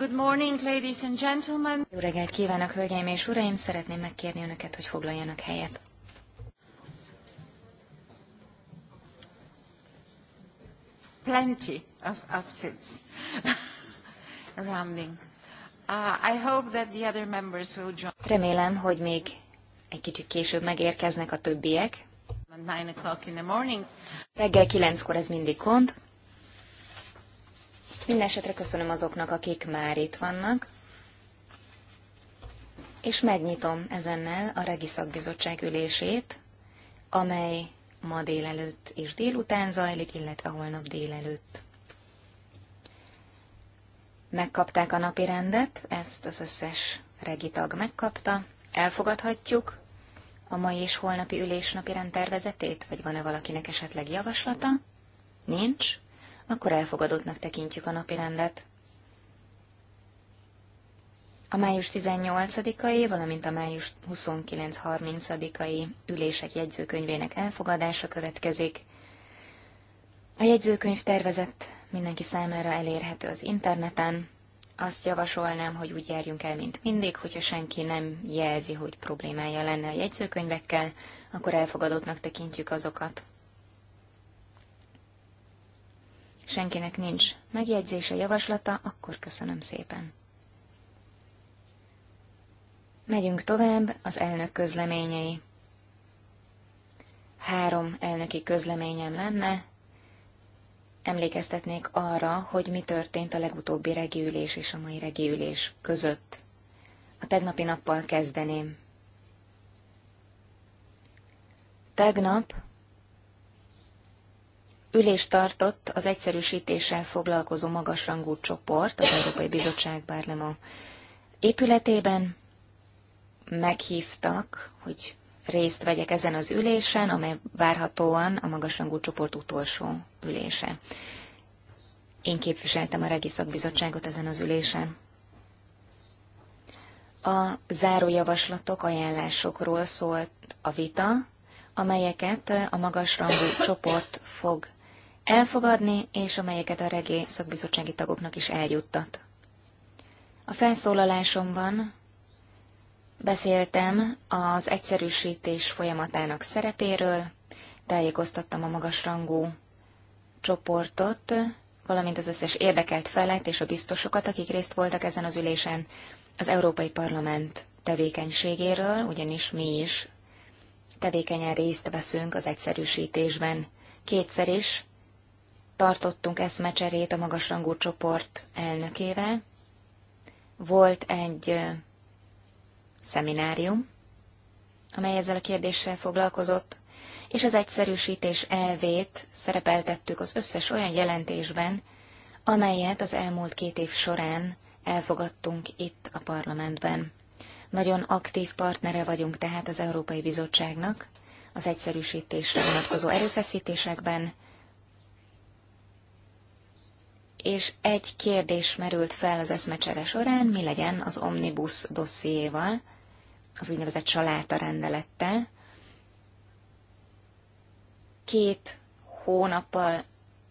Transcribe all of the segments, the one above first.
Good morning, ladies and gentlemen. Jó reggelt kívánok, hölgyeim és uraim! Szeretném megkérni önöket, hogy foglaljanak helyet. Plenty of, of seats rounding. Uh, I hope that the other members will join. Remélem, hogy még egy kicsit később megérkeznek a többiek. Nine o'clock in the morning. Reggel kilenckor ez mindig kont. Mindenesetre köszönöm azoknak, akik már itt vannak, és megnyitom ezennel a Regi Szakbizottság ülését, amely ma délelőtt és délután zajlik, illetve holnap délelőtt. Megkapták a napi rendet, ezt az összes regitag megkapta. Elfogadhatjuk a mai és holnapi ülés napi tervezetét, vagy van-e valakinek esetleg javaslata? Nincs akkor elfogadottnak tekintjük a napirendet. A május 18-ai, valamint a május 29-30-ai ülések jegyzőkönyvének elfogadása következik. A jegyzőkönyv tervezett mindenki számára elérhető az interneten. Azt javasolnám, hogy úgy járjunk el, mint mindig, hogyha senki nem jelzi, hogy problémája lenne a jegyzőkönyvekkel, akkor elfogadottnak tekintjük azokat. senkinek nincs megjegyzése, javaslata, akkor köszönöm szépen. Megyünk tovább az elnök közleményei. Három elnöki közleményem lenne. Emlékeztetnék arra, hogy mi történt a legutóbbi regiülés és a mai regiülés között. A tegnapi nappal kezdeném. Tegnap Ülést tartott az egyszerűsítéssel foglalkozó magasrangú csoport az Európai Bizottság Bárlema épületében. Meghívtak, hogy részt vegyek ezen az ülésen, amely várhatóan a magasrangú csoport utolsó ülése. Én képviseltem a regiszakbizottságot ezen az ülésen. A zárójavaslatok, ajánlásokról szólt a vita, amelyeket a magasrangú csoport fog elfogadni, és amelyeket a regé szakbizottsági tagoknak is eljuttat. A felszólalásomban beszéltem az egyszerűsítés folyamatának szerepéről, tájékoztattam a magasrangú csoportot, valamint az összes érdekelt felet és a biztosokat, akik részt voltak ezen az ülésen, az Európai Parlament tevékenységéről, ugyanis mi is tevékenyen részt veszünk az egyszerűsítésben. Kétszer is tartottunk eszmecserét a magasrangú csoport elnökével. Volt egy szeminárium, amely ezzel a kérdéssel foglalkozott, és az egyszerűsítés elvét szerepeltettük az összes olyan jelentésben, amelyet az elmúlt két év során elfogadtunk itt a parlamentben. Nagyon aktív partnere vagyunk tehát az Európai Bizottságnak az egyszerűsítésre vonatkozó erőfeszítésekben, és egy kérdés merült fel az eszmecsere során, mi legyen az omnibus dossziéval, az úgynevezett saláta rendelettel. Két hónappal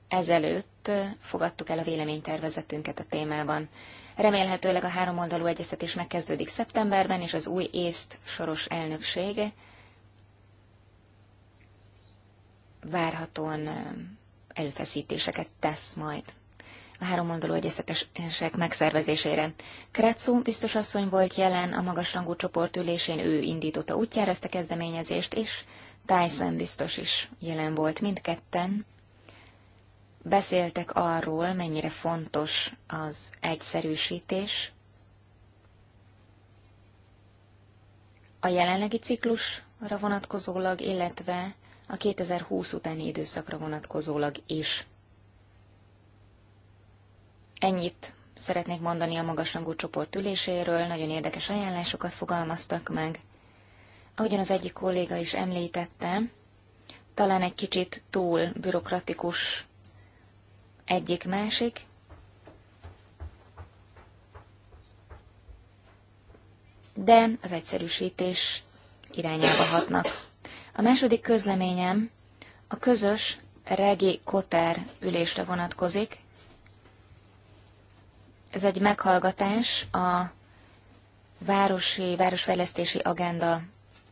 ezelőtt fogadtuk el a véleménytervezetünket a témában. Remélhetőleg a három háromoldalú egyeztetés megkezdődik szeptemberben, és az új észt soros elnöksége várhatóan előfeszítéseket tesz majd a három oldalú egyeztetések megszervezésére. Kretszú biztos asszony volt jelen a magasrangú csoport ülésén, ő indította útjára ezt a kezdeményezést, és Tyson biztos is jelen volt mindketten. Beszéltek arról, mennyire fontos az egyszerűsítés, a jelenlegi ciklusra vonatkozólag, illetve a 2020 utáni időszakra vonatkozólag is. Ennyit szeretnék mondani a magasrangú csoport üléséről, nagyon érdekes ajánlásokat fogalmaztak meg. Ahogyan az egyik kolléga is említette, talán egy kicsit túl bürokratikus egyik-másik, de az egyszerűsítés irányába hatnak. A második közleményem a közös regi kotár ülésre vonatkozik, ez egy meghallgatás a városi, városfejlesztési agenda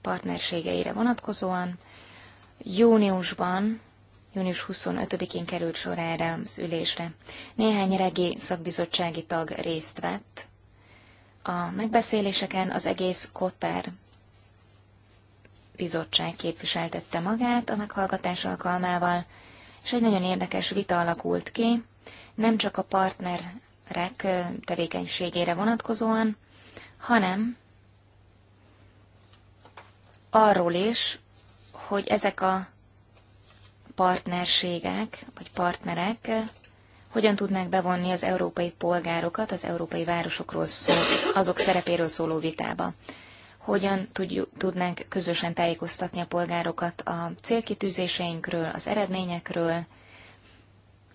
partnerségeire vonatkozóan. Júniusban, június 25-én került sor erre az ülésre. Néhány regi szakbizottsági tag részt vett. A megbeszéléseken az egész Kotár bizottság képviseltette magát a meghallgatás alkalmával, és egy nagyon érdekes vita alakult ki, nem csak a partner rek tevékenységére vonatkozóan, hanem arról is, hogy ezek a partnerségek, vagy partnerek hogyan tudnák bevonni az európai polgárokat az európai városokról szól, azok szerepéről szóló vitába. Hogyan tudjuk, tudnánk közösen tájékoztatni a polgárokat a célkitűzéseinkről, az eredményekről,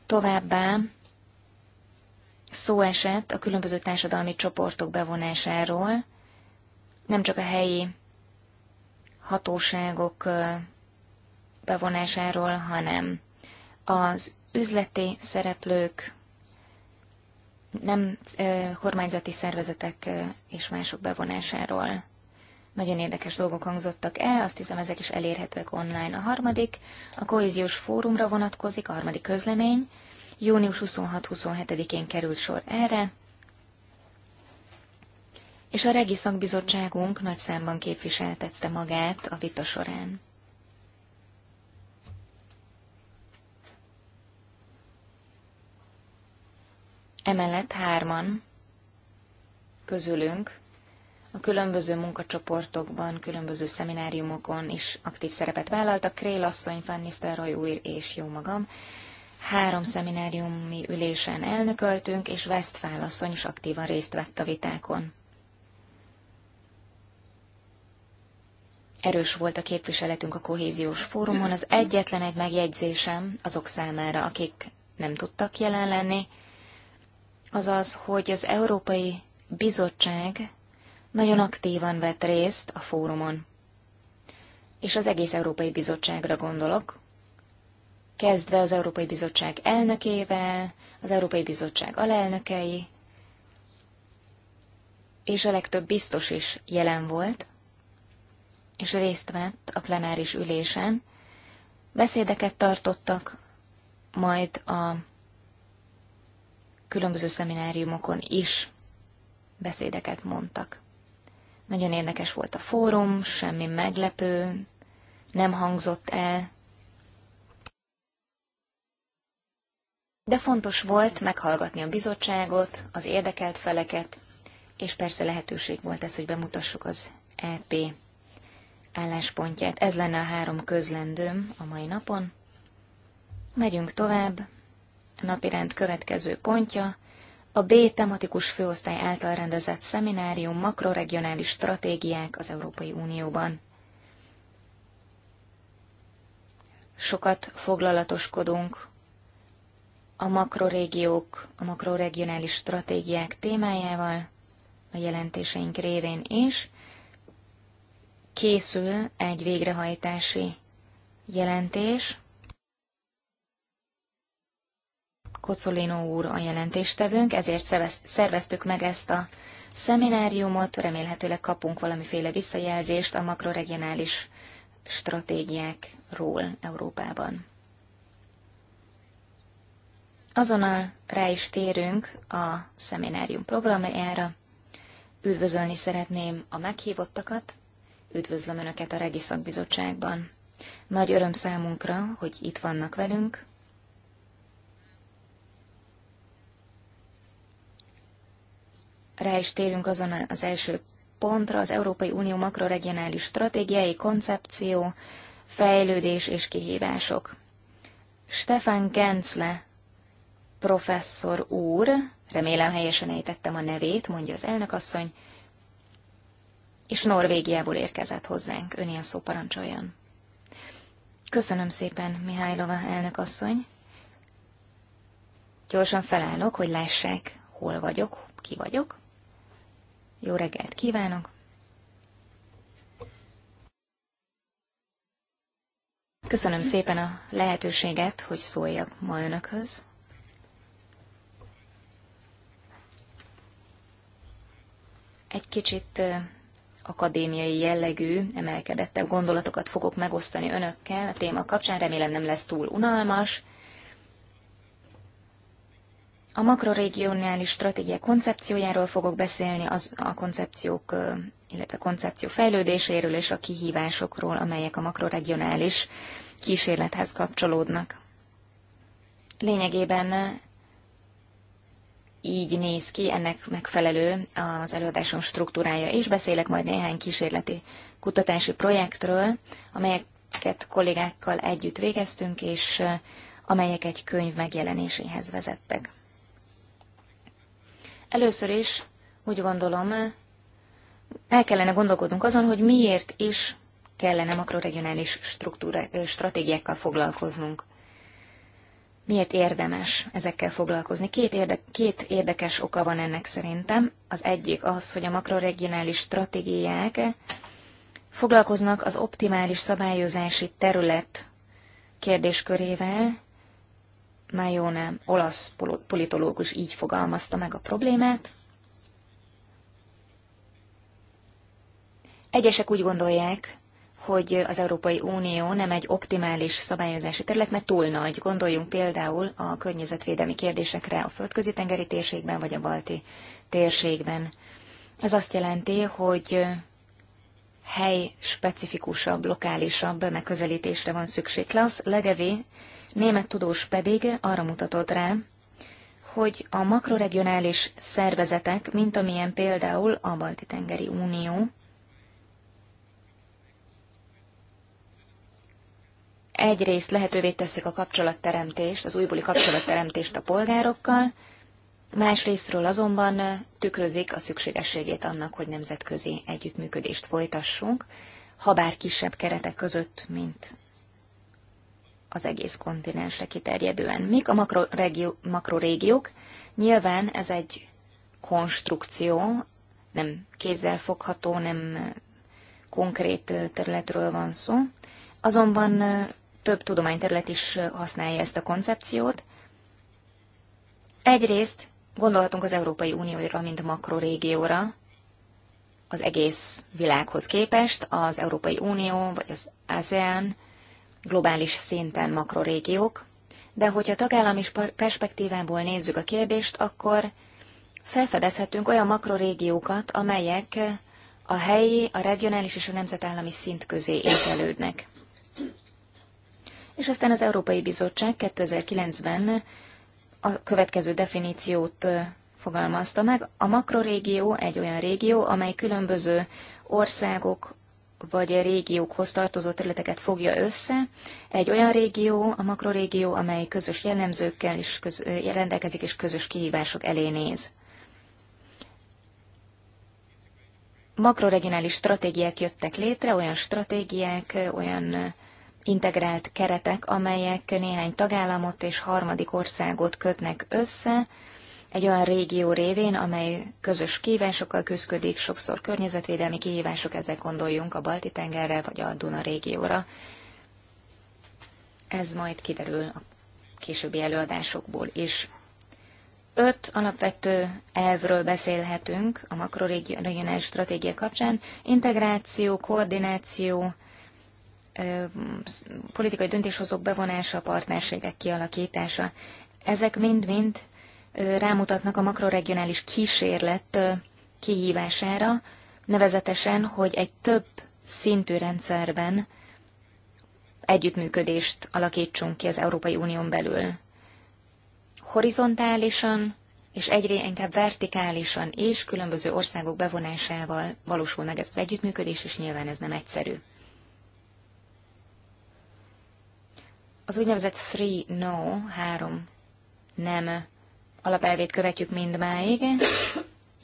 továbbá szó esett a különböző társadalmi csoportok bevonásáról, nem csak a helyi hatóságok bevonásáról, hanem az üzleti szereplők, nem kormányzati szervezetek és mások bevonásáról. Nagyon érdekes dolgok hangzottak el, azt hiszem ezek is elérhetőek online. A harmadik a kohéziós fórumra vonatkozik, a harmadik közlemény, Június 26-27-én került sor erre, és a Regi Szakbizottságunk nagy számban képviseltette magát a vita során. Emellett hárman közülünk a különböző munkacsoportokban, különböző szemináriumokon is aktív szerepet vállaltak, Krél asszony, Van Nistelrooy úr és jó magam, három szemináriumi ülésen elnököltünk, és Westphal asszony is aktívan részt vett a vitákon. Erős volt a képviseletünk a kohéziós fórumon, az egyetlen egy megjegyzésem azok számára, akik nem tudtak jelen lenni, az az, hogy az Európai Bizottság nagyon aktívan vett részt a fórumon. És az egész Európai Bizottságra gondolok, kezdve az Európai Bizottság elnökével, az Európai Bizottság alelnökei, és a legtöbb biztos is jelen volt, és részt vett a plenáris ülésen. Beszédeket tartottak, majd a különböző szemináriumokon is beszédeket mondtak. Nagyon érdekes volt a fórum, semmi meglepő, nem hangzott el de fontos volt meghallgatni a bizottságot, az érdekelt feleket, és persze lehetőség volt ez, hogy bemutassuk az EP álláspontját. Ez lenne a három közlendőm a mai napon. Megyünk tovább. A napirend következő pontja a B tematikus főosztály által rendezett szeminárium makroregionális stratégiák az Európai Unióban. Sokat foglalatoskodunk a makrorégiók, a makroregionális stratégiák témájával, a jelentéseink révén is. Készül egy végrehajtási jelentés. Kocolino úr a jelentéstevőnk, ezért szerveztük meg ezt a szemináriumot, remélhetőleg kapunk valamiféle visszajelzést a makroregionális stratégiákról Európában. Azonnal rá is térünk a szeminárium programjára. Üdvözölni szeretném a meghívottakat, üdvözlöm Önöket a Regi Szakbizottságban. Nagy öröm számunkra, hogy itt vannak velünk. Rá is térünk azon az első pontra, az Európai Unió makroregionális stratégiai koncepció, fejlődés és kihívások. Stefan Gensle, professzor úr, remélem helyesen ejtettem a nevét, mondja az elnökasszony, és Norvégiából érkezett hozzánk, ön ilyen szó parancsoljon. Köszönöm szépen, Mihálylova elnökasszony. Gyorsan felállok, hogy lássák, hol vagyok, ki vagyok. Jó reggelt kívánok! Köszönöm szépen a lehetőséget, hogy szóljak ma önökhöz. egy kicsit akadémiai jellegű, emelkedettebb gondolatokat fogok megosztani önökkel a téma kapcsán, remélem nem lesz túl unalmas. A makroregionális stratégia koncepciójáról fogok beszélni, az, a koncepciók, illetve koncepció fejlődéséről és a kihívásokról, amelyek a makroregionális kísérlethez kapcsolódnak. Lényegében így néz ki, ennek megfelelő az előadásom struktúrája, és beszélek majd néhány kísérleti kutatási projektről, amelyeket kollégákkal együtt végeztünk, és amelyek egy könyv megjelenéséhez vezettek. Először is úgy gondolom, el kellene gondolkodnunk azon, hogy miért is kellene makroregionális stratégiákkal foglalkoznunk miért érdemes ezekkel foglalkozni. Két, érde, két érdekes oka van ennek szerintem. Az egyik az, hogy a makroregionális stratégiák foglalkoznak az optimális szabályozási terület kérdéskörével. Májóne, olasz politológus így fogalmazta meg a problémát. Egyesek úgy gondolják, hogy az Európai Unió nem egy optimális szabályozási terület, mert túl nagy. Gondoljunk például a környezetvédelmi kérdésekre a földközi tengeri térségben vagy a balti térségben. Ez azt jelenti, hogy hely specifikusabb, lokálisabb megközelítésre van szükség. Klaus Legevi, német tudós pedig arra mutatott rá, hogy a makroregionális szervezetek, mint amilyen például a Balti-tengeri Unió, egyrészt lehetővé teszik a kapcsolatteremtést, az újbóli kapcsolatteremtést a polgárokkal, másrésztről azonban tükrözik a szükségességét annak, hogy nemzetközi együttműködést folytassunk, ha bár kisebb keretek között, mint az egész kontinensre kiterjedően. Mik a makroregió, makrorégiók? Nyilván ez egy konstrukció, nem kézzelfogható, nem konkrét területről van szó, azonban több tudományterület is használja ezt a koncepciót. Egyrészt gondolhatunk az Európai Unióra, mint makrorégióra, az egész világhoz képest, az Európai Unió vagy az ASEAN globális szinten makrorégiók, de hogyha tagállami perspektívából nézzük a kérdést, akkor felfedezhetünk olyan makrorégiókat, amelyek a helyi, a regionális és a nemzetállami szint közé ételődnek és aztán az Európai Bizottság 2009-ben a következő definíciót fogalmazta meg. A makrorégió egy olyan régió, amely különböző országok vagy régiókhoz tartozó területeket fogja össze. Egy olyan régió, a makrorégió, amely közös jellemzőkkel is köz, rendelkezik, és közös kihívások elé néz. Makroregionális stratégiák jöttek létre, olyan stratégiák, olyan integrált keretek, amelyek néhány tagállamot és harmadik országot kötnek össze, egy olyan régió révén, amely közös kihívásokkal küzdik, sokszor környezetvédelmi kihívások, ezek gondoljunk a Balti-tengerre vagy a Duna régióra. Ez majd kiderül a későbbi előadásokból is. Öt alapvető elvről beszélhetünk a makroregionális stratégia kapcsán. Integráció, koordináció, politikai döntéshozók bevonása, partnerségek kialakítása. Ezek mind-mind rámutatnak a makroregionális kísérlet kihívására, nevezetesen, hogy egy több szintű rendszerben együttműködést alakítsunk ki az Európai Unión belül. Horizontálisan és egyre inkább vertikálisan és különböző országok bevonásával valósul meg ez az együttműködés, és nyilván ez nem egyszerű. Az úgynevezett three no, három nem alapelvét követjük mindmáig.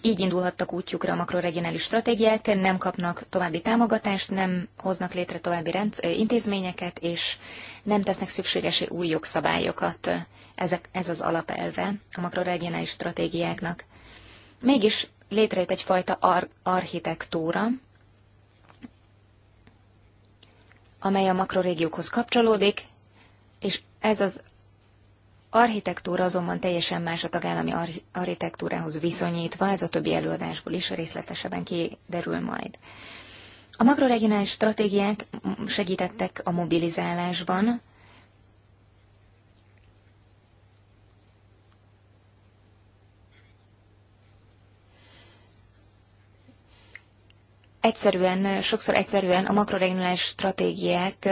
Így indulhattak útjukra a makroregionális stratégiák, nem kapnak további támogatást, nem hoznak létre további rendsz- intézményeket, és nem tesznek szükségesé új jogszabályokat. Ezek, ez az alapelve a makroregionális stratégiáknak. Mégis létrejött egyfajta ar- architektúra, amely a makrorégiókhoz kapcsolódik, és ez az architektúra azonban teljesen más a tagállami arch- architektúrához viszonyítva, ez a többi előadásból is részletesebben kiderül majd. A makroregionális stratégiák segítettek a mobilizálásban, Egyszerűen, sokszor egyszerűen a makroregionális stratégiák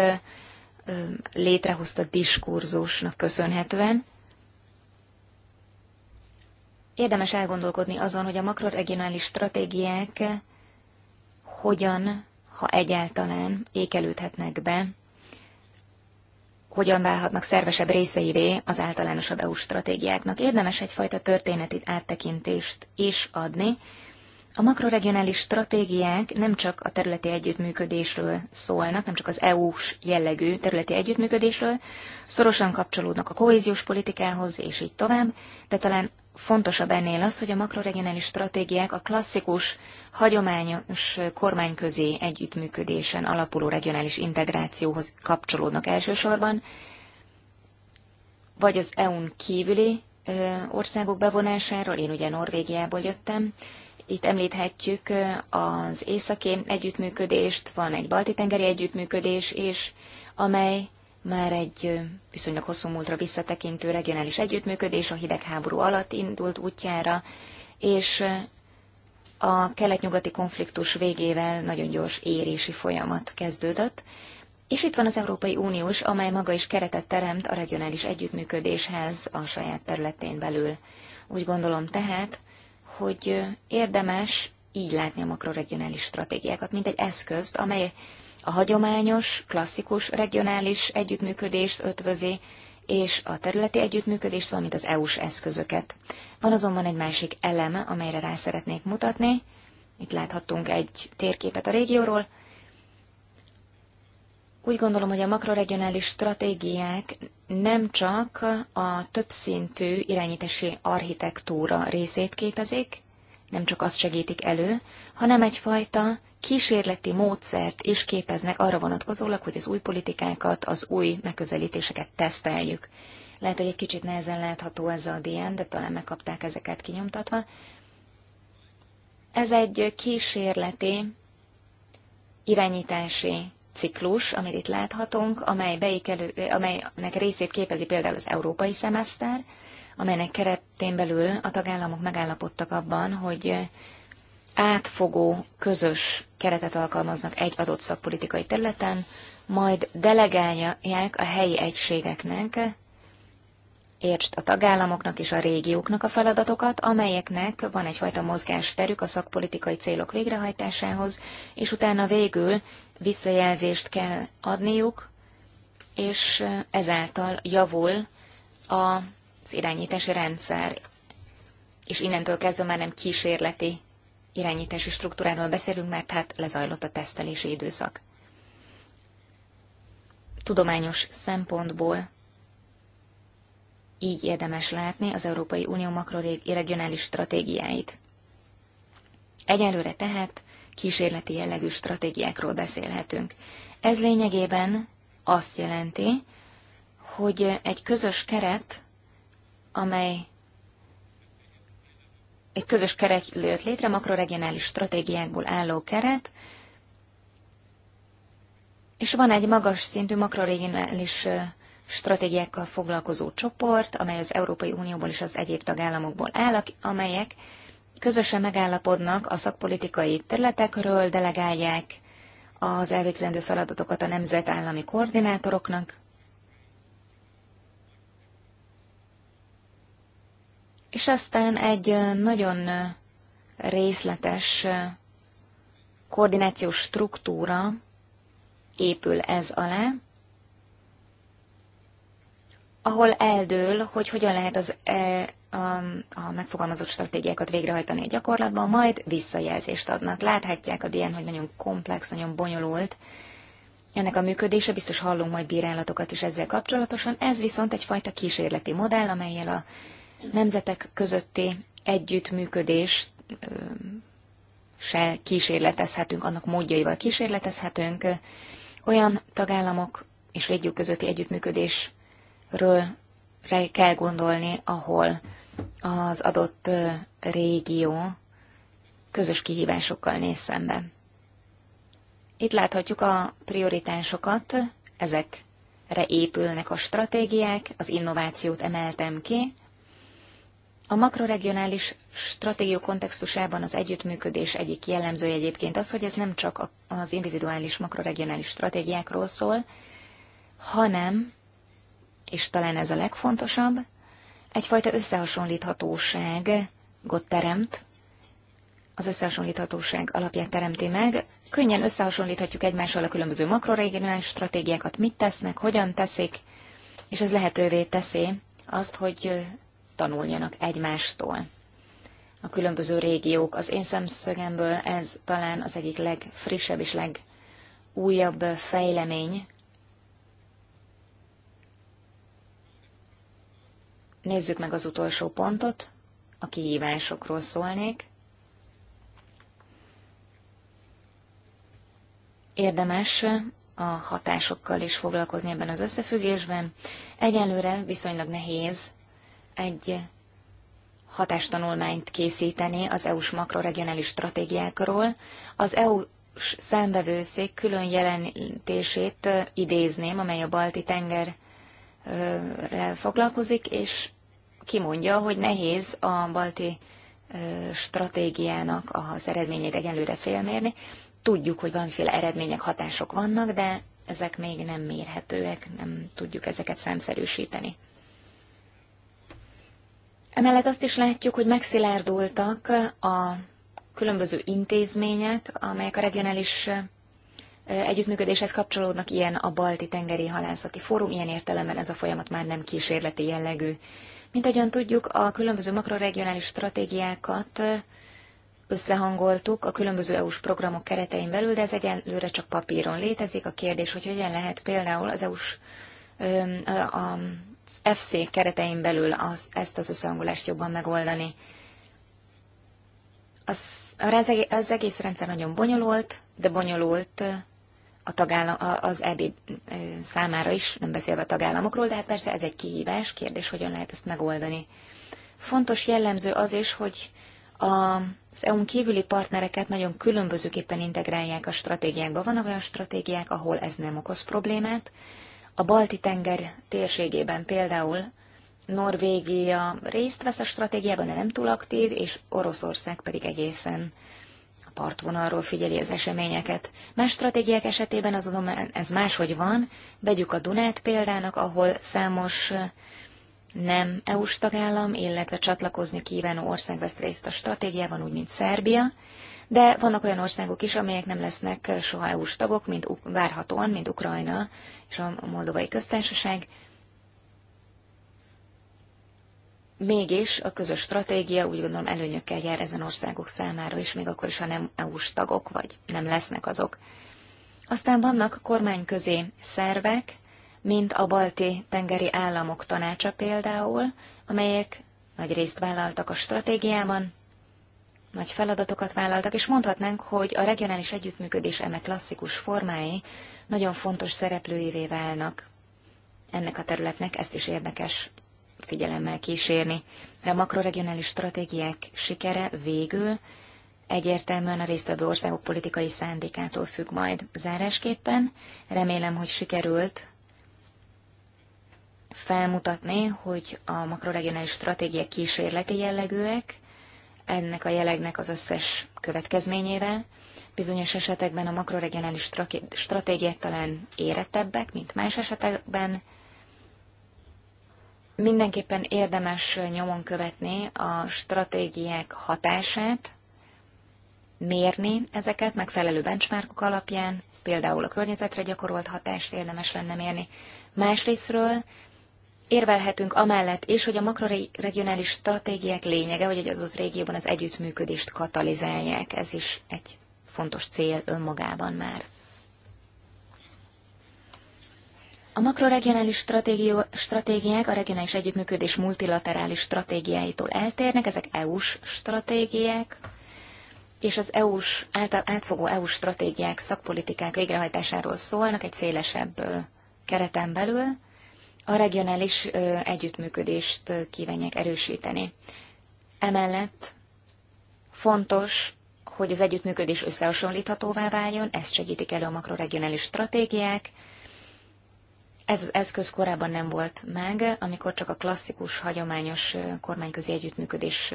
létrehozta diskurzusnak köszönhetően. Érdemes elgondolkodni azon, hogy a makroregionális stratégiák hogyan, ha egyáltalán ékelődhetnek be, hogyan válhatnak szervesebb részeivé az általánosabb EU stratégiáknak. Érdemes egyfajta történeti áttekintést is adni, a makroregionális stratégiák nem csak a területi együttműködésről szólnak, nem csak az EU-s jellegű területi együttműködésről, szorosan kapcsolódnak a kohéziós politikához, és így tovább, de talán fontosabb ennél az, hogy a makroregionális stratégiák a klasszikus, hagyományos kormányközi együttműködésen alapuló regionális integrációhoz kapcsolódnak elsősorban, vagy az EU-n kívüli országok bevonásáról, én ugye Norvégiából jöttem, itt említhetjük az északi együttműködést, van egy balti-tengeri együttműködés is, amely már egy viszonylag hosszú múltra visszatekintő regionális együttműködés a hidegháború alatt indult útjára, és a kelet-nyugati konfliktus végével nagyon gyors érési folyamat kezdődött, és itt van az Európai Uniós, amely maga is keretet teremt a regionális együttműködéshez a saját területén belül. Úgy gondolom tehát, hogy érdemes így látni a makroregionális stratégiákat, mint egy eszközt, amely a hagyományos, klasszikus regionális együttműködést ötvözi, és a területi együttműködést, valamint az EU-s eszközöket. Van azonban egy másik elem, amelyre rá szeretnék mutatni. Itt láthatunk egy térképet a régióról, úgy gondolom, hogy a makroregionális stratégiák nem csak a többszintű irányítási architektúra részét képezik, nem csak azt segítik elő, hanem egyfajta kísérleti módszert is képeznek arra vonatkozólag, hogy az új politikákat, az új megközelítéseket teszteljük. Lehet, hogy egy kicsit nehezen látható ez a DN, de talán megkapták ezeket kinyomtatva. Ez egy kísérleti irányítási ciklus, amit itt láthatunk, amely beikelő, amelynek részét képezi például az európai szemeszter, amelynek keretén belül a tagállamok megállapodtak abban, hogy átfogó, közös keretet alkalmaznak egy adott szakpolitikai területen, majd delegálják a helyi egységeknek, értsd a tagállamoknak és a régióknak a feladatokat, amelyeknek van egyfajta mozgásterük a szakpolitikai célok végrehajtásához, és utána végül visszajelzést kell adniuk, és ezáltal javul az irányítási rendszer, és innentől kezdve már nem kísérleti irányítási struktúráról beszélünk, mert hát lezajlott a tesztelési időszak. Tudományos szempontból így érdemes látni az Európai Unió makroregionális stratégiáit. Egyelőre tehát kísérleti jellegű stratégiákról beszélhetünk. Ez lényegében azt jelenti, hogy egy közös keret, amely egy közös keret lőtt létre, makroregionális stratégiákból álló keret, és van egy magas szintű makroregionális stratégiákkal foglalkozó csoport, amely az Európai Unióból és az egyéb tagállamokból áll, amelyek közösen megállapodnak a szakpolitikai területekről, delegálják az elvégzendő feladatokat a nemzetállami koordinátoroknak, és aztán egy nagyon részletes koordinációs struktúra épül ez alá, ahol eldől, hogy hogyan lehet az e, a, um, a megfogalmazott stratégiákat végrehajtani a gyakorlatban, majd visszajelzést adnak. Láthatják a dián, hogy nagyon komplex, nagyon bonyolult ennek a működése, biztos hallunk majd bírálatokat is ezzel kapcsolatosan. Ez viszont egyfajta kísérleti modell, amelyel a nemzetek közötti együttműködést um, se kísérletezhetünk, annak módjaival kísérletezhetünk. Olyan tagállamok és régiók közötti együttműködésről kell gondolni, ahol az adott régió közös kihívásokkal néz szembe. Itt láthatjuk a prioritásokat, ezekre épülnek a stratégiák, az innovációt emeltem ki. A makroregionális stratégia kontextusában az együttműködés egyik jellemzője egyébként az, hogy ez nem csak az individuális makroregionális stratégiákról szól, hanem, és talán ez a legfontosabb, egyfajta gott teremt, az összehasonlíthatóság alapját teremti meg. Könnyen összehasonlíthatjuk egymással a különböző makroregionális stratégiákat, mit tesznek, hogyan teszik, és ez lehetővé teszi azt, hogy tanuljanak egymástól. A különböző régiók, az én szemszögemből ez talán az egyik legfrissebb és legújabb fejlemény, Nézzük meg az utolsó pontot, a kihívásokról szólnék. Érdemes a hatásokkal is foglalkozni ebben az összefüggésben. Egyelőre viszonylag nehéz egy hatástanulmányt készíteni az EU-s makroregionális stratégiákról. Az EU számbevőszék külön jelentését idézném, amely a Balti tenger foglalkozik, és kimondja, hogy nehéz a balti stratégiának az eredményét egyelőre félmérni. Tudjuk, hogy valamiféle eredmények, hatások vannak, de ezek még nem mérhetőek, nem tudjuk ezeket számszerűsíteni. Emellett azt is látjuk, hogy megszilárdultak a különböző intézmények, amelyek a regionális együttműködéshez kapcsolódnak, ilyen a Balti Tengeri Halászati Fórum, ilyen értelemben ez a folyamat már nem kísérleti jellegű. Mint ahogyan tudjuk, a különböző makroregionális stratégiákat összehangoltuk a különböző EU-s programok keretein belül, de ez egyelőre csak papíron létezik. A kérdés, hogy hogyan lehet például az EU-s az FC keretein belül az, ezt az összehangolást jobban megoldani. Az, az egész rendszer nagyon bonyolult, de bonyolult a tagállam, az EB számára is, nem beszélve a tagállamokról, de hát persze ez egy kihívás, kérdés, hogyan lehet ezt megoldani. Fontos jellemző az is, hogy az EU-n kívüli partnereket nagyon különbözőképpen integrálják a stratégiákba. Vannak olyan stratégiák, ahol ez nem okoz problémát. A Balti-tenger térségében például Norvégia részt vesz a stratégiában, de nem túl aktív, és Oroszország pedig egészen partvonalról figyeli az eseményeket. Más stratégiák esetében azonban ez máshogy van, vegyük a Dunát példának, ahol számos nem EU-s tagállam, illetve csatlakozni kívánó ország vesz részt a stratégiában, úgy, mint Szerbia, de vannak olyan országok is, amelyek nem lesznek soha EU-s tagok, mint várhatóan, mint Ukrajna és a Moldovai Köztársaság, Mégis a közös stratégia úgy gondolom előnyökkel jár ezen országok számára is, még akkor is, ha nem EU-s tagok vagy nem lesznek azok. Aztán vannak kormányközi szervek, mint a balti tengeri államok tanácsa például, amelyek nagy részt vállaltak a stratégiában, nagy feladatokat vállaltak, és mondhatnánk, hogy a regionális együttműködés eme klasszikus formái nagyon fontos szereplőivé válnak ennek a területnek, ezt is érdekes figyelemmel kísérni. De a makroregionális stratégiák sikere végül egyértelműen a résztvevő országok politikai szándékától függ majd. Zárásképpen remélem, hogy sikerült felmutatni, hogy a makroregionális stratégiák kísérleti jellegűek, ennek a jelegnek az összes következményével. Bizonyos esetekben a makroregionális stratégiák talán érettebbek, mint más esetekben, Mindenképpen érdemes nyomon követni a stratégiák hatását, mérni ezeket megfelelő benchmarkok alapján, például a környezetre gyakorolt hatást érdemes lenne mérni. Másrésztről érvelhetünk amellett is, hogy a makroregionális stratégiák lényege, hogy az ott régióban az együttműködést katalizálják. Ez is egy fontos cél önmagában már. A makroregionális stratégiák a regionális együttműködés multilaterális stratégiáitól eltérnek, ezek EU-s stratégiák, és az EU-s, által átfogó EU-s stratégiák, szakpolitikák végrehajtásáról szólnak egy szélesebb kereten belül, a regionális együttműködést kívánják erősíteni. Emellett fontos, hogy az együttműködés összehasonlíthatóvá váljon, ezt segítik elő a makroregionális stratégiák, ez az eszköz korábban nem volt meg, amikor csak a klasszikus, hagyományos kormányközi együttműködés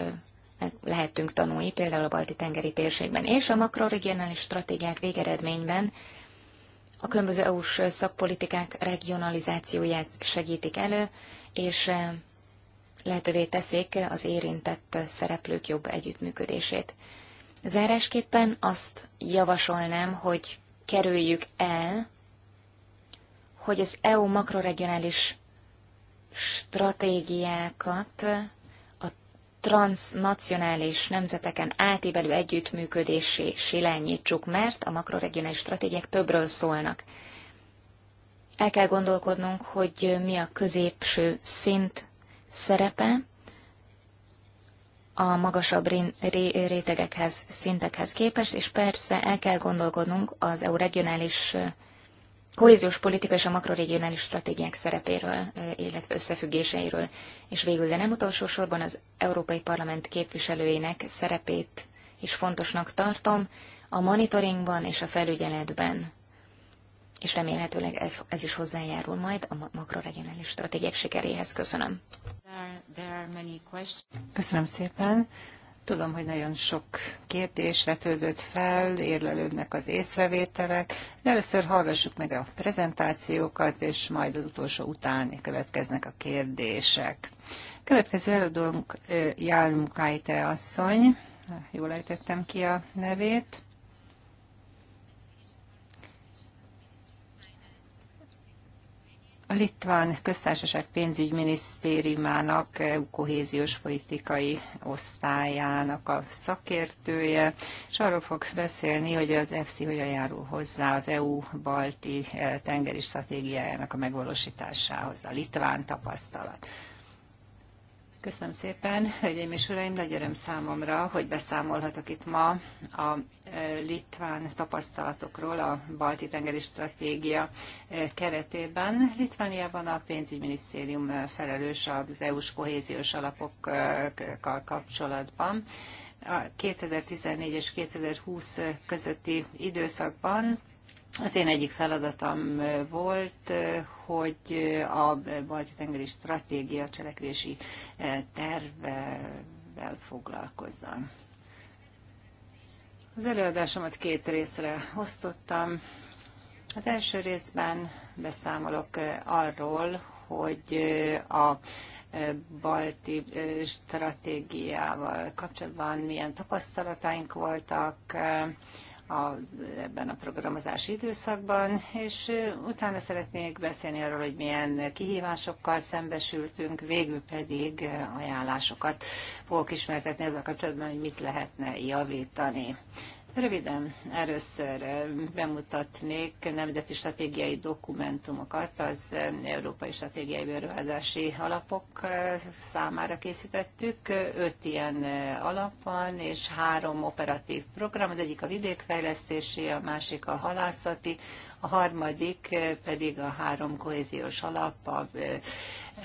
lehettünk tanulni, például a balti tengeri térségben, és a makroregionális stratégiák végeredményben a különböző EU-s szakpolitikák regionalizációját segítik elő, és lehetővé teszik az érintett szereplők jobb együttműködését. Zárásképpen azt javasolnám, hogy kerüljük el hogy az EU makroregionális stratégiákat a transnacionális nemzeteken átívelő együttműködésé silányítsuk, mert a makroregionális stratégiák többről szólnak. El kell gondolkodnunk, hogy mi a középső szint szerepe a magasabb rétegekhez, szintekhez képest, és persze el kell gondolkodnunk az EU regionális kohéziós politika és a makroregionális stratégiák szerepéről, illetve összefüggéseiről, és végül, de nem utolsó sorban az Európai Parlament képviselőinek szerepét is fontosnak tartom a monitoringban és a felügyeletben. És remélhetőleg ez, ez is hozzájárul majd a makroregionális stratégiák sikeréhez. Köszönöm. Köszönöm szépen. Tudom, hogy nagyon sok kérdés vetődött fel, érlelődnek az észrevételek, de először hallgassuk meg a prezentációkat, és majd az utolsó után következnek a kérdések. Következő előadónk Jálmukájte asszony, jól ejtettem ki a nevét. A Litván köztársaság pénzügyminisztériumának kohéziós politikai osztályának a szakértője, és arról fog beszélni, hogy az EFSI hogyan járul hozzá az EU-balti tengeri stratégiájának a megvalósításához, a litván tapasztalat. Köszönöm szépen, hölgyeim és uraim, nagy öröm számomra, hogy beszámolhatok itt ma a e, litván tapasztalatokról a balti tengeri stratégia e, keretében. Litvániában a pénzügyminisztérium e, felelős az EU-s kohéziós alapokkal kapcsolatban. A 2014 és 2020 közötti időszakban az én egyik feladatom volt, hogy a Balti-tengeri stratégia cselekvési e, tervvel foglalkozzam. Az előadásomat két részre osztottam. Az első részben beszámolok e, arról, hogy e, a balti stratégiával kapcsolatban milyen tapasztalataink voltak, a, ebben a programozási időszakban, és utána szeretnék beszélni arról, hogy milyen kihívásokkal szembesültünk, végül pedig ajánlásokat fogok ismertetni ezzel kapcsolatban, hogy mit lehetne javítani. Röviden először eh, bemutatnék nemzeti stratégiai dokumentumokat az eh, Európai Stratégiai Beruházási Alapok eh, számára készítettük. Öt ilyen alap van, és három operatív program, az egyik a vidékfejlesztési, a másik a halászati, a harmadik pedig a három kohéziós alap, a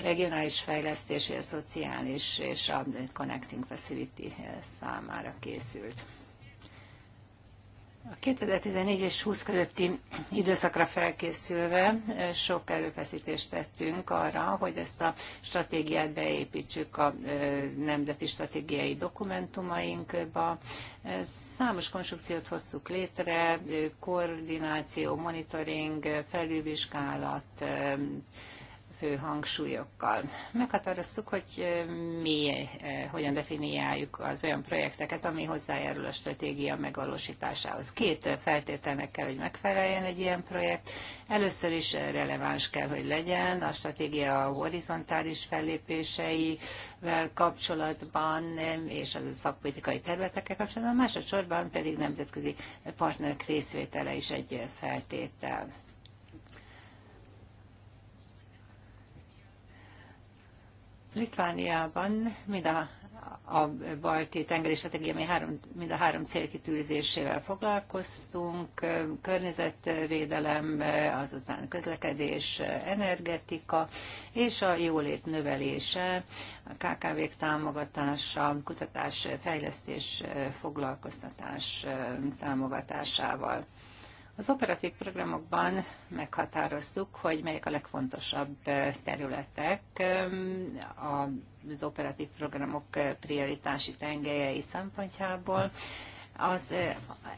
regionális fejlesztési, a szociális és a Connecting Facility számára készült. A 2014 és 20 közötti időszakra felkészülve sok erőfeszítést tettünk arra, hogy ezt a stratégiát beépítsük a nemzeti stratégiai dokumentumainkba. Számos konstrukciót hoztuk létre, koordináció, monitoring, felülvizsgálat, fő hangsúlyokkal. Meghatároztuk, hogy mi hogyan definiáljuk az olyan projekteket, ami hozzájárul a stratégia megvalósításához. Két feltételnek kell, hogy megfeleljen egy ilyen projekt. Először is releváns kell, hogy legyen a stratégia horizontális fellépéseivel kapcsolatban és a szakpolitikai területekkel kapcsolatban, másodszorban pedig nemzetközi partnerek részvétele is egy feltétel. Litvániában mind a, a balti tengeri stratégia, mi három, mind a három célkitűzésével foglalkoztunk, környezetvédelem, azután közlekedés, energetika, és a jólét növelése, a KKV-k támogatása, kutatás, fejlesztés, foglalkoztatás támogatásával. Az operatív programokban meghatároztuk, hogy melyek a legfontosabb területek az operatív programok prioritási tengelyei szempontjából. Az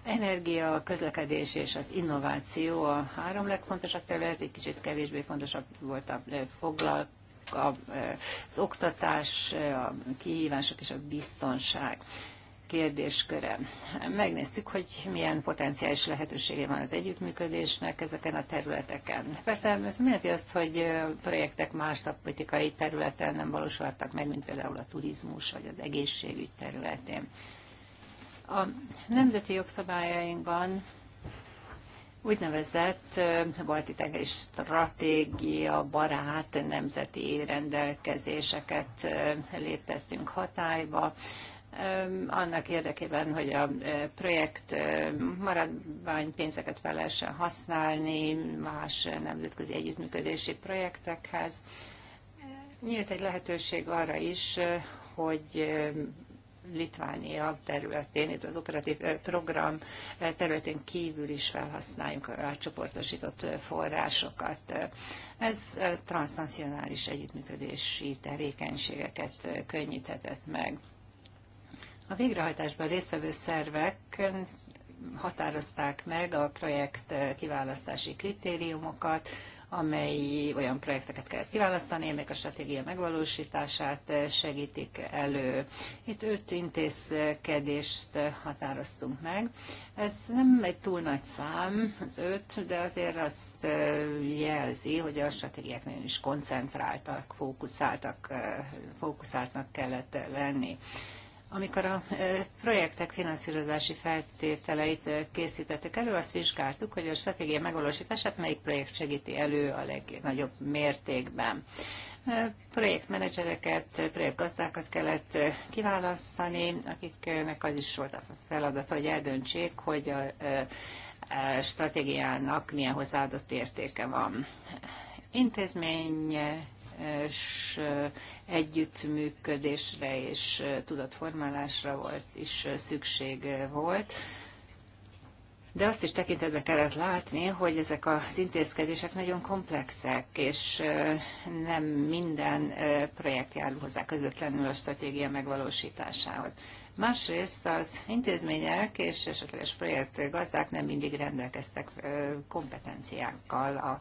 energia, közlekedés és az innováció a három legfontosabb terület, egy kicsit kevésbé fontosabb volt a foglalt az oktatás, a kihívások és a biztonság kérdésköre. Megnéztük, hogy milyen potenciális lehetősége van az együttműködésnek ezeken a területeken. Persze ez nem azt, hogy projektek más szakpolitikai területen nem valósultak meg, mint például a turizmus vagy az egészségügy területén. A nemzeti jogszabályainkban úgynevezett balti tengeri stratégia barát nemzeti rendelkezéseket léptettünk hatályba annak érdekében, hogy a projekt maradvány pénzeket fel lehessen használni más nemzetközi együttműködési projektekhez. Nyílt egy lehetőség arra is, hogy Litvánia területén, itt az operatív program területén kívül is felhasználjuk csoportosított forrásokat. Ez transnacionális együttműködési tevékenységeket könnyíthetett meg. A végrehajtásban résztvevő szervek határozták meg a projekt eh, kiválasztási kritériumokat, amely olyan projekteket kellett kiválasztani, amelyek a stratégia megvalósítását eh, segítik elő. Itt öt intézkedést eh, határoztunk meg. Ez nem egy túl nagy szám, az öt, de azért azt jelzi, hogy a stratégiák nagyon is koncentráltak, fókuszáltak, fókuszáltnak kellett lenni. Amikor a projektek finanszírozási feltételeit készítettek elő, azt vizsgáltuk, hogy a stratégia megvalósítását melyik projekt segíti elő a legnagyobb mértékben. Projektmenedzsereket, projektgazdákat kellett kiválasztani, akiknek az is volt a feladat, hogy eldöntsék, hogy a stratégiának milyen hozzáadott értéke van. Intézmény és együttműködésre és tudatformálásra volt is szükség volt. De azt is tekintetbe kellett látni, hogy ezek az intézkedések nagyon komplexek, és nem minden projekt jár hozzá közvetlenül a stratégia megvalósításához. Másrészt az intézmények és esetleges projektgazdák nem mindig rendelkeztek kompetenciákkal a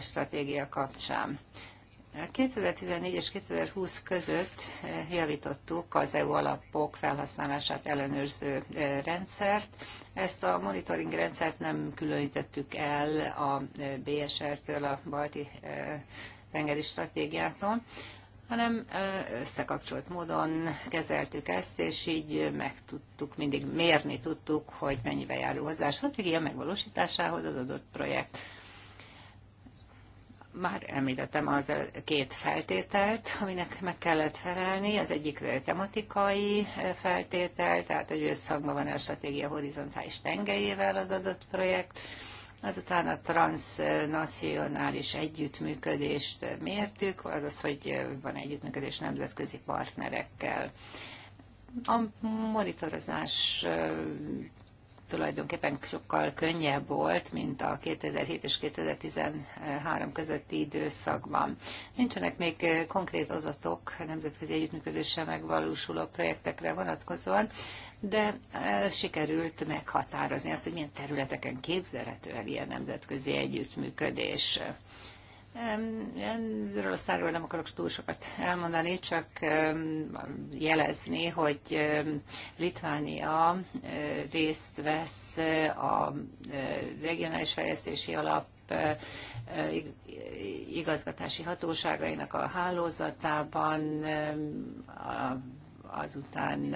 stratégia kapcsán. 2014 és 2020 között eh, javítottuk az EU alapok felhasználását ellenőrző eh, rendszert. Ezt a monitoring rendszert nem különítettük el a eh, BSR-től, a balti tengeri stratégiától, hanem összekapcsolt módon kezeltük ezt, és így meg tudtuk, mindig mérni tudtuk, hogy mennyibe járul hozzá a stratégia megvalósításához az adott projekt. Már említettem az két feltételt, aminek meg kellett felelni. Az egyik tematikai e, feltétel, tehát hogy összhangban van a stratégia horizontális tengelyével az adott projekt. Azután a transnacionális együttműködést mértük, azaz, hogy e, van együttműködés nemzetközi partnerekkel. A monitorozás e, tulajdonképpen sokkal könnyebb volt, mint a 2007 és 2013 közötti időszakban. Nincsenek még konkrét adatok nemzetközi együttműködéssel megvalósuló projektekre vonatkozóan, de e, sikerült meghatározni azt, hogy milyen területeken képzelhető el ilyen nemzetközi együttműködés. Erről a szárról nem akarok túl sokat elmondani, csak jelezni, hogy Litvánia eh, részt vesz a eh, regionális fejlesztési alap eh, igazgatási hatóságainak a hálózatában, azután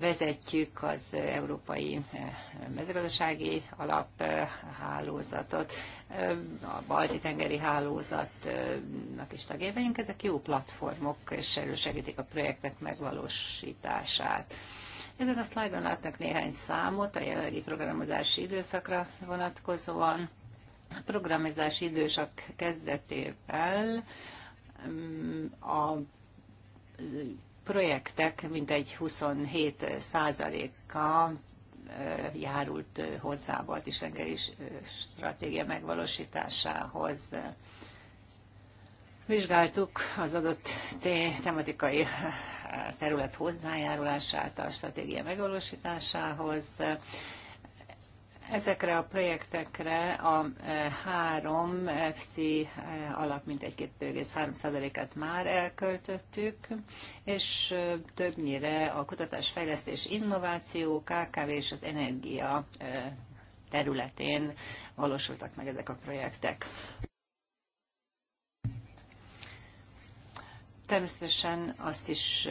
vezetjük az európai eh, mezőgazdasági alaphálózatot, eh, eh, a balti-tengeri hálózatnak is tagjai vagyunk. Ezek jó platformok, és elősegítik a projektek megvalósítását. Ezen a szlájdon látnak néhány számot a jelenlegi programozási időszakra vonatkozóan. A programozási időszak kezdetével mm, a projektek mintegy 27 százaléka járult hozzá a balti tengeri stratégia megvalósításához. Vizsgáltuk az adott tematikai terület hozzájárulását a stratégia megvalósításához, Ezekre a projektekre a e, három FC e, alap mintegy 2,3%-át már elköltöttük, és e, többnyire a kutatásfejlesztés innováció, KKV és az energia területén valósultak meg ezek a projektek. Természetesen azt is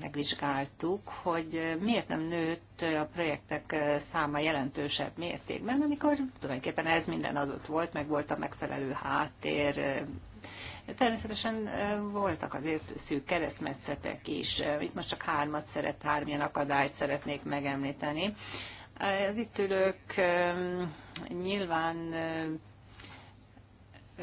megvizsgáltuk, hogy miért nem nőtt a projektek száma jelentősebb mértékben, amikor tulajdonképpen ez minden adott volt, meg volt a megfelelő háttér, Természetesen voltak azért szűk keresztmetszetek is. Itt most csak hármat szeret, hármilyen akadályt szeretnék megemlíteni. Az itt ülők nyilván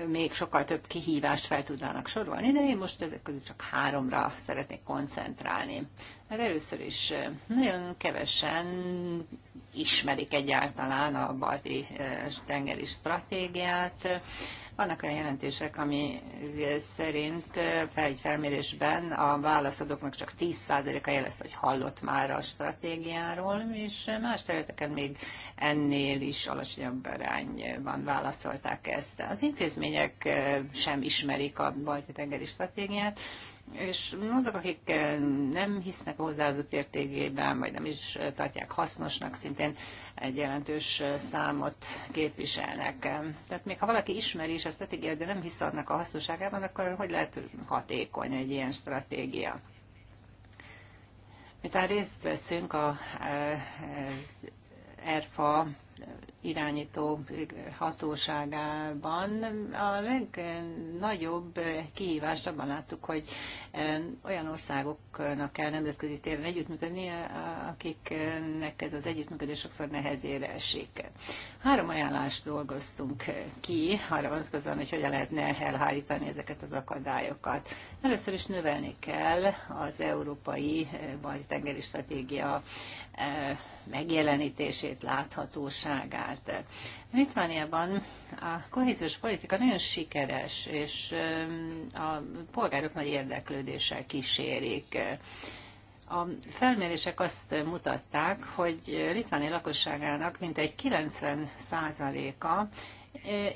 még sokkal több kihívást fel tudnának sorolni, de én most ezek közül csak háromra szeretnék koncentrálni. Mert először is nagyon kevesen ismerik egyáltalán a balti tengeri stratégiát, vannak olyan jelentések, ami szerint egy felmérésben a válaszadóknak csak 10%-a jelezte, hogy hallott már a stratégiáról, és más területeken még ennél is alacsonyabb arányban válaszolták ezt. Az intézmények sem ismerik a balti tengeri stratégiát, és azok, akik eh, nem hisznek a hozzáadott értékében, vagy nem is eh, tartják hasznosnak, szintén egy jelentős eh, számot képviselnek. Tehát még ha valaki ismeri is a stratégiát, de nem hisz annak a hasznosságában, akkor hogy lehet hatékony egy ilyen stratégia? Miután részt veszünk a ERFA irányító hatóságában a legnagyobb kihívást abban láttuk, hogy olyan országoknak kell nemzetközi téren együttműködni, akiknek ez az együttműködés sokszor nehezére esik. Három ajánlást dolgoztunk ki, arra vonatkozóan, hogy hogyan lehetne elhárítani ezeket az akadályokat. Először is növelni kell az európai bajtengeri stratégia E, megjelenítését, láthatóságát. Litvániában a kohéziós politika nagyon sikeres, és e, a polgárok nagy érdeklődéssel kísérik. A felmérések azt mutatták, hogy Litvánia lakosságának mintegy 90%-a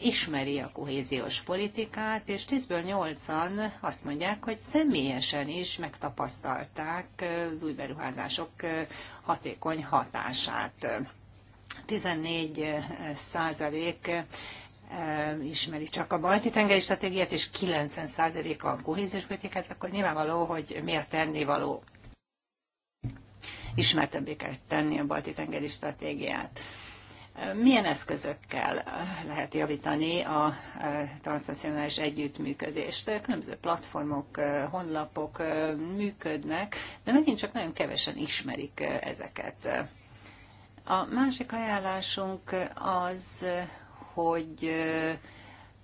ismeri a kohéziós politikát, és 10-ből 8-an azt mondják, hogy személyesen is megtapasztalták az új beruházások hatékony hatását. 14 százalék ismeri csak a balti tengeri stratégiát, és 90% a kohéziós politikát, akkor nyilvánvaló, hogy mi a tennivaló. Ismertebbé kell tenni a balti tengeri stratégiát. Milyen eszközökkel lehet javítani a transnacionális együttműködést? Különböző platformok, honlapok működnek, de megint csak nagyon kevesen ismerik ezeket. A másik ajánlásunk az, hogy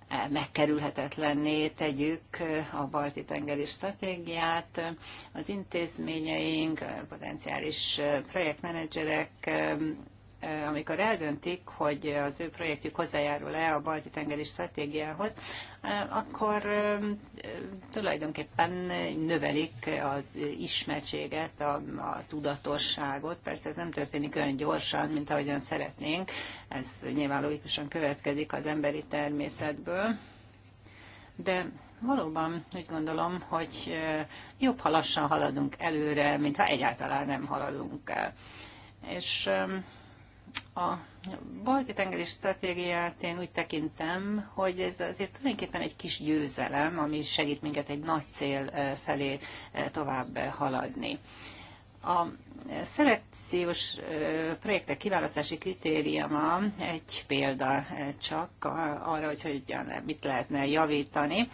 e, megkerülhetetlenné tegyük a balti tengeri stratégiát. Az intézményeink, potenciális projektmenedzserek amikor eldöntik, hogy az ő projektjük hozzájárul-e a balti tengeri stratégiához, akkor tulajdonképpen növelik az ismertséget, a, a tudatosságot. Persze ez nem történik olyan gyorsan, mint ahogyan szeretnénk. Ez nyilván logikusan következik az emberi természetből. De valóban úgy gondolom, hogy jobb, ha lassan haladunk előre, mint ha egyáltalán nem haladunk el. És a balti tengeri stratégiát én úgy tekintem, hogy ez azért tulajdonképpen egy kis győzelem, ami segít minket egy nagy cél felé tovább haladni. A szelekciós projektek kiválasztási kritériuma egy példa csak arra, hogy hogyan, mit lehetne javítani.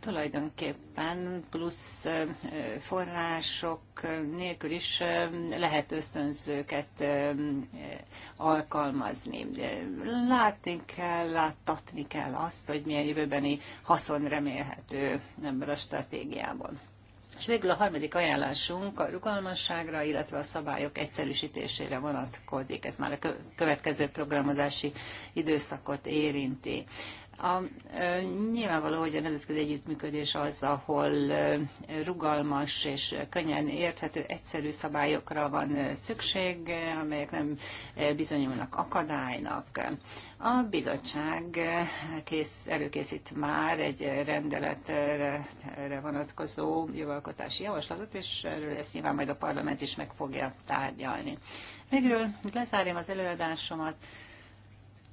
Tulajdonképpen plusz források nélkül is lehet ösztönzőket alkalmazni. Látni kell, láttatni kell azt, hogy milyen jövőbeni haszon remélhető ebből a stratégiából. És végül a harmadik ajánlásunk a rugalmasságra, illetve a szabályok egyszerűsítésére vonatkozik. Ez már a következő programozási időszakot érinti. A, nyilvánvaló, hogy a nemzetközi együttműködés az, ahol rugalmas és könnyen érthető, egyszerű szabályokra van szükség, amelyek nem bizonyulnak akadálynak. A bizottság kész, előkészít már egy rendeletre vonatkozó jogalkotási javaslatot, és erről ezt nyilván majd a parlament is meg fogja tárgyalni. Végül lezárjam az előadásomat.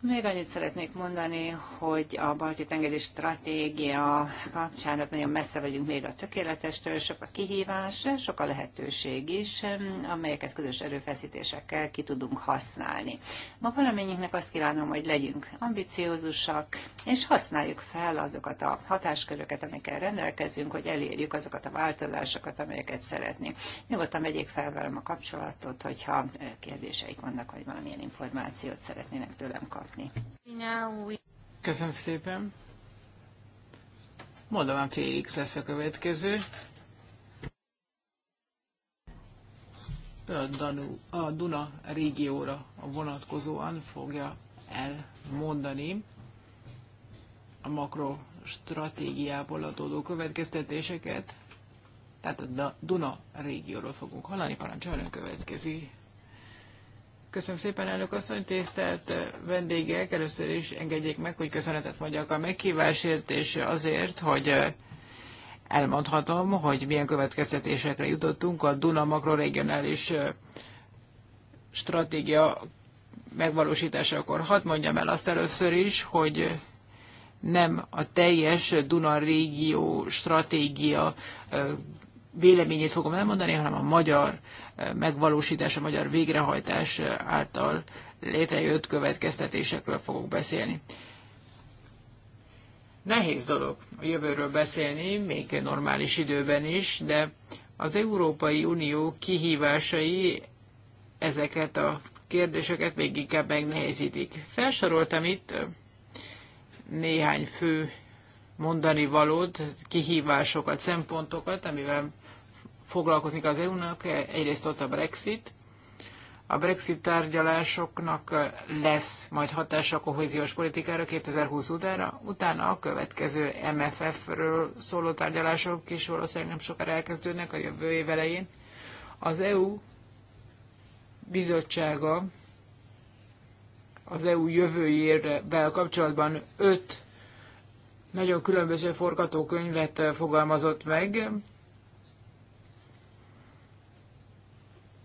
Még annyit szeretnék mondani, hogy a balti tengeri stratégia kapcsán hát nagyon messze vagyunk még a tökéletestől, sok a kihívás, sok a lehetőség is, amelyeket közös erőfeszítésekkel ki tudunk használni. Ma valamennyiknek azt kívánom, hogy legyünk ambiciózusak, és használjuk fel azokat a hatásköröket, amikkel rendelkezünk, hogy elérjük azokat a változásokat, amelyeket szeretnénk. Nyugodtan vegyék fel velem a kapcsolatot, hogyha kérdéseik vannak, vagy valamilyen információt szeretnének tőlem kapni kapni. Köszönöm szépen. Mondom, Félix lesz a következő. A, a Duna régióra vonatkozóan fogja elmondani a makro stratégiából adódó következtetéseket. Tehát a Duna régióról fogunk hallani, parancsoljon következik. Köszönöm szépen, elnök asszony, tisztelt eh, vendégek! Először is engedjék meg, hogy köszönetet mondjak a meghívásért, és azért, hogy eh, elmondhatom, hogy milyen következtetésekre jutottunk a Duna makroregionális eh, stratégia megvalósításakor. Hadd mondjam el azt először is, hogy nem a teljes Duna régió stratégia véleményét fogom elmondani, hanem a magyar eh, megvalósítás, a magyar végrehajtás eh, által létrejött következtetésekről fogok beszélni. Nehéz dolog a jövőről beszélni, még normális időben is, de az Európai Unió kihívásai ezeket a kérdéseket még inkább megnehezítik. Felsoroltam itt eh, néhány fő mondani valód, kihívásokat, szempontokat, amivel foglalkozni az EU-nak. Egyrészt ott a Brexit. A Brexit tárgyalásoknak lesz majd hatása a kohéziós politikára 2020 utára, utána a következő MFF-ről szóló tárgyalások is valószínűleg nem sokára elkezdődnek a jövő év elején. Az EU bizottsága az EU jövőjével kapcsolatban öt nagyon különböző forgatókönyvet fogalmazott meg.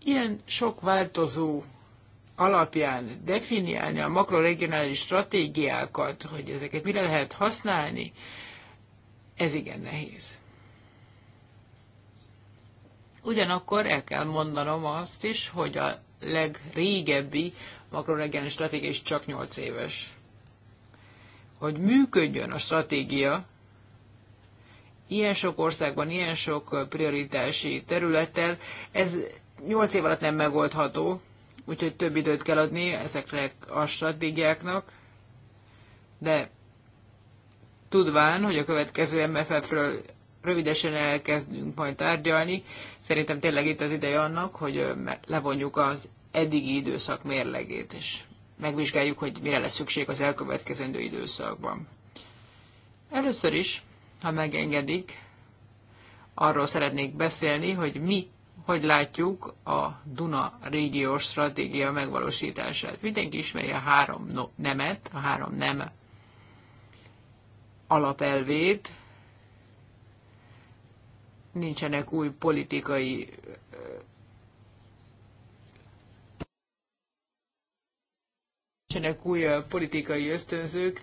Ilyen sok változó alapján definiálni a makroregionális stratégiákat, hogy ezeket mire lehet használni, ez igen nehéz. Ugyanakkor el kell mondanom azt is, hogy a legrégebbi makroregionális stratégia is csak 8 éves hogy működjön a stratégia, ilyen sok országban, ilyen sok prioritási területtel, ez 8 év alatt nem megoldható, úgyhogy több időt kell adni ezekre a stratégiáknak, de tudván, hogy a következő MFF-ről rövidesen elkezdünk majd tárgyalni, szerintem tényleg itt az ideje annak, hogy levonjuk az eddigi időszak mérlegét, és megvizsgáljuk, hogy mire lesz szükség az elkövetkezendő időszakban. Először is, ha megengedik, arról szeretnék beszélni, hogy mi hogy látjuk a Duna régiós stratégia megvalósítását. Mindenki ismeri a három no, nemet, a három nem alapelvét, nincsenek új politikai nincsenek új politikai ösztönzők.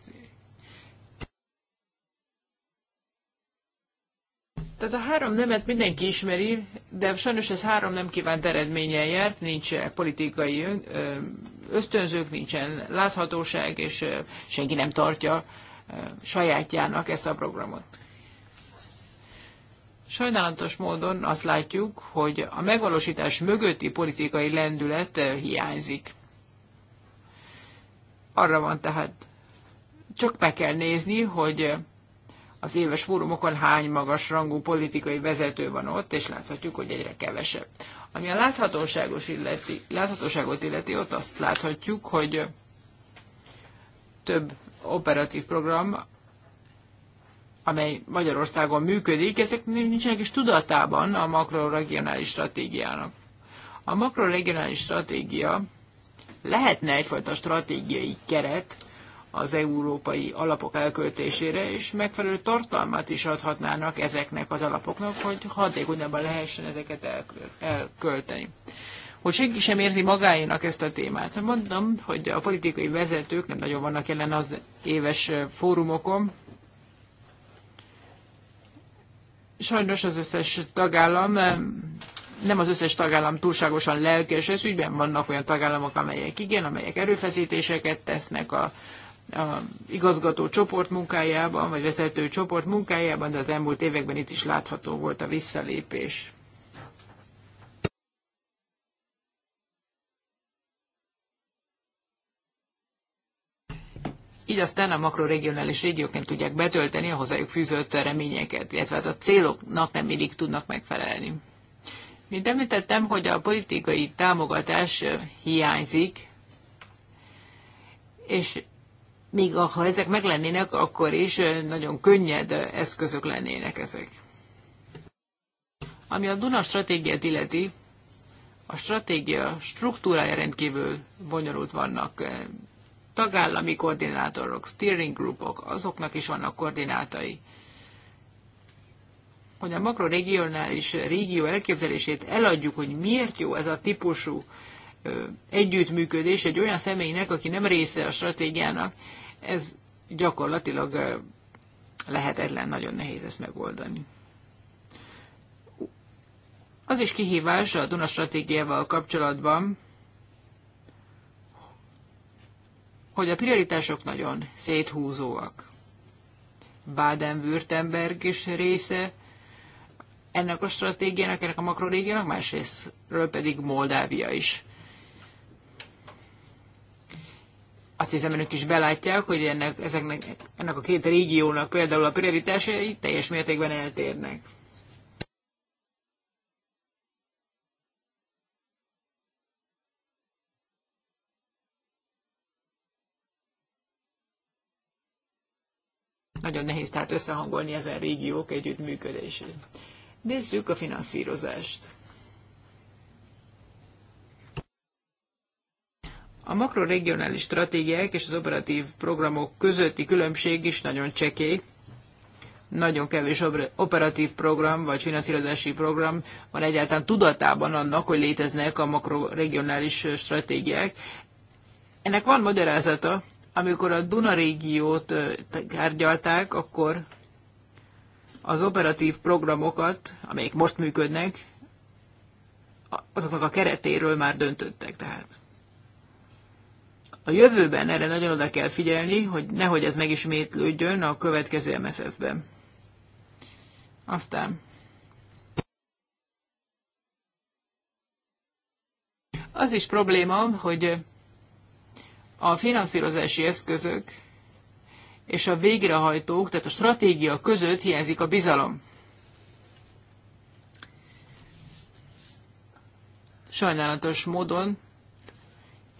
Tehát a három nemet mindenki ismeri, de sajnos ez három nem kívánt eredménnyel járt, nincs politikai ösztönzők, nincsen láthatóság, és senki nem tartja sajátjának ezt a programot. Sajnálatos módon azt látjuk, hogy a megvalósítás mögötti politikai lendület hiányzik. Arra van tehát, csak meg kell nézni, hogy az éves fórumokon hány magas rangú politikai vezető van ott, és láthatjuk, hogy egyre kevesebb. Ami a láthatóságos illeti, láthatóságot illeti, ott azt láthatjuk, hogy több operatív program, amely Magyarországon működik, ezek nincsenek is tudatában a makroregionális stratégiának. A makroregionális stratégia lehetne egyfajta stratégiai keret az európai alapok elköltésére, és megfelelő tartalmat is adhatnának ezeknek az alapoknak, hogy hatékonyabban lehessen ezeket elkölteni. Hogy senki sem érzi magáénak ezt a témát. Mondom, hogy a politikai vezetők nem nagyon vannak jelen az éves fórumokon, sajnos az összes tagállam nem az összes tagállam túlságosan lelkes ez ügyben, vannak olyan tagállamok, amelyek igen, amelyek erőfeszítéseket tesznek a, a igazgató csoport munkájában, vagy vezető csoport munkájában, de az elmúlt években itt is látható volt a visszalépés. Így aztán a makroregionális régiók nem tudják betölteni a hozzájuk fűzött reményeket, illetve hát a céloknak nem mindig tudnak megfelelni. Mint említettem, hogy a politikai támogatás hiányzik, és még ha ezek meg lennének, akkor is nagyon könnyed eszközök lennének ezek. Ami a Duna stratégiát illeti, a stratégia struktúrája rendkívül bonyolult vannak. Tagállami koordinátorok, steering groupok, azoknak is vannak koordinátai hogy a makroregionális régió elképzelését eladjuk, hogy miért jó ez a típusú együttműködés egy olyan személynek, aki nem része a stratégiának, ez gyakorlatilag lehetetlen, nagyon nehéz ezt megoldani. Az is kihívás a Duna stratégiával kapcsolatban, hogy a prioritások nagyon széthúzóak. Baden-Württemberg is része ennek a stratégiának, ennek a makrorégiának, másrésztről pedig Moldávia is. Azt hiszem, önök is belátják, hogy ennek, ezeknek, ennek a két régiónak például a prioritásai teljes mértékben eltérnek. Nagyon nehéz tehát összehangolni ezen régiók együttműködését. Nézzük a finanszírozást. A makroregionális stratégiák és az operatív programok közötti különbség is nagyon csekély. Nagyon kevés operatív program vagy finanszírozási program van egyáltalán tudatában annak, hogy léteznek a makroregionális stratégiák. Ennek van magyarázata. Amikor a Duna régiót tárgyalták, akkor az operatív programokat, amelyek most működnek, azoknak a keretéről már döntöttek tehát. A jövőben erre nagyon oda kell figyelni, hogy nehogy ez megismétlődjön a következő MFF-ben. Aztán az is probléma, hogy a finanszírozási eszközök és a végrehajtók, tehát a stratégia között hiányzik a bizalom. Sajnálatos módon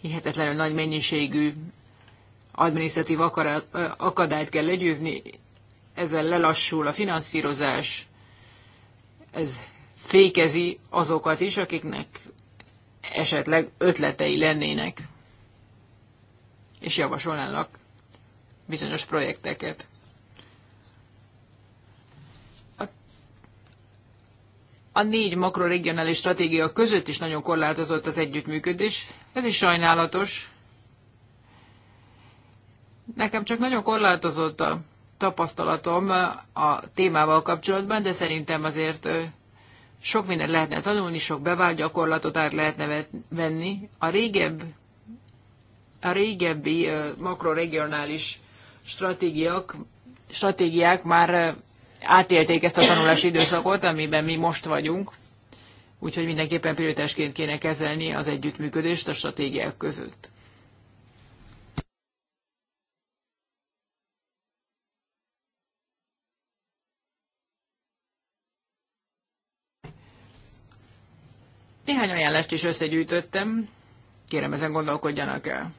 hihetetlenül nagy mennyiségű adminisztratív akadályt kell legyőzni, ezzel lelassul a finanszírozás, ez fékezi azokat is, akiknek esetleg ötletei lennének, és javasolnának bizonyos projekteket. A, négy makroregionális stratégia között is nagyon korlátozott az együttműködés. Ez is sajnálatos. Nekem csak nagyon korlátozott a tapasztalatom a témával kapcsolatban, de szerintem azért sok mindent lehetne tanulni, sok bevált gyakorlatot át lehetne venni. A régebb a régebbi makroregionális stratégiák, stratégiák már átélték ezt a tanulási időszakot, amiben mi most vagyunk, úgyhogy mindenképpen prioritásként kéne kezelni az együttműködést a stratégiák között. Néhány ajánlást is összegyűjtöttem, kérem ezen gondolkodjanak el.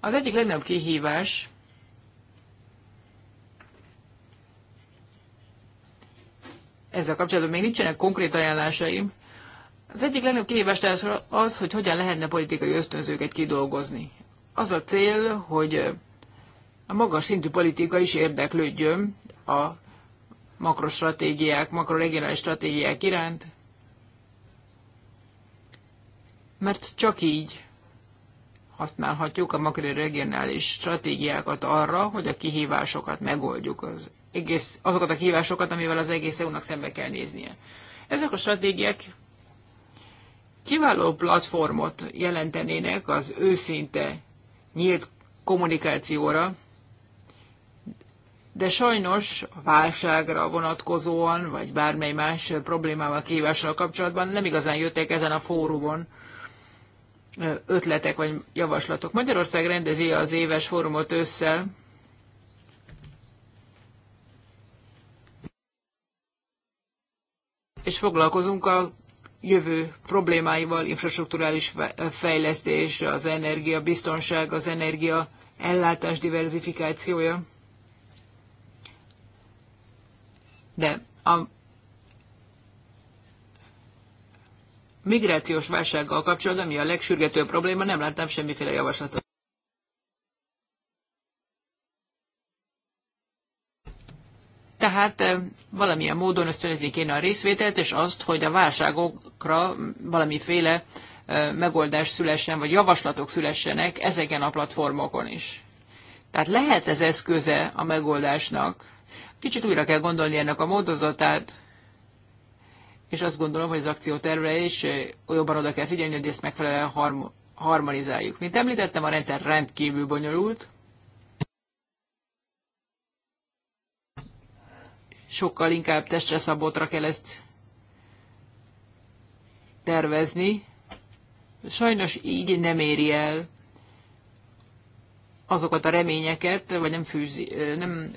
Az egyik legnagyobb kihívás ezzel kapcsolatban még nincsenek konkrét ajánlásaim. Az egyik legnagyobb kihívás az, hogy hogyan lehetne politikai ösztönzőket kidolgozni. Az a cél, hogy a magas szintű politika is érdeklődjön a makrostratégiák, makroregionális stratégiák iránt, mert csak így használhatjuk a makroregionális stratégiákat arra, hogy a kihívásokat megoldjuk az egész, azokat a kihívásokat, amivel az egész EU-nak szembe kell néznie. Ezek a stratégiák kiváló platformot jelentenének az őszinte nyílt kommunikációra, de sajnos a válságra vonatkozóan, vagy bármely más problémával, kívással kapcsolatban nem igazán jöttek ezen a fórumon ötletek vagy javaslatok. Magyarország rendezi az éves fórumot ősszel, és foglalkozunk a jövő problémáival, infrastruktúrális fejlesztés, az energia biztonság, az energia ellátás diversifikációja. De a migrációs válsággal kapcsolatban, ami a legsürgetőbb probléma, nem láttam semmiféle javaslatot. Tehát eh, valamilyen módon ösztönözni kéne a részvételt, és azt, hogy a válságokra valamiféle eh, megoldás szülessen, vagy javaslatok szülessenek ezeken a platformokon is. Tehát lehet ez eszköze a megoldásnak. Kicsit újra kell gondolni ennek a módozatát, és azt gondolom, hogy az akciótervre is eh, jobban oda kell figyelni, hogy ezt megfelelően harmonizáljuk. Mint említettem, a rendszer rendkívül bonyolult, sokkal inkább testre szabotra kell ezt tervezni. Sajnos így nem éri el azokat a reményeket, vagy nem fűzi, nem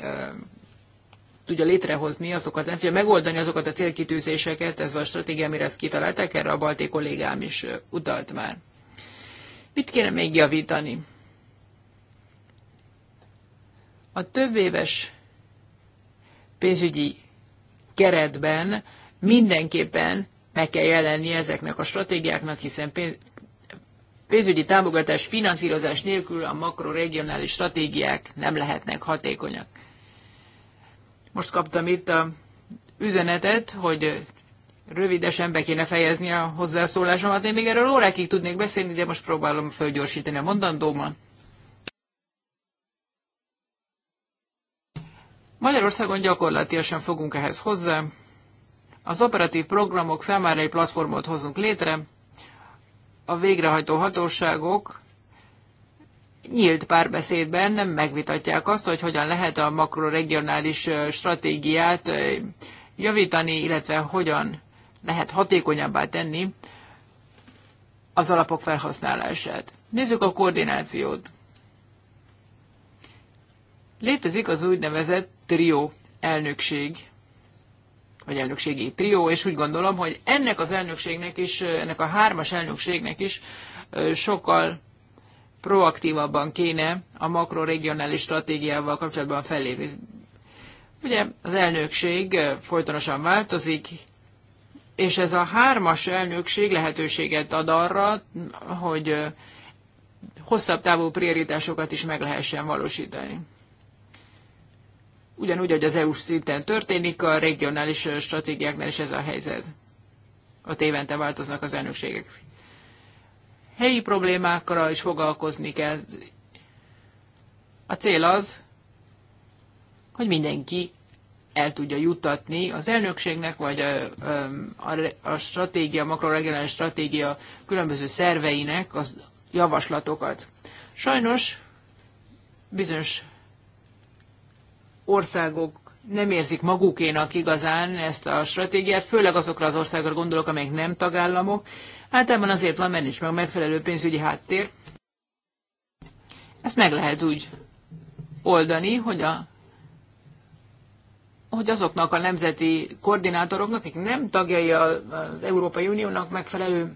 tudja létrehozni azokat, nem tudja megoldani azokat a célkitűzéseket, ez a stratégia, amire ezt kitalálták, erre a balti kollégám is utalt már. Mit kéne még javítani? A több éves pénzügyi keretben mindenképpen meg kell jelenni ezeknek a stratégiáknak, hiszen pénzügyi támogatás, finanszírozás nélkül a makroregionális stratégiák nem lehetnek hatékonyak. Most kaptam itt a üzenetet, hogy rövidesen be kéne fejezni a hozzászólásomat. Én még erről órákig tudnék beszélni, de most próbálom felgyorsítani a mondandómat. Magyarországon gyakorlatilag fogunk ehhez hozzá. Az operatív programok számára egy platformot hozunk létre, a végrehajtó hatóságok nyílt párbeszédben nem megvitatják azt, hogy hogyan lehet a makroregionális stratégiát javítani, illetve hogyan lehet hatékonyabbá tenni az alapok felhasználását. Nézzük a koordinációt. Létezik az úgynevezett trió elnökség, vagy elnökségi trió, és úgy gondolom, hogy ennek az elnökségnek is, ennek a hármas elnökségnek is sokkal proaktívabban kéne a makroregionális stratégiával kapcsolatban fellépni. Ugye az elnökség folytonosan változik, és ez a hármas elnökség lehetőséget ad arra, hogy hosszabb távú prioritásokat is meg lehessen valósítani ugyanúgy, hogy az eu szinten történik, a regionális stratégiáknál is ez a helyzet. A évente változnak az elnökségek. Helyi problémákra is foglalkozni kell. A cél az, hogy mindenki el tudja juttatni az elnökségnek, vagy a, a, a stratégia, makroregionális stratégia különböző szerveinek az javaslatokat. Sajnos bizonyos országok nem érzik magukénak igazán ezt a stratégiát, főleg azokra az országokra gondolok, amelyek nem tagállamok. Általában azért van, mert nincs meg a megfelelő pénzügyi háttér. Ezt meg lehet úgy oldani, hogy a hogy azoknak a nemzeti koordinátoroknak, akik nem tagjai az Európai Uniónak megfelelő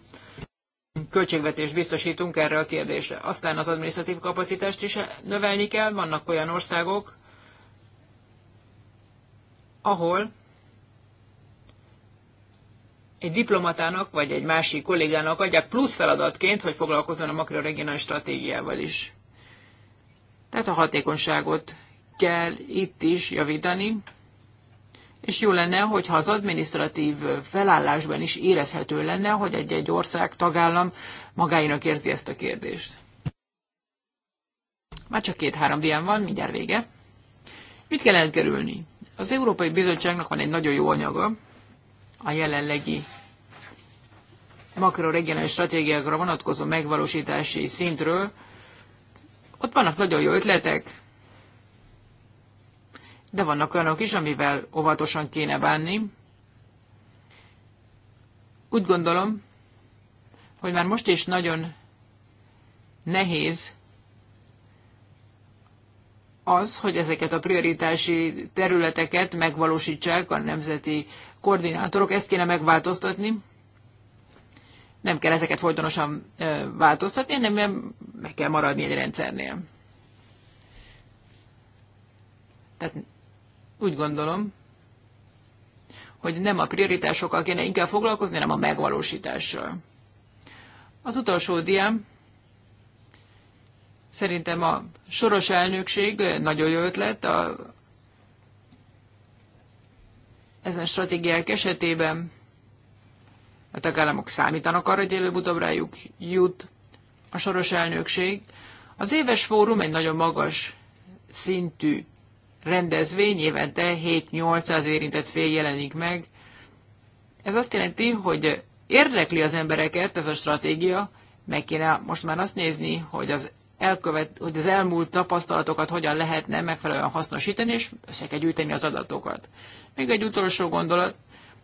költségvetést biztosítunk erre a kérdésre. Aztán az administratív kapacitást is növelni kell. Vannak olyan országok, ahol egy diplomatának vagy egy másik kollégának adják plusz feladatként, hogy foglalkozzon a makroregionális stratégiával is. Tehát a hatékonyságot kell itt is javítani, és jó lenne, hogyha az administratív felállásban is érezhető lenne, hogy egy-egy ország, tagállam magáinak érzi ezt a kérdést. Már csak két-három dián van, mindjárt vége. Mit kell elkerülni? Az Európai Bizottságnak van egy nagyon jó anyaga a jelenlegi makroregionális stratégiákra vonatkozó megvalósítási szintről. Ott vannak nagyon jó ötletek, de vannak olyanok is, amivel óvatosan kéne bánni. Úgy gondolom, hogy már most is nagyon nehéz az, hogy ezeket a prioritási területeket megvalósítsák a nemzeti koordinátorok. Ezt kéne megváltoztatni. Nem kell ezeket folytonosan változtatni, hanem meg kell maradni egy rendszernél. Tehát úgy gondolom, hogy nem a prioritásokkal kéne inkább foglalkozni, hanem a megvalósítással. Az utolsó diám Szerintem a soros elnökség nagyon jó ötlet. A, ezen stratégiák esetében a tagállamok számítanak arra, hogy előbb-utóbb rájuk jut a soros elnökség. Az éves fórum egy nagyon magas szintű rendezvény, évente 7-800 érintett fél jelenik meg. Ez azt jelenti, hogy érdekli az embereket ez a stratégia, meg kéne most már azt nézni, hogy az elkövet, hogy az elmúlt tapasztalatokat hogyan lehetne megfelelően hasznosítani, és össze kell gyűjteni az adatokat. Még egy utolsó gondolat.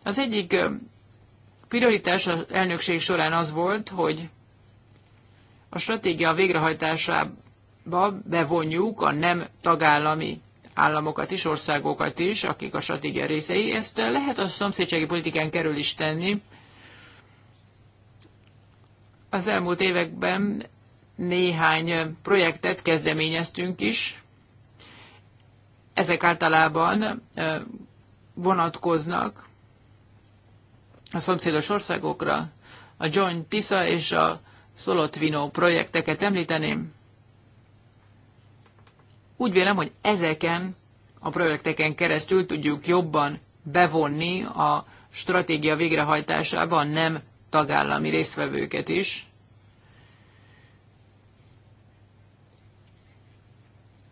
Az egyik prioritás az elnökség során az volt, hogy a stratégia végrehajtásába bevonjuk a nem tagállami államokat is, országokat is, akik a stratégia részei. Ezt lehet a szomszédsági politikán kerül is tenni. Az elmúlt években néhány projektet kezdeményeztünk is. Ezek általában vonatkoznak a szomszédos országokra. A John Tisza és a Solotvino projekteket említeném. Úgy vélem, hogy ezeken a projekteken keresztül tudjuk jobban bevonni a stratégia végrehajtásába a nem tagállami résztvevőket is.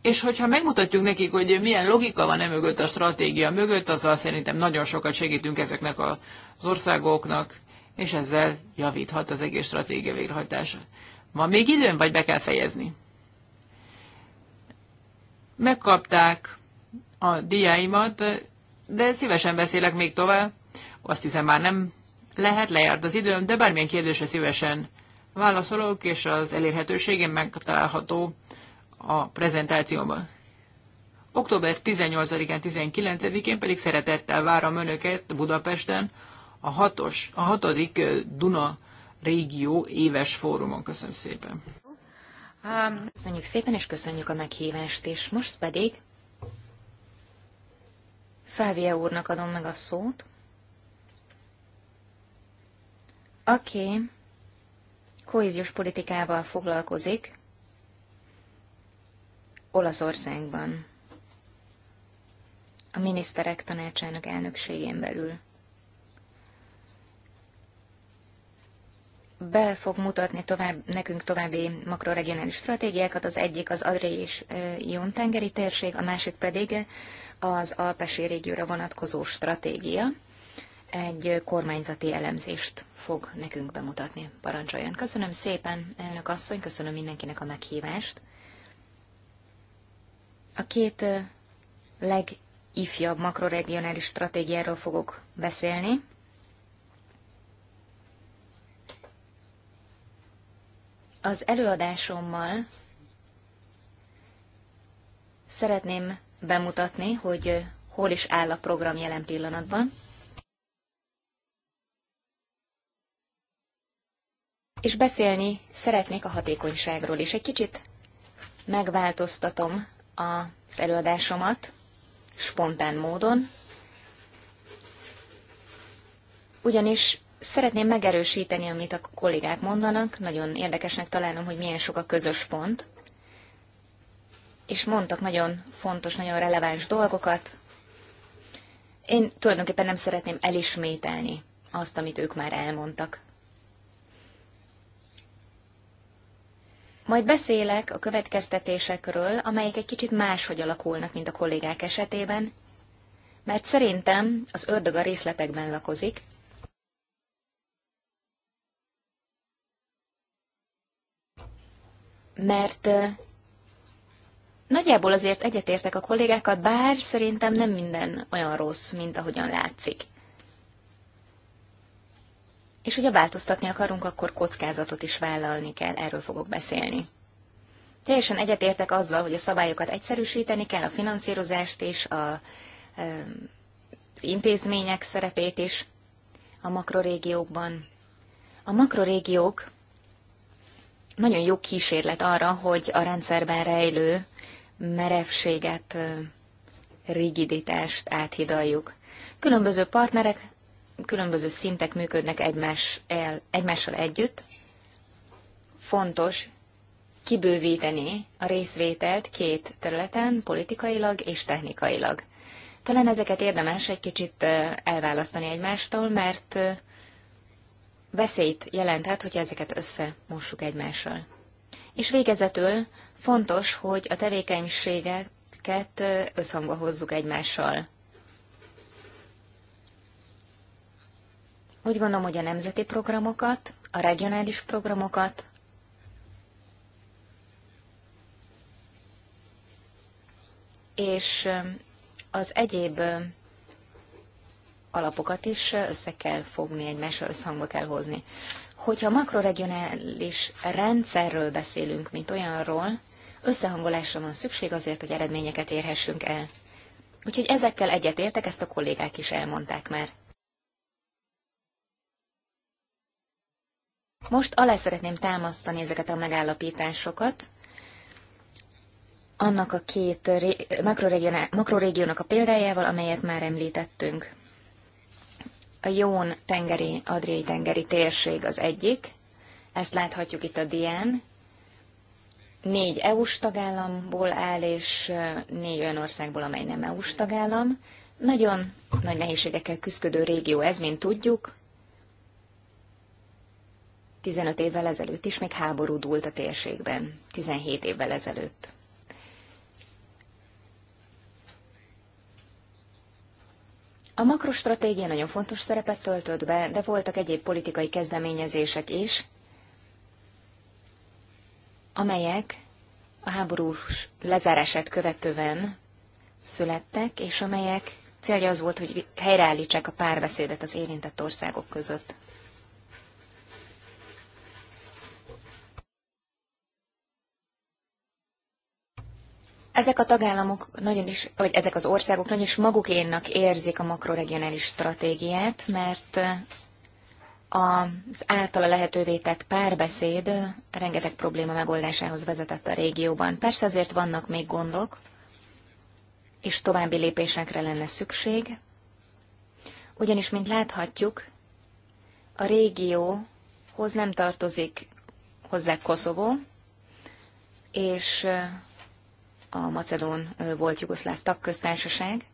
és hogyha megmutatjuk nekik, hogy milyen logika van e mögött, a stratégia mögött, azzal szerintem nagyon sokat segítünk ezeknek az országoknak, és ezzel javíthat az egész stratégia végrehajtása. Van még időn vagy be kell fejezni? Megkapták a diáimat, de szívesen beszélek még tovább. Azt hiszem már nem lehet, lejárt az időm, de bármilyen kérdésre szívesen válaszolok, és az elérhetőségén megtalálható a prezentációban. Október 18-án, 19-én pedig szeretettel várom Önöket Budapesten a, hatos, a hatodik Duna régió éves fórumon. Köszönöm szépen. Um, köszönjük szépen, és köszönjük a meghívást, és most pedig Fávia úrnak adom meg a szót, aki kohéziós politikával foglalkozik, Olaszországban, a miniszterek tanácsának elnökségén belül. be fog mutatni tovább, nekünk további makroregionális stratégiákat, az egyik az Adré és Jón tengeri térség, a másik pedig az Alpesi régióra vonatkozó stratégia. Egy kormányzati elemzést fog nekünk bemutatni. Parancsoljon. Köszönöm szépen, elnök asszony, köszönöm mindenkinek a meghívást. A két legifjabb makroregionális stratégiáról fogok beszélni. Az előadásommal szeretném bemutatni, hogy hol is áll a program jelen pillanatban. És beszélni szeretnék a hatékonyságról, is egy kicsit megváltoztatom az előadásomat spontán módon, ugyanis szeretném megerősíteni, amit a kollégák mondanak. Nagyon érdekesnek találom, hogy milyen sok a közös pont. És mondtak nagyon fontos, nagyon releváns dolgokat. Én tulajdonképpen nem szeretném elismételni azt, amit ők már elmondtak. Majd beszélek a következtetésekről, amelyek egy kicsit máshogy alakulnak, mint a kollégák esetében, mert szerintem az ördög a részletekben lakozik, mert nagyjából azért egyetértek a kollégákkal, bár szerintem nem minden olyan rossz, mint ahogyan látszik. És hogyha változtatni akarunk, akkor kockázatot is vállalni kell, erről fogok beszélni. Teljesen egyetértek azzal, hogy a szabályokat egyszerűsíteni kell, a finanszírozást és a, az intézmények szerepét is a makrorégiókban. A makrorégiók nagyon jó kísérlet arra, hogy a rendszerben rejlő merevséget, rigiditást áthidaljuk. Különböző partnerek különböző szintek működnek egymás el, egymással együtt, fontos kibővíteni a részvételt két területen, politikailag és technikailag. Talán ezeket érdemes egy kicsit elválasztani egymástól, mert veszélyt jelenthet, hogyha ezeket összemossuk egymással. És végezetül fontos, hogy a tevékenységeket összhangba hozzuk egymással. Úgy gondolom, hogy a nemzeti programokat, a regionális programokat, és um, az egyéb um, alapokat is uh, össze kell fogni, egymásra összhangba kell hozni. Hogyha makroregionális rendszerről beszélünk, mint olyanról, összehangolásra van szükség azért, hogy eredményeket érhessünk el. Úgyhogy ezekkel egyetértek, ezt a kollégák is elmondták már. Most alá szeretném támasztani ezeket a megállapításokat, annak a két makroregiónak a példájával, amelyet már említettünk. A Jón tengeri, Adriai tengeri térség az egyik, ezt láthatjuk itt a dián. Négy EU-s tagállamból áll, és négy olyan országból, amely nem EU-s tagállam. Nagyon nagy nehézségekkel küzdő régió ez, mint tudjuk. 15 évvel ezelőtt is még háború dúlt a térségben, 17 évvel ezelőtt. A makrostratégia nagyon fontos szerepet töltött be, de voltak egyéb politikai kezdeményezések is, amelyek a háborús lezárását követően születtek, és amelyek célja az volt, hogy helyreállítsák a párbeszédet az érintett országok között. Ezek a tagállamok nagyon is, vagy ezek az országok nagyon is magukénnak érzik a makroregionális stratégiát, mert eh, az általa lehetővé tett párbeszéd eh, rengeteg probléma megoldásához vezetett a régióban. Persze azért vannak még gondok, és további lépésekre lenne szükség, ugyanis, mint láthatjuk, a régióhoz nem tartozik hozzá Koszovó, és eh, a Macedón volt jugoszláv tagköztársaság.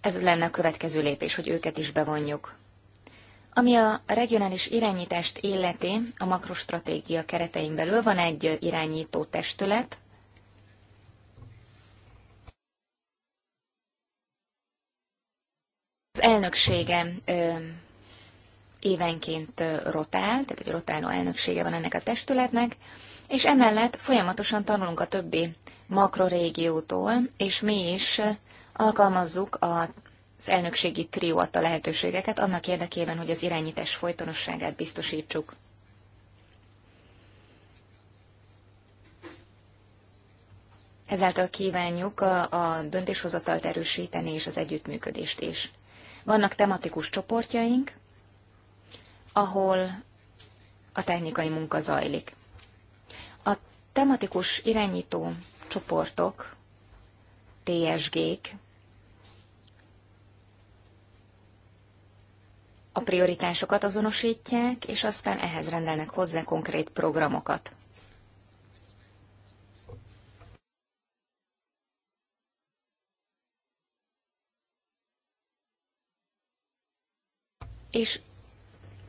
Ez lenne a következő lépés, hogy őket is bevonjuk. Ami a regionális irányítást illeti, a makrostratégia keretein belül van egy irányító testület, Az elnöksége ö, évenként rotál, tehát egy rotáló elnöksége van ennek a testületnek, és emellett folyamatosan tanulunk a többi makrorégiótól, és mi is alkalmazzuk a az elnökségi trió adta lehetőségeket annak érdekében, hogy az irányítás folytonosságát biztosítsuk. Ezáltal kívánjuk a, a döntéshozatalt erősíteni és az együttműködést is. Vannak tematikus csoportjaink, ahol a technikai munka zajlik. A tematikus irányító csoportok, TSG-k a prioritásokat azonosítják, és aztán ehhez rendelnek hozzá konkrét programokat. És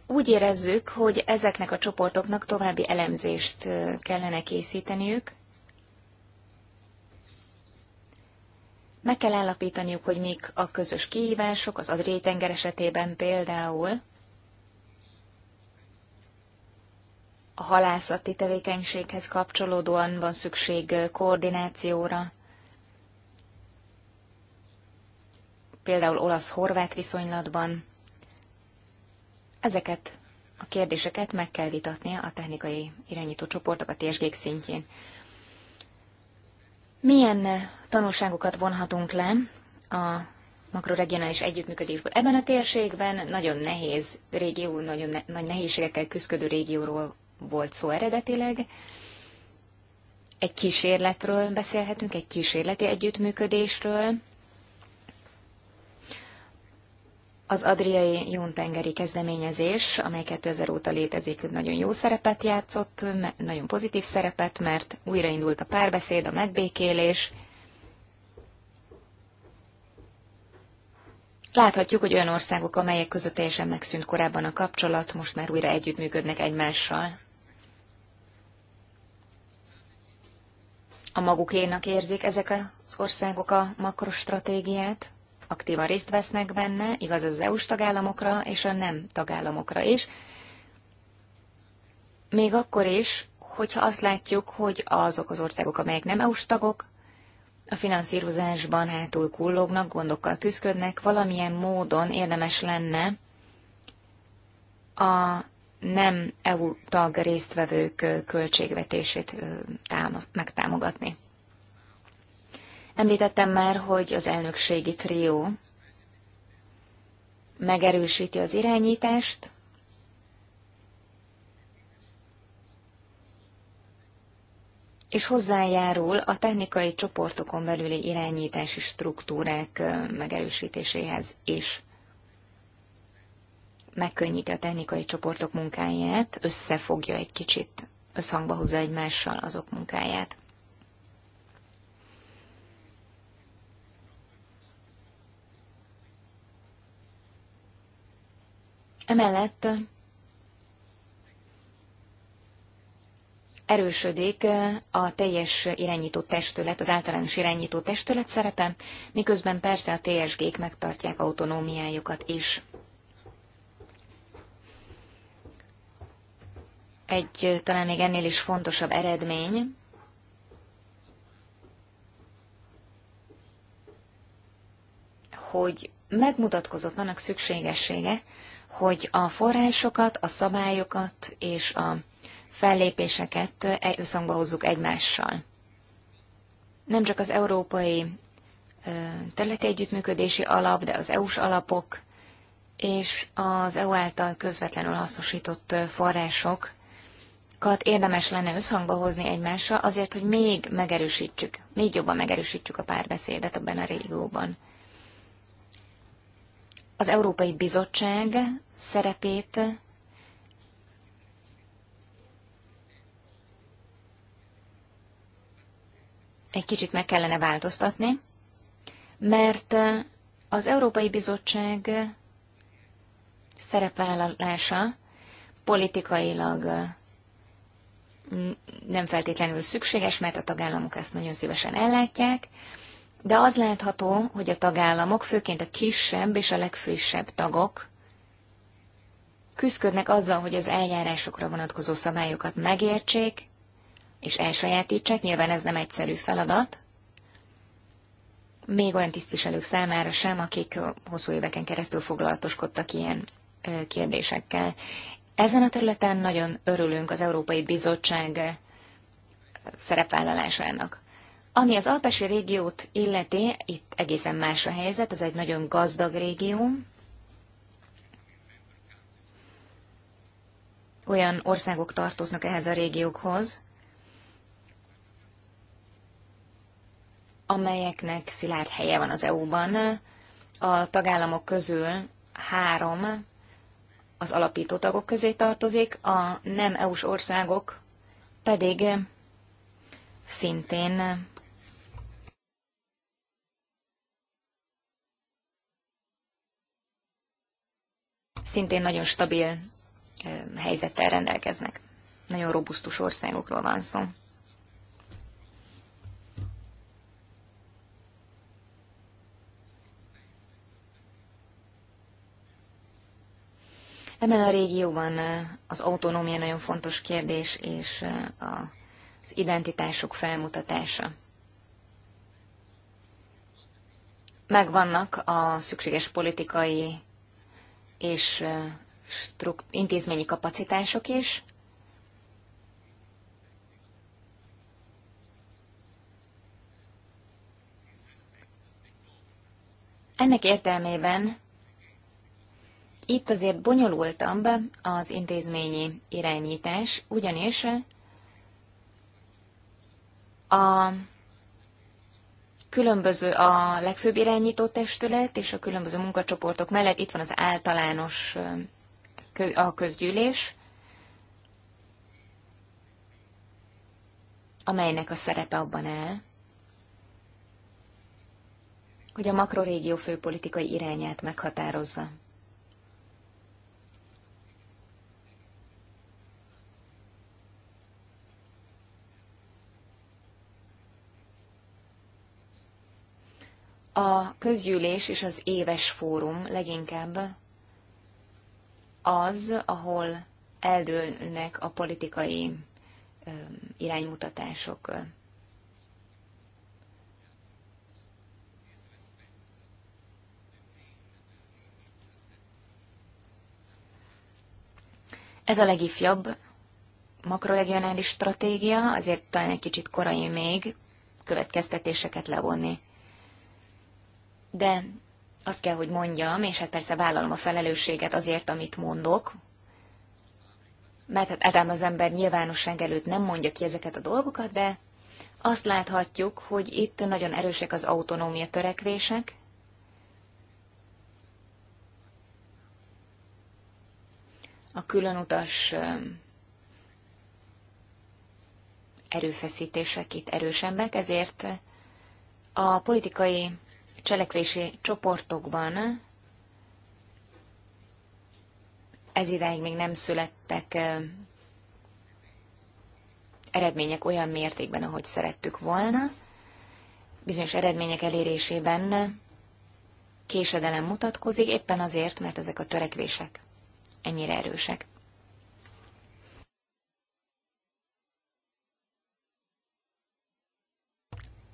úgy érezzük, hogy ezeknek a csoportoknak további elemzést kellene készíteniük, Meg kell állapítaniuk, hogy mik a közös kihívások, az Adriai-tenger esetében például a halászati tevékenységhez kapcsolódóan van szükség koordinációra, például olasz-horvát viszonylatban. Ezeket a kérdéseket meg kell vitatnia a technikai irányító csoportok a térsgék szintjén. Milyen tanulságokat vonhatunk le a makroregionális együttműködésből? Ebben a térségben nagyon nehéz régió, nagyon ne, nagy nehézségekkel küzdő régióról volt szó eredetileg. Egy kísérletről beszélhetünk, egy kísérleti együttműködésről, Az adriai jóntengeri kezdeményezés, amely 2000 óta létezik, nagyon jó szerepet játszott, nagyon pozitív szerepet, mert újraindult a párbeszéd, a megbékélés. Láthatjuk, hogy olyan országok, amelyek között teljesen megszűnt korábban a kapcsolat, most már újra együttműködnek egymással. A magukénak érzik ezek az országok a makrostratégiát, aktívan részt vesznek benne, igaz az EU-s tagállamokra és a nem tagállamokra is. Még akkor is, hogyha azt látjuk, hogy azok az országok, amelyek nem EU-s tagok, a finanszírozásban hátul kullognak, gondokkal küzdködnek, valamilyen módon érdemes lenne a nem EU tag résztvevők költségvetését megtámogatni. Említettem már, hogy az elnökségi trió megerősíti az irányítást, és hozzájárul a technikai csoportokon belüli irányítási struktúrák megerősítéséhez is. Megkönnyíti a technikai csoportok munkáját, összefogja egy kicsit, összhangba hozza egymással azok munkáját. Emellett erősödik a teljes irányító testület, az általános irányító testület szerepe, miközben persze a TSG-k megtartják autonómiájukat is. Egy talán még ennél is fontosabb eredmény, hogy megmutatkozott annak szükségessége, hogy a forrásokat, a szabályokat és a fellépéseket e összhangba hozzuk egymással. Nem csak az európai területi együttműködési alap, de az EU-s alapok és az EU által közvetlenül hasznosított források érdemes lenne összhangba hozni egymással, azért, hogy még megerősítsük, még jobban megerősítsük a párbeszédet abban a régióban az Európai Bizottság szerepét egy kicsit meg kellene változtatni, mert az Európai Bizottság szerepvállalása politikailag nem feltétlenül szükséges, mert a tagállamok ezt nagyon szívesen ellátják, de az látható, hogy a tagállamok, főként a kisebb és a legfrissebb tagok küzdködnek azzal, hogy az eljárásokra vonatkozó szabályokat megértsék, és elsajátítsák, nyilván ez nem egyszerű feladat, még olyan tisztviselők számára sem, akik hosszú éveken keresztül foglalatoskodtak ilyen kérdésekkel. Ezen a területen nagyon örülünk az Európai Bizottság szerepvállalásának. Ami az Alpesi régiót illeti, itt egészen más a helyzet, ez egy nagyon gazdag régió. Olyan országok tartoznak ehhez a régiókhoz, amelyeknek szilárd helye van az EU-ban. A tagállamok közül három az alapító tagok közé tartozik, a nem EU-s országok pedig szintén szintén nagyon stabil helyzettel rendelkeznek. Nagyon robusztus országokról van szó. Ebben a régióban az autonómia nagyon fontos kérdés, és az identitások felmutatása. Megvannak a szükséges politikai és intézményi kapacitások is. Ennek értelmében itt azért bonyolultabb az intézményi irányítás, ugyanis a Különböző a legfőbb irányító testület és a különböző munkacsoportok mellett itt van az általános a közgyűlés, amelynek a szerepe abban áll, hogy a makrorégió főpolitikai irányát meghatározza. A közgyűlés és az éves fórum leginkább az, ahol eldőlnek a politikai iránymutatások. Ez a legifjabb makroregionális stratégia, azért talán egy kicsit korai még következtetéseket levonni de azt kell, hogy mondjam, és hát persze vállalom a felelősséget azért, amit mondok, mert hát Ádám az ember nyilvánosság előtt nem mondja ki ezeket a dolgokat, de azt láthatjuk, hogy itt nagyon erősek az autonómia törekvések, a különutas erőfeszítések itt erősebbek, ezért a politikai cselekvési csoportokban ez ideig még nem születtek eredmények olyan mértékben, ahogy szerettük volna. Bizonyos eredmények elérésében késedelem mutatkozik, éppen azért, mert ezek a törekvések ennyire erősek.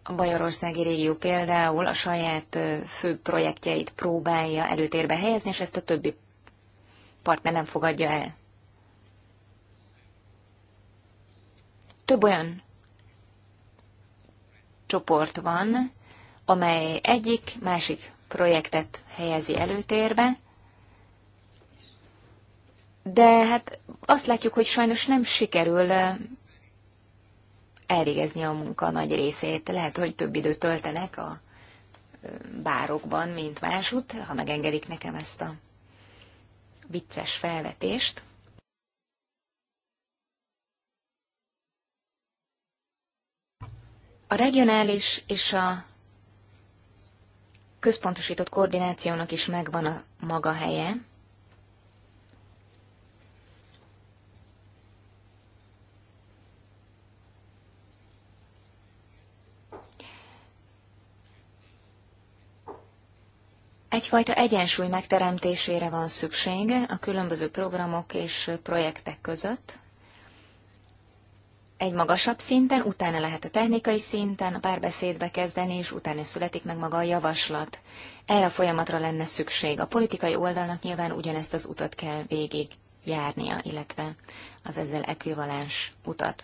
A bajorországi régió például a saját fő projektjeit próbálja előtérbe helyezni, és ezt a többi partner nem fogadja el. Több olyan csoport van, amely egyik, másik projektet helyezi előtérbe, de hát azt látjuk, hogy sajnos nem sikerül elvégezni a munka nagy részét. Lehet, hogy több időt töltenek a bárokban, mint másút, ha megengedik nekem ezt a vicces felvetést. A regionális és a központosított koordinációnak is megvan a maga helye, Egyfajta egyensúly megteremtésére van szüksége a különböző programok és projektek között. Egy magasabb szinten, utána lehet a technikai szinten a párbeszédbe kezdeni, és utána születik meg maga a javaslat. Erre a folyamatra lenne szükség. A politikai oldalnak nyilván ugyanezt az utat kell végig járnia, illetve az ezzel ekvivalens utat.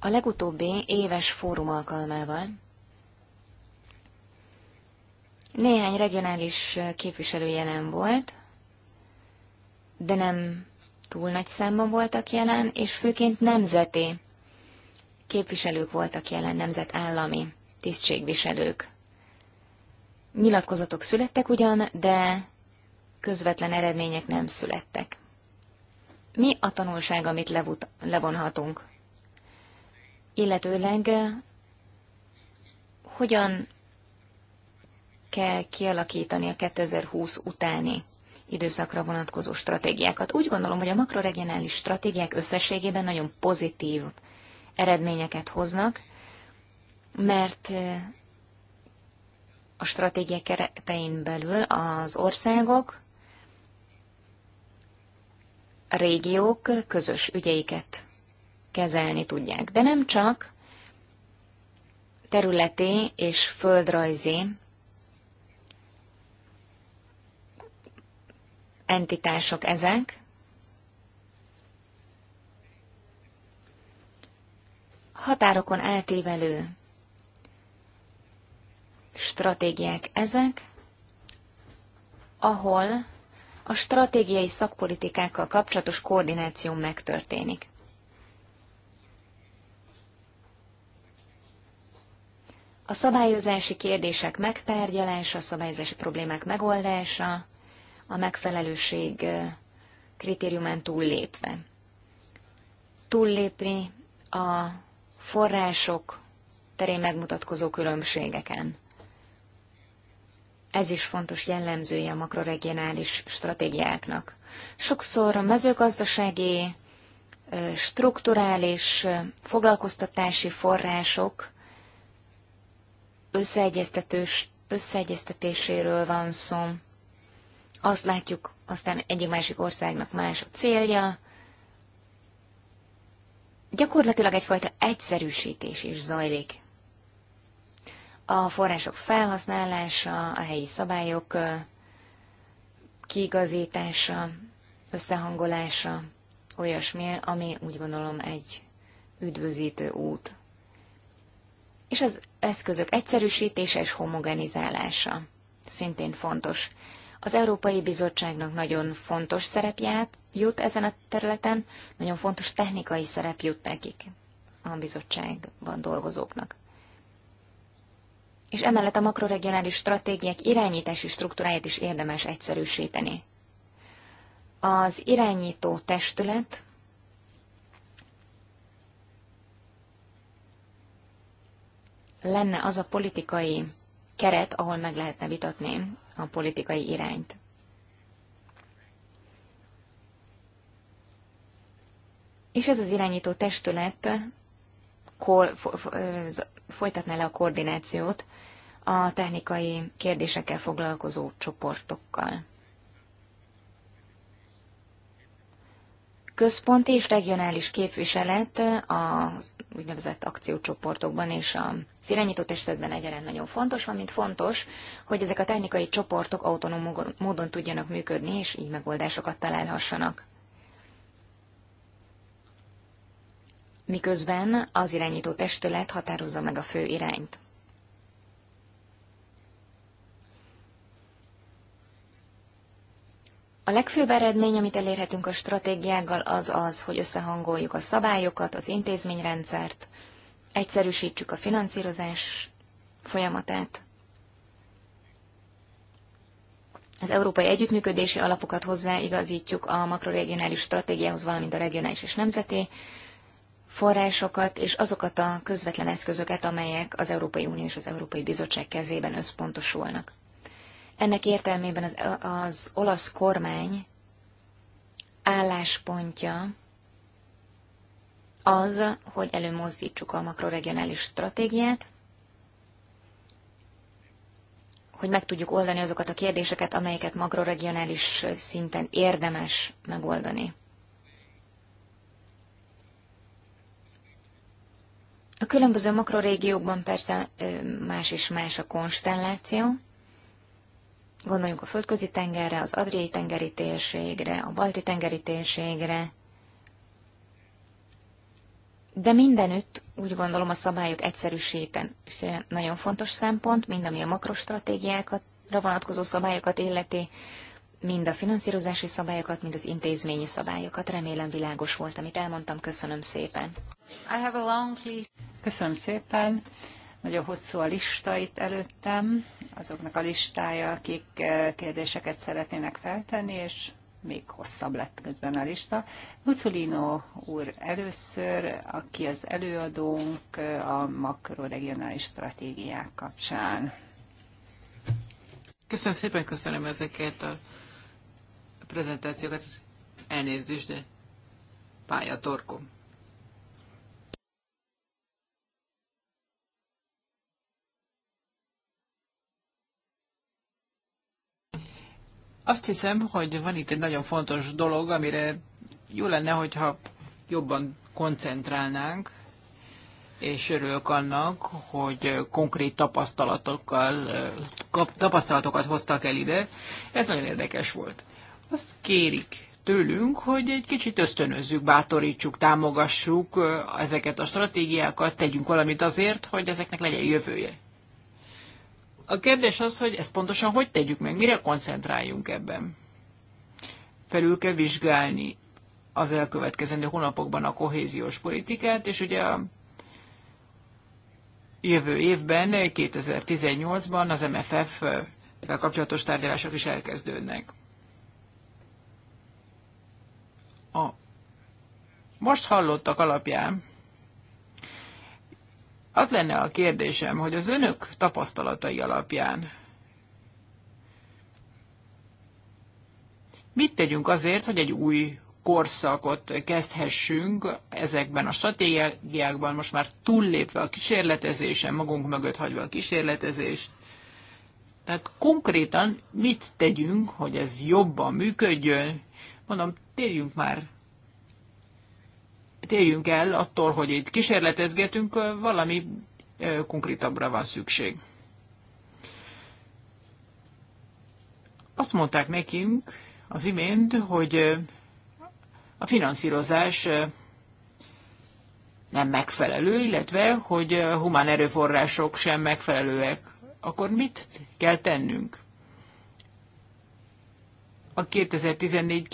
A legutóbbi éves fórum alkalmával néhány regionális képviselő jelen volt, de nem túl nagy számban voltak jelen, és főként nemzeti képviselők voltak jelen, nemzetállami tisztségviselők. Nyilatkozatok születtek ugyan, de közvetlen eredmények nem születtek. Mi a tanulság, amit levut, levonhatunk illetőleg eh, hogyan kell kialakítani a 2020 utáni időszakra vonatkozó stratégiákat. Úgy gondolom, hogy a makroregionális stratégiák összességében nagyon pozitív eredményeket hoznak, mert eh, a stratégiák keretein belül az országok, a régiók közös ügyeiket kezelni tudják. De nem csak területi és földrajzi entitások ezek, határokon átívelő stratégiák ezek, ahol a stratégiai szakpolitikákkal kapcsolatos koordináció megtörténik. A szabályozási kérdések megtárgyalása, a szabályozási problémák megoldása, a megfelelőség kritériumán túllépve. Túllépni a források terén megmutatkozó különbségeken. Ez is fontos jellemzője a makroregionális stratégiáknak. Sokszor a mezőgazdasági, strukturális, foglalkoztatási források összeegyeztetős, összeegyeztetéséről van szó. Azt látjuk, aztán egyik másik országnak más a célja. Gyakorlatilag egyfajta egyszerűsítés is zajlik. A források felhasználása, a helyi szabályok kiigazítása, összehangolása, olyasmi, ami úgy gondolom egy üdvözítő út és az eszközök egyszerűsítése és homogenizálása szintén fontos. Az Európai Bizottságnak nagyon fontos szerepját jut ezen a területen, nagyon fontos technikai szerep jut nekik, a bizottságban dolgozóknak. És emellett a makroregionális stratégiák irányítási struktúráját is érdemes egyszerűsíteni. Az irányító testület lenne az a politikai keret, ahol meg lehetne vitatni a politikai irányt. És ez az irányító testület folytatná le a koordinációt a technikai kérdésekkel foglalkozó csoportokkal. központi és regionális képviselet az úgynevezett akciócsoportokban és a irányító testetben egyaránt nagyon fontos, valamint fontos, hogy ezek a technikai csoportok autonóm módon tudjanak működni, és így megoldásokat találhassanak. Miközben az irányító testület határozza meg a fő irányt. A legfőbb eredmény, amit elérhetünk a stratégiággal, az az, hogy összehangoljuk a szabályokat, az intézményrendszert, egyszerűsítsük a finanszírozás folyamatát, az európai együttműködési alapokat hozzáigazítjuk a makroregionális stratégiához, valamint a regionális és nemzeti forrásokat, és azokat a közvetlen eszközöket, amelyek az Európai Unió és az Európai Bizottság kezében összpontosulnak. Ennek értelmében az, az olasz kormány álláspontja az, hogy előmozdítsuk a makroregionális stratégiát, hogy meg tudjuk oldani azokat a kérdéseket, amelyeket makroregionális szinten érdemes megoldani. A különböző makrorégiókban persze más és más a konstelláció, Gondoljunk a földközi tengerre, az adriai tengeri térségre, a balti tengeri térségre. De mindenütt úgy gondolom a szabályok egyszerűsíten nagyon fontos szempont, mind ami a makrostratégiákra vonatkozó szabályokat illeti, mind a finanszírozási szabályokat, mind az intézményi szabályokat. Remélem világos volt, amit elmondtam. Köszönöm szépen. I have a long Köszönöm szépen. Nagyon hosszú a lista itt előttem, azoknak a listája, akik eh, kérdéseket szeretnének feltenni, és még hosszabb lett közben a lista. Mucolino úr először, aki az előadónk eh, a makroregionális stratégiák kapcsán. Köszönöm szépen, köszönöm ezeket a prezentációkat. Elnézést, de pályatorkom. Azt hiszem, hogy van itt egy nagyon fontos dolog, amire jó lenne, hogyha jobban koncentrálnánk, és örülök annak, hogy konkrét tapasztalatokkal, tapasztalatokat hoztak el ide. Ez nagyon érdekes volt. Azt kérik tőlünk, hogy egy kicsit ösztönözzük, bátorítsuk, támogassuk ezeket a stratégiákat, tegyünk valamit azért, hogy ezeknek legyen jövője. A kérdés az, hogy ezt pontosan hogy tegyük meg, mire koncentráljunk ebben. Felül kell vizsgálni az elkövetkezendő hónapokban a kohéziós politikát, és ugye a jövő évben, 2018-ban az MFF-vel kapcsolatos tárgyalások is elkezdődnek. A most hallottak alapján az lenne a kérdésem, hogy az önök tapasztalatai alapján mit tegyünk azért, hogy egy új korszakot kezdhessünk ezekben a stratégiákban, most már túllépve a kísérletezésen, magunk mögött hagyva a kísérletezést. Tehát konkrétan mit tegyünk, hogy ez jobban működjön? Mondom, térjünk már térjünk el attól, hogy itt kísérletezgetünk, valami konkrétabbra van szükség. Azt mondták nekünk az imént, hogy a finanszírozás nem megfelelő, illetve hogy humán erőforrások sem megfelelőek. Akkor mit kell tennünk? A 2014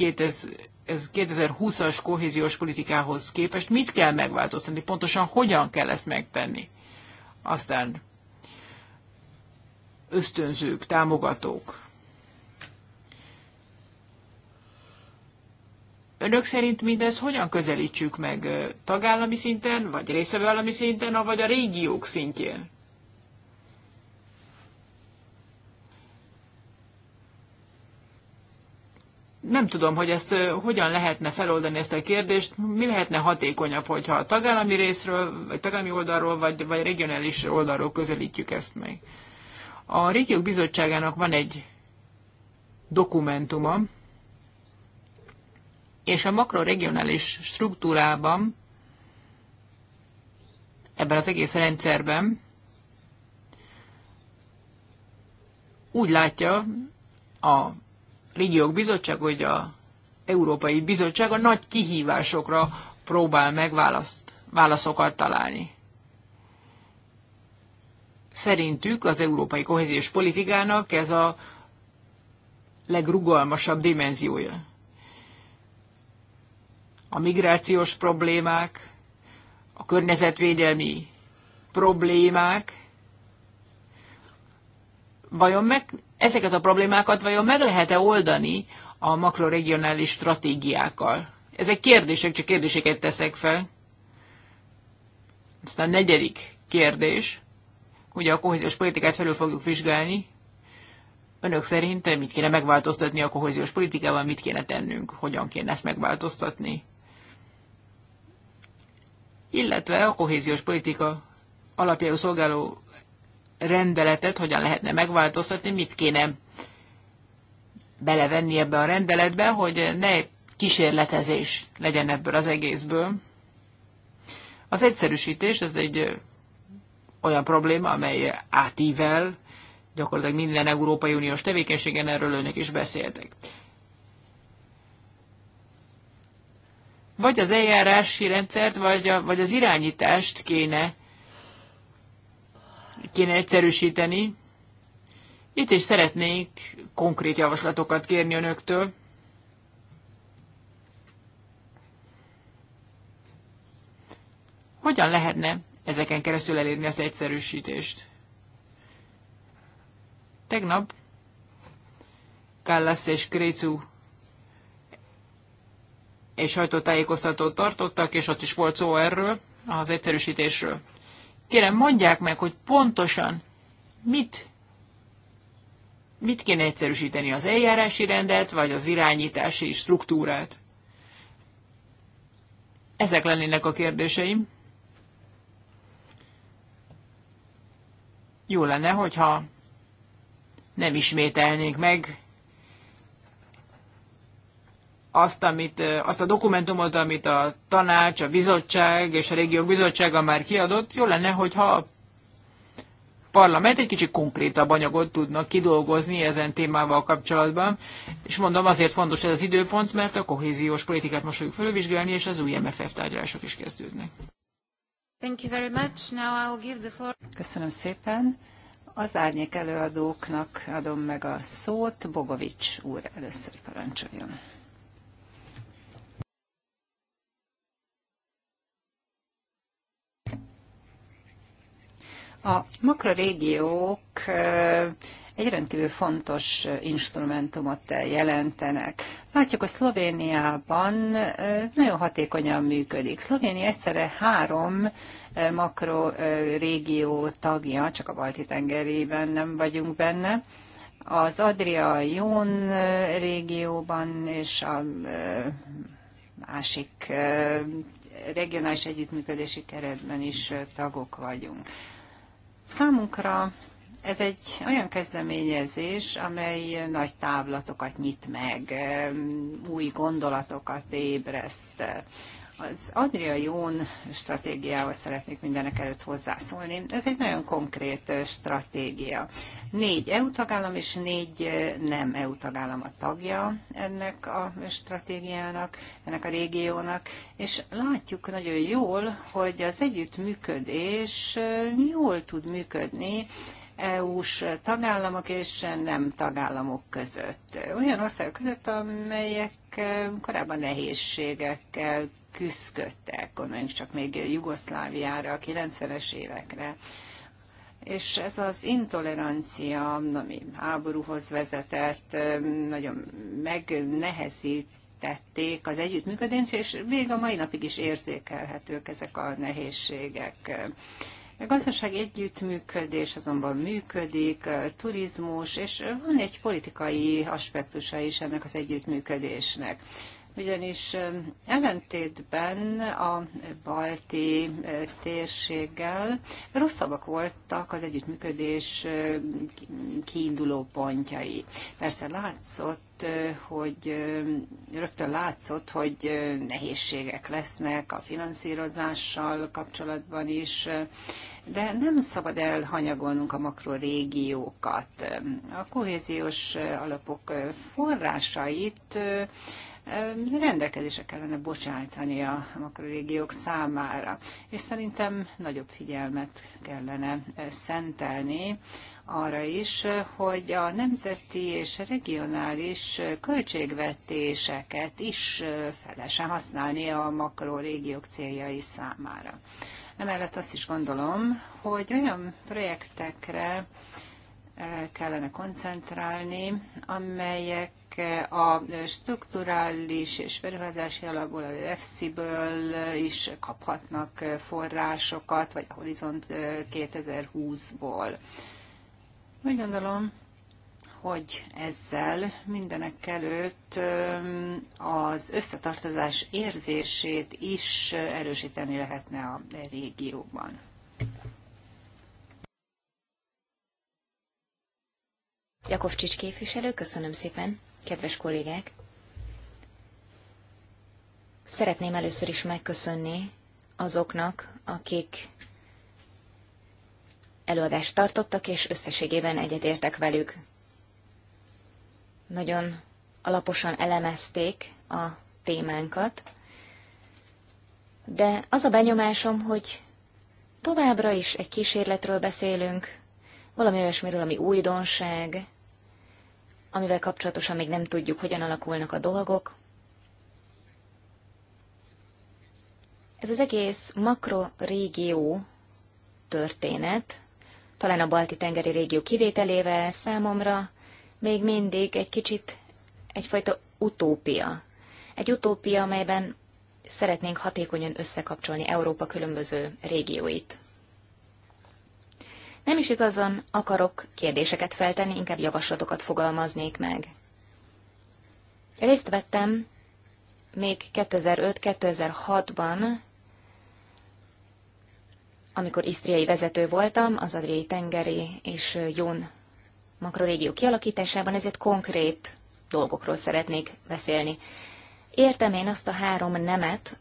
ez 2020-as kohéziós politikához képest mit kell megváltoztatni, pontosan hogyan kell ezt megtenni. Aztán ösztönzők, támogatók. Önök szerint mindezt hogyan közelítsük meg tagállami szinten, vagy részvevőállami szinten, vagy a régiók szintjén? nem tudom, hogy ezt hogyan lehetne feloldani ezt a kérdést, mi lehetne hatékonyabb, hogyha a tagállami részről, vagy tagállami oldalról, vagy, vagy regionális oldalról közelítjük ezt meg. A Régiók Bizottságának van egy dokumentuma, és a makroregionális struktúrában, ebben az egész rendszerben úgy látja a Régiók Bizottság, hogy a Európai Bizottság a nagy kihívásokra próbál meg választ, válaszokat találni. Szerintük az európai kohéziós politikának ez a legrugalmasabb dimenziója. A migrációs problémák, a környezetvédelmi problémák vajon meg ezeket a problémákat vajon meg lehet-e oldani a makroregionális stratégiákkal? Ezek kérdések, csak kérdéseket teszek fel. Aztán negyedik kérdés, ugye a kohéziós politikát felül fogjuk vizsgálni. Önök szerint mit kéne megváltoztatni a kohéziós politikával, mit kéne tennünk, hogyan kéne ezt megváltoztatni? Illetve a kohéziós politika alapjául szolgáló rendeletet hogyan lehetne megváltoztatni, mit kéne belevenni ebbe a rendeletbe, hogy ne kísérletezés legyen ebből az egészből. Az egyszerűsítés, ez egy olyan probléma, amely átível gyakorlatilag minden Európai Uniós tevékenységen, erről önök is beszéltek. Vagy az eljárási rendszert, vagy, a, vagy az irányítást kéne kéne egyszerűsíteni. Itt is szeretnék konkrét javaslatokat kérni önöktől. Hogyan lehetne ezeken keresztül elérni az egyszerűsítést? Tegnap Kallas és Krécu és sajtótájékoztatót tartottak, és ott is volt szó erről, az egyszerűsítésről. Kérem, mondják meg, hogy pontosan mit, mit kéne egyszerűsíteni, az eljárási rendet, vagy az irányítási struktúrát. Ezek lennének a kérdéseim. Jó lenne, hogyha nem ismételnénk meg azt, amit, azt a dokumentumot, amit a tanács, a bizottság és a régiók bizottsága már kiadott, jó lenne, hogyha a parlament egy kicsit konkrétabb anyagot tudnak kidolgozni ezen témával kapcsolatban. És mondom, azért fontos ez az időpont, mert a kohéziós politikát most fogjuk felülvizsgálni, és az új MFF tárgyalások is kezdődnek. Thank you very much. Now I will give the floor. Köszönöm szépen. Az árnyék előadóknak adom meg a szót. Bogovics úr először parancsoljon. A makrorégiók egy rendkívül fontos instrumentumot jelentenek. Látjuk, hogy Szlovéniában nagyon hatékonyan működik. Szlovénia egyszerre három makrorégió tagja, csak a Balti-tengerében nem vagyunk benne. Az Adria-Jón régióban és a másik regionális együttműködési keretben is tagok vagyunk. Számunkra ez egy olyan kezdeményezés, amely nagy távlatokat nyit meg, um, új gondolatokat ébreszt. Az Adria Jón stratégiával szeretnék mindenek előtt hozzászólni. Ez egy nagyon konkrét stratégia. Négy EU tagállam és négy nem EU tagállam a tagja ennek a stratégiának, ennek a régiónak, és látjuk nagyon jól, hogy az együttműködés jól tud működni, EU-s tagállamok és nem tagállamok között. Olyan országok között, amelyek eh, korábban nehézségekkel küzdöttek, gondoljunk csak még Jugoszláviára, a 90-es évekre. És ez az intolerancia, ami háborúhoz vezetett, eh, nagyon megnehezítették az együttműködést, és még a mai napig is érzékelhetők ezek a nehézségek. A gazdaság együttműködés azonban működik, turizmus, és van egy politikai aspektusa is ennek az együttműködésnek ugyanis ellentétben a balti térséggel rosszabbak voltak az együttműködés kiinduló pontjai. Persze látszott, hogy rögtön látszott, hogy nehézségek lesznek a finanszírozással kapcsolatban is, de nem szabad elhanyagolnunk a makrorégiókat. A kohéziós alapok forrásait rendelkezése kellene bocsájtani a makrorégiók számára. És szerintem nagyobb figyelmet kellene szentelni arra is, hogy a nemzeti és regionális költségvetéseket is fel lehessen használni a makrorégiók céljai számára. Emellett azt is gondolom, hogy olyan projektekre, kellene koncentrálni, amelyek a strukturális és beruházási alapból, a efsi ből is kaphatnak forrásokat, vagy a Horizont 2020-ból. Úgy gondolom, hogy ezzel mindenek előtt az összetartozás érzését is erősíteni lehetne a régióban. Jakovcsics képviselő, köszönöm szépen, kedves kollégák! Szeretném először is megköszönni azoknak, akik előadást tartottak, és összességében egyetértek velük. Nagyon alaposan elemezték a témánkat, de az a benyomásom, hogy továbbra is egy kísérletről beszélünk, valami olyasmiről, ami újdonság, amivel kapcsolatosan még nem tudjuk, hogyan alakulnak a dolgok. Ez az egész makrorégió történet, talán a Balti-tengeri régió kivételével számomra még mindig egy kicsit egyfajta utópia. Egy utópia, amelyben szeretnénk hatékonyan összekapcsolni Európa különböző régióit. Nem is igazán akarok kérdéseket feltenni, inkább javaslatokat fogalmaznék meg. Részt vettem még 2005-2006-ban, amikor isztriai vezető voltam, az Adriai tengeri és Jón makrorégió kialakításában, ezért konkrét dolgokról szeretnék beszélni. Értem én azt a három nemet,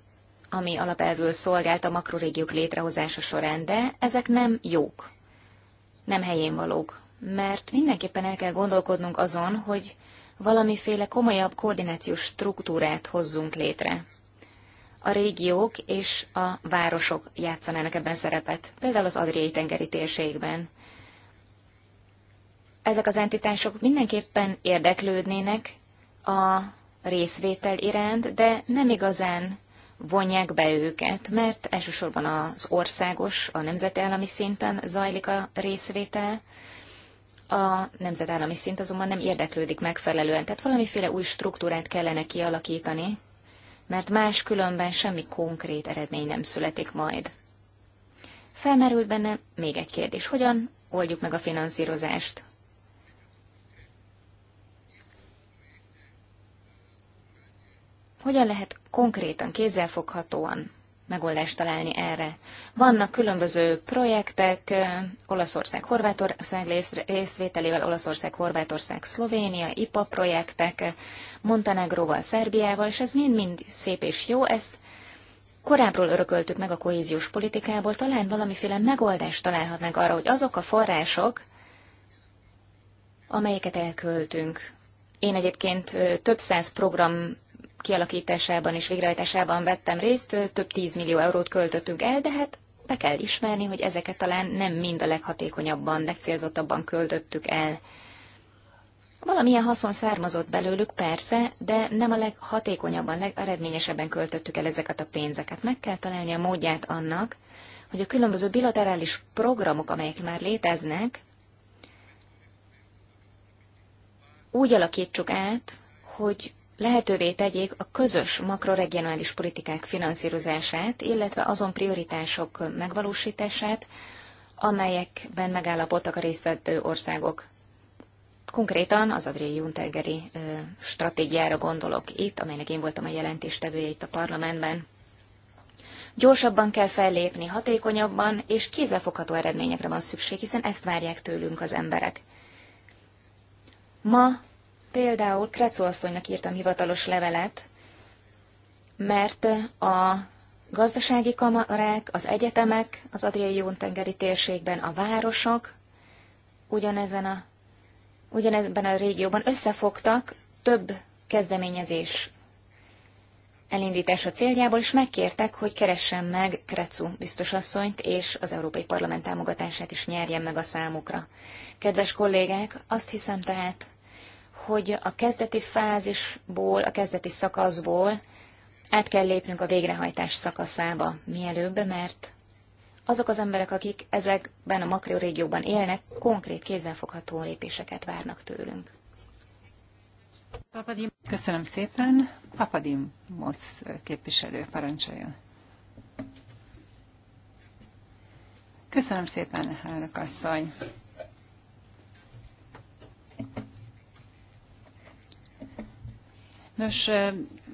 ami alapelvül szolgált a makrorégiók létrehozása során, de ezek nem jók nem helyén valók, mert mindenképpen el kell gondolkodnunk azon, hogy valamiféle komolyabb koordinációs struktúrát hozzunk létre. A régiók és a városok játszanának ebben szerepet, például az Adriai tengeri térségben. Ezek az entitások mindenképpen érdeklődnének a részvétel iránt, de nem igazán vonják be őket, mert elsősorban az országos, a nemzetállami szinten zajlik a részvétel, a nemzetállami szint azonban nem érdeklődik megfelelően, tehát valamiféle új struktúrát kellene kialakítani, mert más különben semmi konkrét eredmény nem születik majd. Felmerült benne még egy kérdés, hogyan oldjuk meg a finanszírozást? Hogyan lehet konkrétan, kézzelfoghatóan megoldást találni erre? Vannak különböző projektek, Olaszország, Horvátország részvételével, Olaszország, Horvátország, Szlovénia, IPA projektek, Montenegróval, Szerbiával, és ez mind-mind szép és jó, ezt korábbról örököltük meg a kohéziós politikából, talán valamiféle megoldást találhatnánk arra, hogy azok a források, amelyeket elköltünk. Én egyébként több száz program kialakításában és végrehajtásában vettem részt, több 10 millió eurót költöttünk el, de hát be kell ismerni, hogy ezeket talán nem mind a leghatékonyabban, legcélzottabban költöttük el. Valamilyen haszon származott belőlük, persze, de nem a leghatékonyabban, legeredményesebben költöttük el ezeket a pénzeket. Meg kell találni a módját annak, hogy a különböző bilaterális programok, amelyek már léteznek, úgy alakítsuk át, hogy lehetővé tegyék a közös makroregionális politikák finanszírozását, illetve azon prioritások megvalósítását, amelyekben megállapodtak a résztvevő országok. Konkrétan az Adriai Juntegeri stratégiára gondolok itt, amelynek én voltam a jelentéstevője itt a parlamentben. Gyorsabban kell fellépni, hatékonyabban, és kézzelfogható eredményekre van szükség, hiszen ezt várják tőlünk az emberek. Ma Például Krecó asszonynak írtam hivatalos levelet, mert a gazdasági kamarák, az egyetemek, az Adriai Jóntengeri térségben a városok ugyanezen a, ugyanebben a régióban összefogtak több kezdeményezés elindítása céljából, és megkértek, hogy keressen meg Krecu biztosasszonyt, és az Európai Parlament támogatását is nyerjen meg a számukra. Kedves kollégák, azt hiszem tehát, hogy a kezdeti fázisból, a kezdeti szakaszból át kell lépnünk a végrehajtás szakaszába mielőbb, mert azok az emberek, akik ezekben a makrorégióban élnek, konkrét kézzelfogható lépéseket várnak tőlünk. Papadim. Köszönöm szépen. Papadim Mosz képviselő, parancsolja. Köszönöm szépen, elnök asszony. Nos,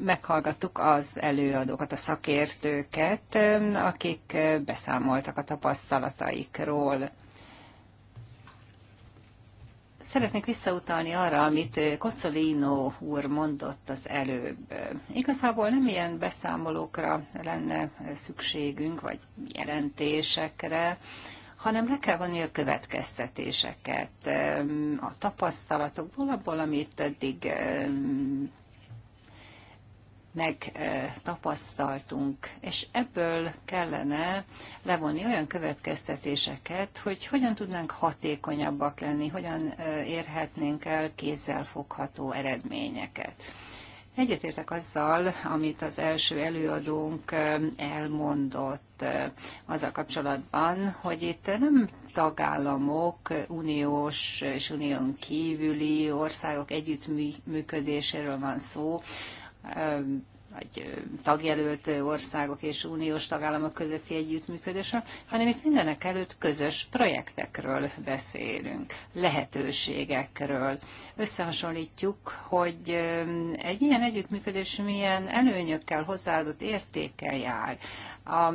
meghallgattuk az előadókat, a szakértőket, akik beszámoltak a tapasztalataikról. Szeretnék visszautalni arra, amit Kocolino úr mondott az előbb. Igazából nem ilyen beszámolókra lenne szükségünk, vagy jelentésekre, hanem le kell vonni a következtetéseket a tapasztalatokból, abból, amit eddig megtapasztaltunk, és ebből kellene levonni olyan következtetéseket, hogy hogyan tudnánk hatékonyabbak lenni, hogyan érhetnénk el kézzelfogható eredményeket. Egyetértek azzal, amit az első előadónk elmondott az a kapcsolatban, hogy itt nem tagállamok, uniós és unión kívüli országok együttműködéséről van szó, vagy tagjelölt országok és uniós tagállamok közötti együttműködésről, hanem itt mindenek előtt közös projektekről beszélünk, lehetőségekről. Összehasonlítjuk, hogy egy ilyen együttműködés milyen előnyökkel, hozzáadott értékkel jár a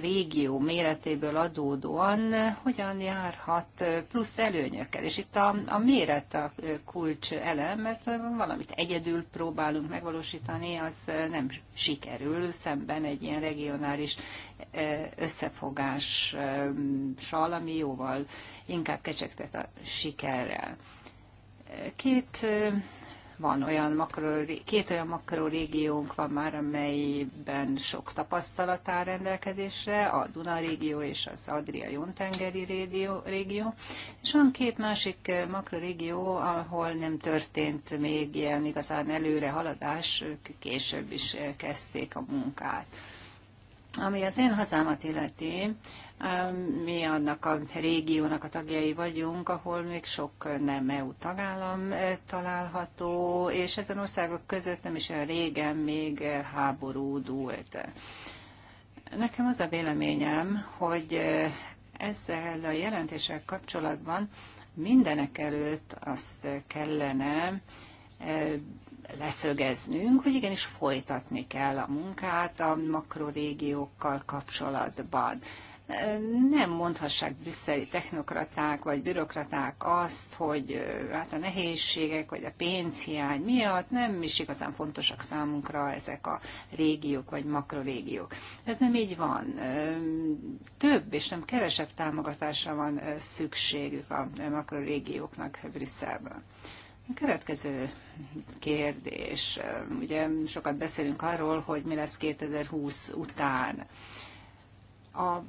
régió méretéből adódóan hogyan járhat plusz előnyökkel. És itt a, a méret a kulcs elem, mert valamit egyedül próbálunk megvalósítani, az nem sikerül szemben egy ilyen regionális e, összefogással, ami jóval inkább kecsegtet a sikerrel. Két van olyan makro, két olyan régiónk van már, amelyben sok tapasztalat áll rendelkezésre, a Duna régió és az Adria-Jontengeri régió, régió, és van két másik régió, ahol nem történt még ilyen igazán előre haladás, később is kezdték a munkát. Ami az én hazámat illeti, mi annak a régiónak a tagjai vagyunk, ahol még sok nem EU tagállam e, található, és ezen országok között nem is olyan régen még e, háború dúlt. Nekem az a véleményem, hogy e, ezzel a jelentéssel kapcsolatban mindenek előtt azt kellene leszögeznünk, hogy igenis folytatni kell a munkát a makrorégiókkal kapcsolatban nem mondhassák brüsszeli technokraták vagy bürokraták azt, hogy hát a nehézségek vagy a pénzhiány miatt nem is igazán fontosak számunkra ezek a régiók vagy makrorégiók. Ez nem így van. Több és nem kevesebb támogatásra van szükségük a makrorégióknak Brüsszelben. A következő kérdés. Ugye sokat beszélünk arról, hogy mi lesz 2020 után. A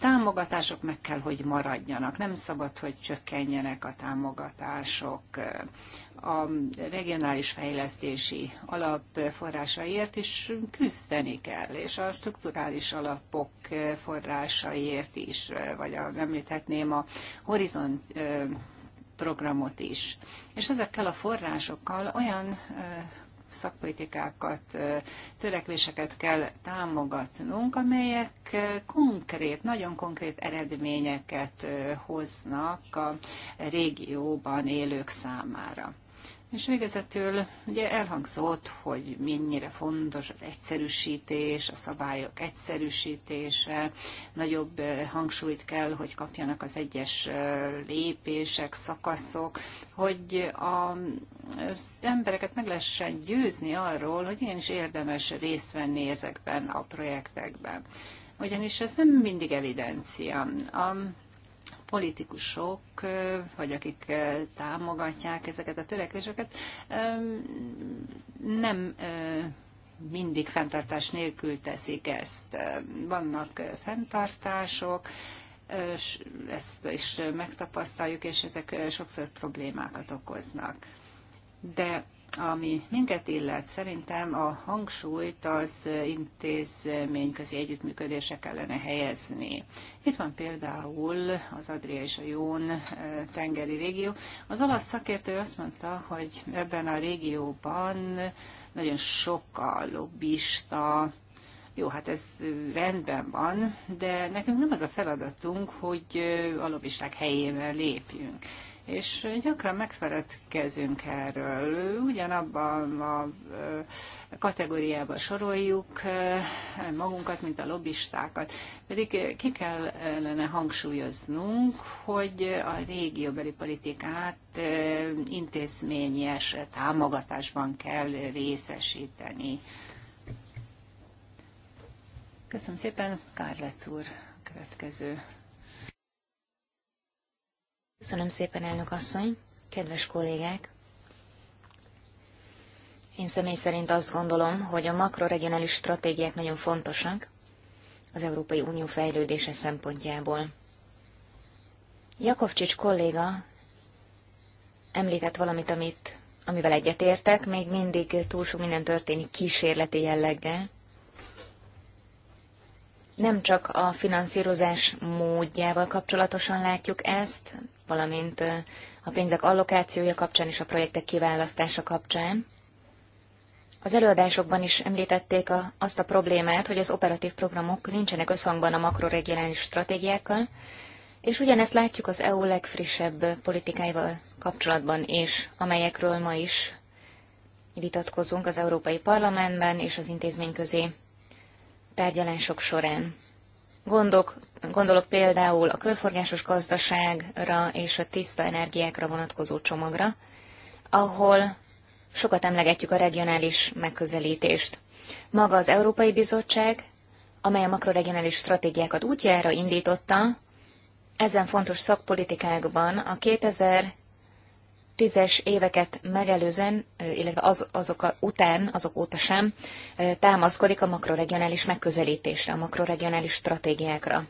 támogatások meg kell, hogy maradjanak, nem szabad, hogy csökkenjenek a támogatások. A regionális fejlesztési alapforrásaiért is küzdeni kell, és a strukturális alapok forrásaiért is, vagy a, említhetném a Horizon programot is. És ezekkel a forrásokkal olyan szakpolitikákat, törekvéseket kell támogatnunk, amelyek konkrét, nagyon konkrét eredményeket hoznak a régióban élők számára. És végezetül ugye elhangzott, hogy mennyire fontos az egyszerűsítés, a szabályok egyszerűsítése, nagyobb hangsúlyt kell, hogy kapjanak az egyes lépések, szakaszok, hogy az embereket meg lehessen győzni arról, hogy igenis érdemes részt venni ezekben a projektekben. Ugyanis ez nem mindig evidencia. A, politikusok, vagy akik támogatják ezeket a törekvéseket, nem mindig fenntartás nélkül teszik ezt. Vannak fenntartások, ezt is megtapasztaljuk, és ezek sokszor problémákat okoznak. De ami minket illet, szerintem a hangsúlyt az intézményközi együttműködése kellene helyezni. Itt van például az Adria és a Jón eh, tengeri régió. Az olasz szakértő azt mondta, hogy ebben a régióban nagyon sok a lobbista, jó, hát ez rendben van, de nekünk nem az a feladatunk, hogy eh, a lobbisták helyével lépjünk és gyakran megfeledkezünk erről. Ugyanabban a kategóriába soroljuk magunkat, mint a lobbistákat. Pedig ki kellene hangsúlyoznunk, hogy a régióbeli politikát intézményes támogatásban kell részesíteni. Köszönöm szépen, Kárlec úr, a következő Köszönöm szépen, elnök asszony, kedves kollégák! Én személy szerint azt gondolom, hogy a makroregionális stratégiák nagyon fontosak az Európai Unió fejlődése szempontjából. Jakovcsics kolléga említett valamit, amit, amivel egyetértek, még mindig túl sok minden történik kísérleti jelleggel nem csak a finanszírozás módjával kapcsolatosan látjuk ezt, valamint a pénzek allokációja kapcsán és a projektek kiválasztása kapcsán. Az előadásokban is említették a, azt a problémát, hogy az operatív programok nincsenek összhangban a makroregionális stratégiákkal, és ugyanezt látjuk az EU legfrissebb politikáival kapcsolatban is, amelyekről ma is vitatkozunk az Európai Parlamentben és az intézmény közé tárgyalások során. Gondok, gondolok például a körforgásos gazdaságra és a tiszta energiákra vonatkozó csomagra, ahol sokat emlegetjük a regionális megközelítést. Maga az Európai Bizottság, amely a makroregionális stratégiákat útjára indította, ezen fontos szakpolitikákban a 2000 2010-es éveket megelőzően, illetve az, azok a, után, azok óta sem támaszkodik a makroregionális megközelítésre, a makroregionális stratégiákra.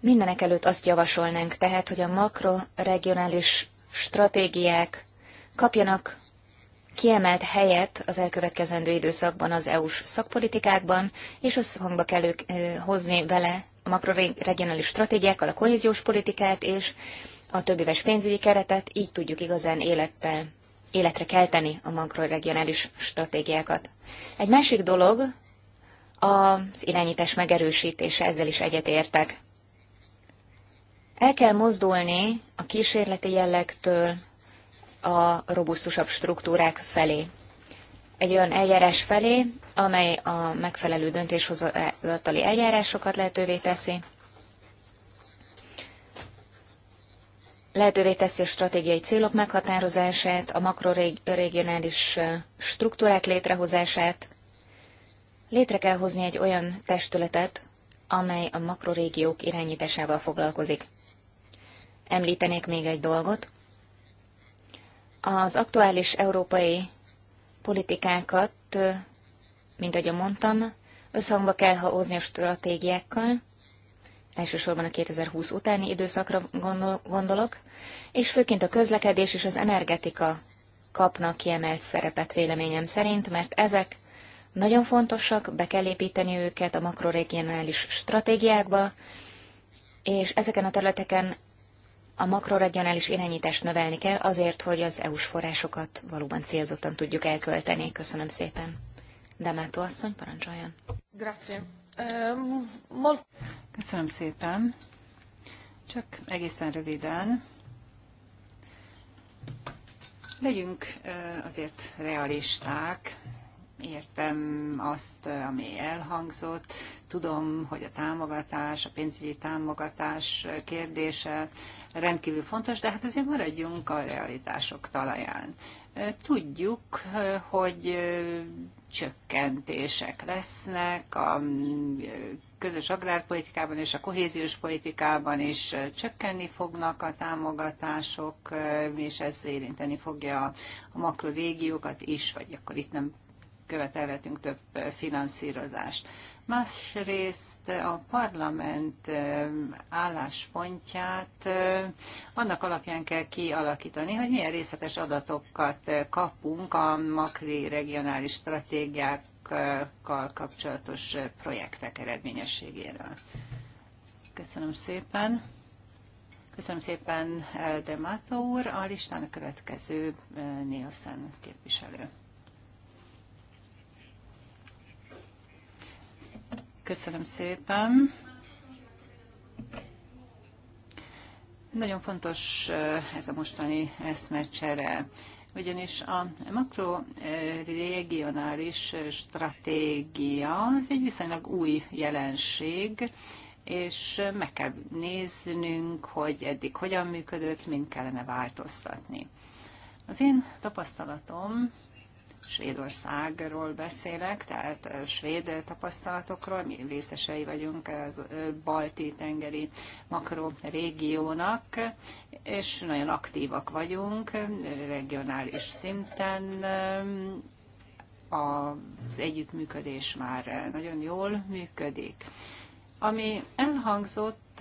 Mindenek előtt azt javasolnánk tehát, hogy a makroregionális stratégiák kapjanak kiemelt helyet az elkövetkezendő időszakban az EU-s szakpolitikákban, és összehangba kell ők, hozni vele a makroregionális stratégiákkal, a kohéziós politikát és a többéves pénzügyi keretet, így tudjuk igazán élete, életre kelteni a makroregionális stratégiákat. Egy másik dolog az irányítás megerősítése, ezzel is egyetértek. El kell mozdulni a kísérleti jellegtől a robusztusabb struktúrák felé egy olyan eljárás felé, amely a megfelelő döntéshozatali eljárásokat lehetővé teszi, lehetővé teszi a stratégiai célok meghatározását, a makroregionális struktúrák létrehozását. Létre kell hozni egy olyan testületet, amely a makrorégiók irányításával foglalkozik. Említenék még egy dolgot. Az aktuális európai politikákat, mint ahogy mondtam, összhangba kell hozni a stratégiákkal, elsősorban a 2020 utáni időszakra gondolok, és főként a közlekedés és az energetika kapnak kiemelt szerepet véleményem szerint, mert ezek nagyon fontosak, be kell építeni őket a makroregionális stratégiákba, és ezeken a területeken a makroregionális irányítást növelni kell azért, hogy az EU-s forrásokat valóban célzottan tudjuk elkölteni. Köszönöm szépen. Demátó asszony, parancsoljon. Grazie. Ehm, Köszönöm szépen. Csak egészen röviden. Legyünk azért realisták, értem azt, ami elhangzott. Tudom, hogy a támogatás, a pénzügyi támogatás kérdése rendkívül fontos, de hát azért maradjunk a realitások talaján. Tudjuk, hogy csökkentések lesznek a közös agrárpolitikában és a kohéziós politikában is csökkenni fognak a támogatások, és ez érinteni fogja a makrorégiókat is, vagy akkor itt nem követelhetünk több finanszírozást. Másrészt a parlament álláspontját annak alapján kell kialakítani, hogy milyen részletes adatokat kapunk a makri regionális stratégiákkal kapcsolatos projektek eredményességéről. Köszönöm szépen. Köszönöm szépen Demato úr. A listán a következő Nielsen képviselő. Köszönöm szépen. Nagyon fontos eh, ez a mostani eszmecsere, ugyanis a makroregionális eh, eh, stratégia az egy viszonylag új jelenség, és meg kell néznünk, hogy eddig hogyan működött, mint kellene változtatni. Az én tapasztalatom Svédországról beszélek, tehát svéd tapasztalatokról, mi részesei vagyunk az balti tengeri makro régiónak, és nagyon aktívak vagyunk regionális szinten, az együttműködés már nagyon jól működik. Ami elhangzott,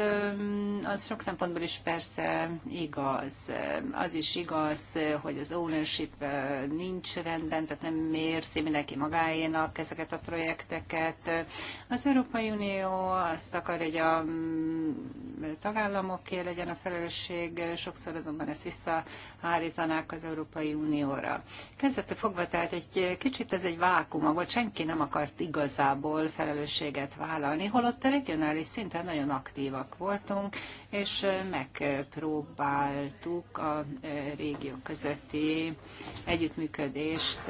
az sok szempontból is persze igaz. Az is igaz, hogy az ownership nincs rendben, tehát nem mérzi mindenki magáénak ezeket a projekteket. Az Európai Unió azt akar, hogy a mm, tagállamoké legyen a felelősség, sokszor azonban ezt visszahárítanák az Európai Unióra. Kezdettől fogva, tehát egy kicsit ez egy vákuma volt senki nem akart igazából felelősséget vállalni, holott a regionális szinten nagyon aktív aktívak voltunk, és megpróbáltuk a régiók közötti együttműködést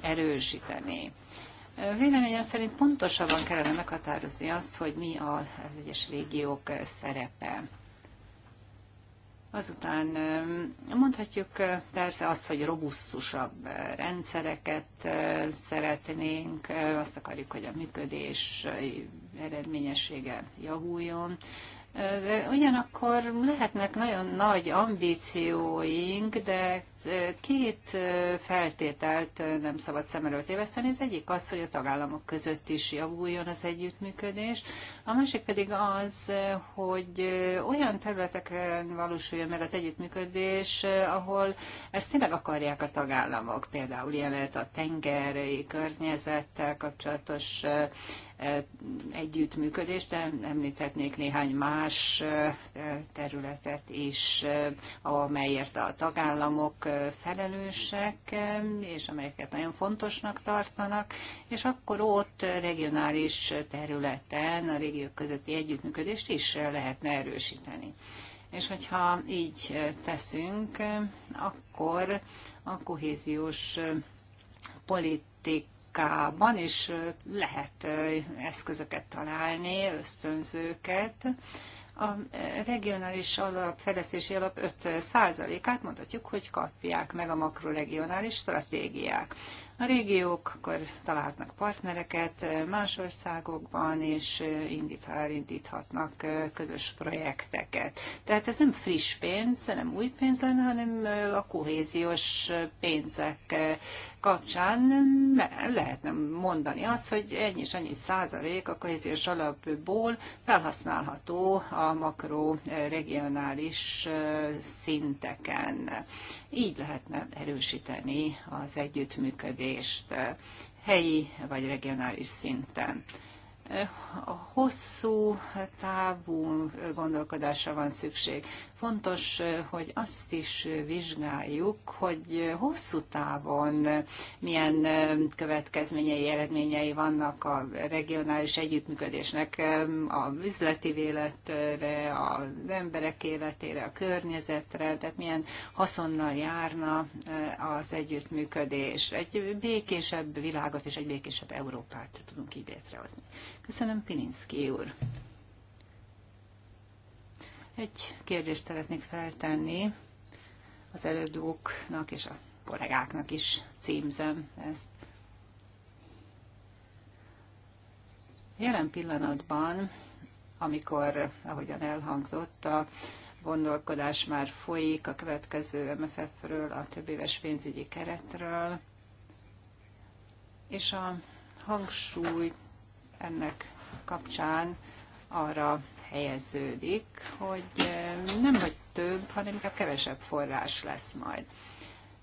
erősíteni. Véleményem szerint pontosabban kellene meghatározni azt, hogy mi az egyes régiók szerepe. Azután mondhatjuk persze azt, hogy robusztusabb rendszereket szeretnénk, azt akarjuk, hogy a működés eredményessége javuljon. De ugyanakkor lehetnek nagyon nagy ambícióink, de két feltételt nem szabad szem előtt éveszteni. Az egyik az, hogy a tagállamok között is javuljon az együttműködés, a másik pedig az, hogy olyan területeken valósuljon meg az együttműködés, ahol ezt tényleg akarják a tagállamok. Például ilyen lehet a tengeri környezettel kapcsolatos együttműködés, de említhetnék néhány más területet is, amelyért a tagállamok felelősek, és amelyeket nagyon fontosnak tartanak, és akkor ott regionális területen a régiók közötti együttműködést is lehetne erősíteni. És hogyha így teszünk, akkor a kohéziós politikában is lehet eszközöket találni, ösztönzőket, a regionális alap, fejlesztési alap 5%-át mondhatjuk, hogy kapják meg a makroregionális stratégiák. A régiók akkor találhatnak partnereket más országokban, és indíthatnak közös projekteket. Tehát ez nem friss pénz, nem új pénz lenne, hanem a kohéziós pénzek kapcsán lehetne mondani azt, hogy ennyi és annyi százalék a kohéziós alapból felhasználható a makroregionális szinteken. Így lehetne erősíteni az együttműködést helyi vagy regionális szinten a hosszú távú gondolkodásra van szükség. Fontos, hogy azt is vizsgáljuk, hogy hosszú távon milyen következményei, eredményei vannak a regionális együttműködésnek a üzleti életre, az emberek életére, a környezetre, tehát milyen haszonnal járna az együttműködés. Egy békésebb világot és egy békésebb Európát tudunk így létrehozni. Köszönöm, Pilinszki úr. Egy kérdést szeretnék feltenni az előadóknak és a kollégáknak is címzem ezt. Jelen pillanatban, amikor, ahogyan elhangzott, a gondolkodás már folyik a következő MFF-ről, a éves pénzügyi keretről, és a hangsúlyt ennek kapcsán arra helyeződik, hogy eh, nem vagy több, hanem inkább kevesebb forrás lesz majd.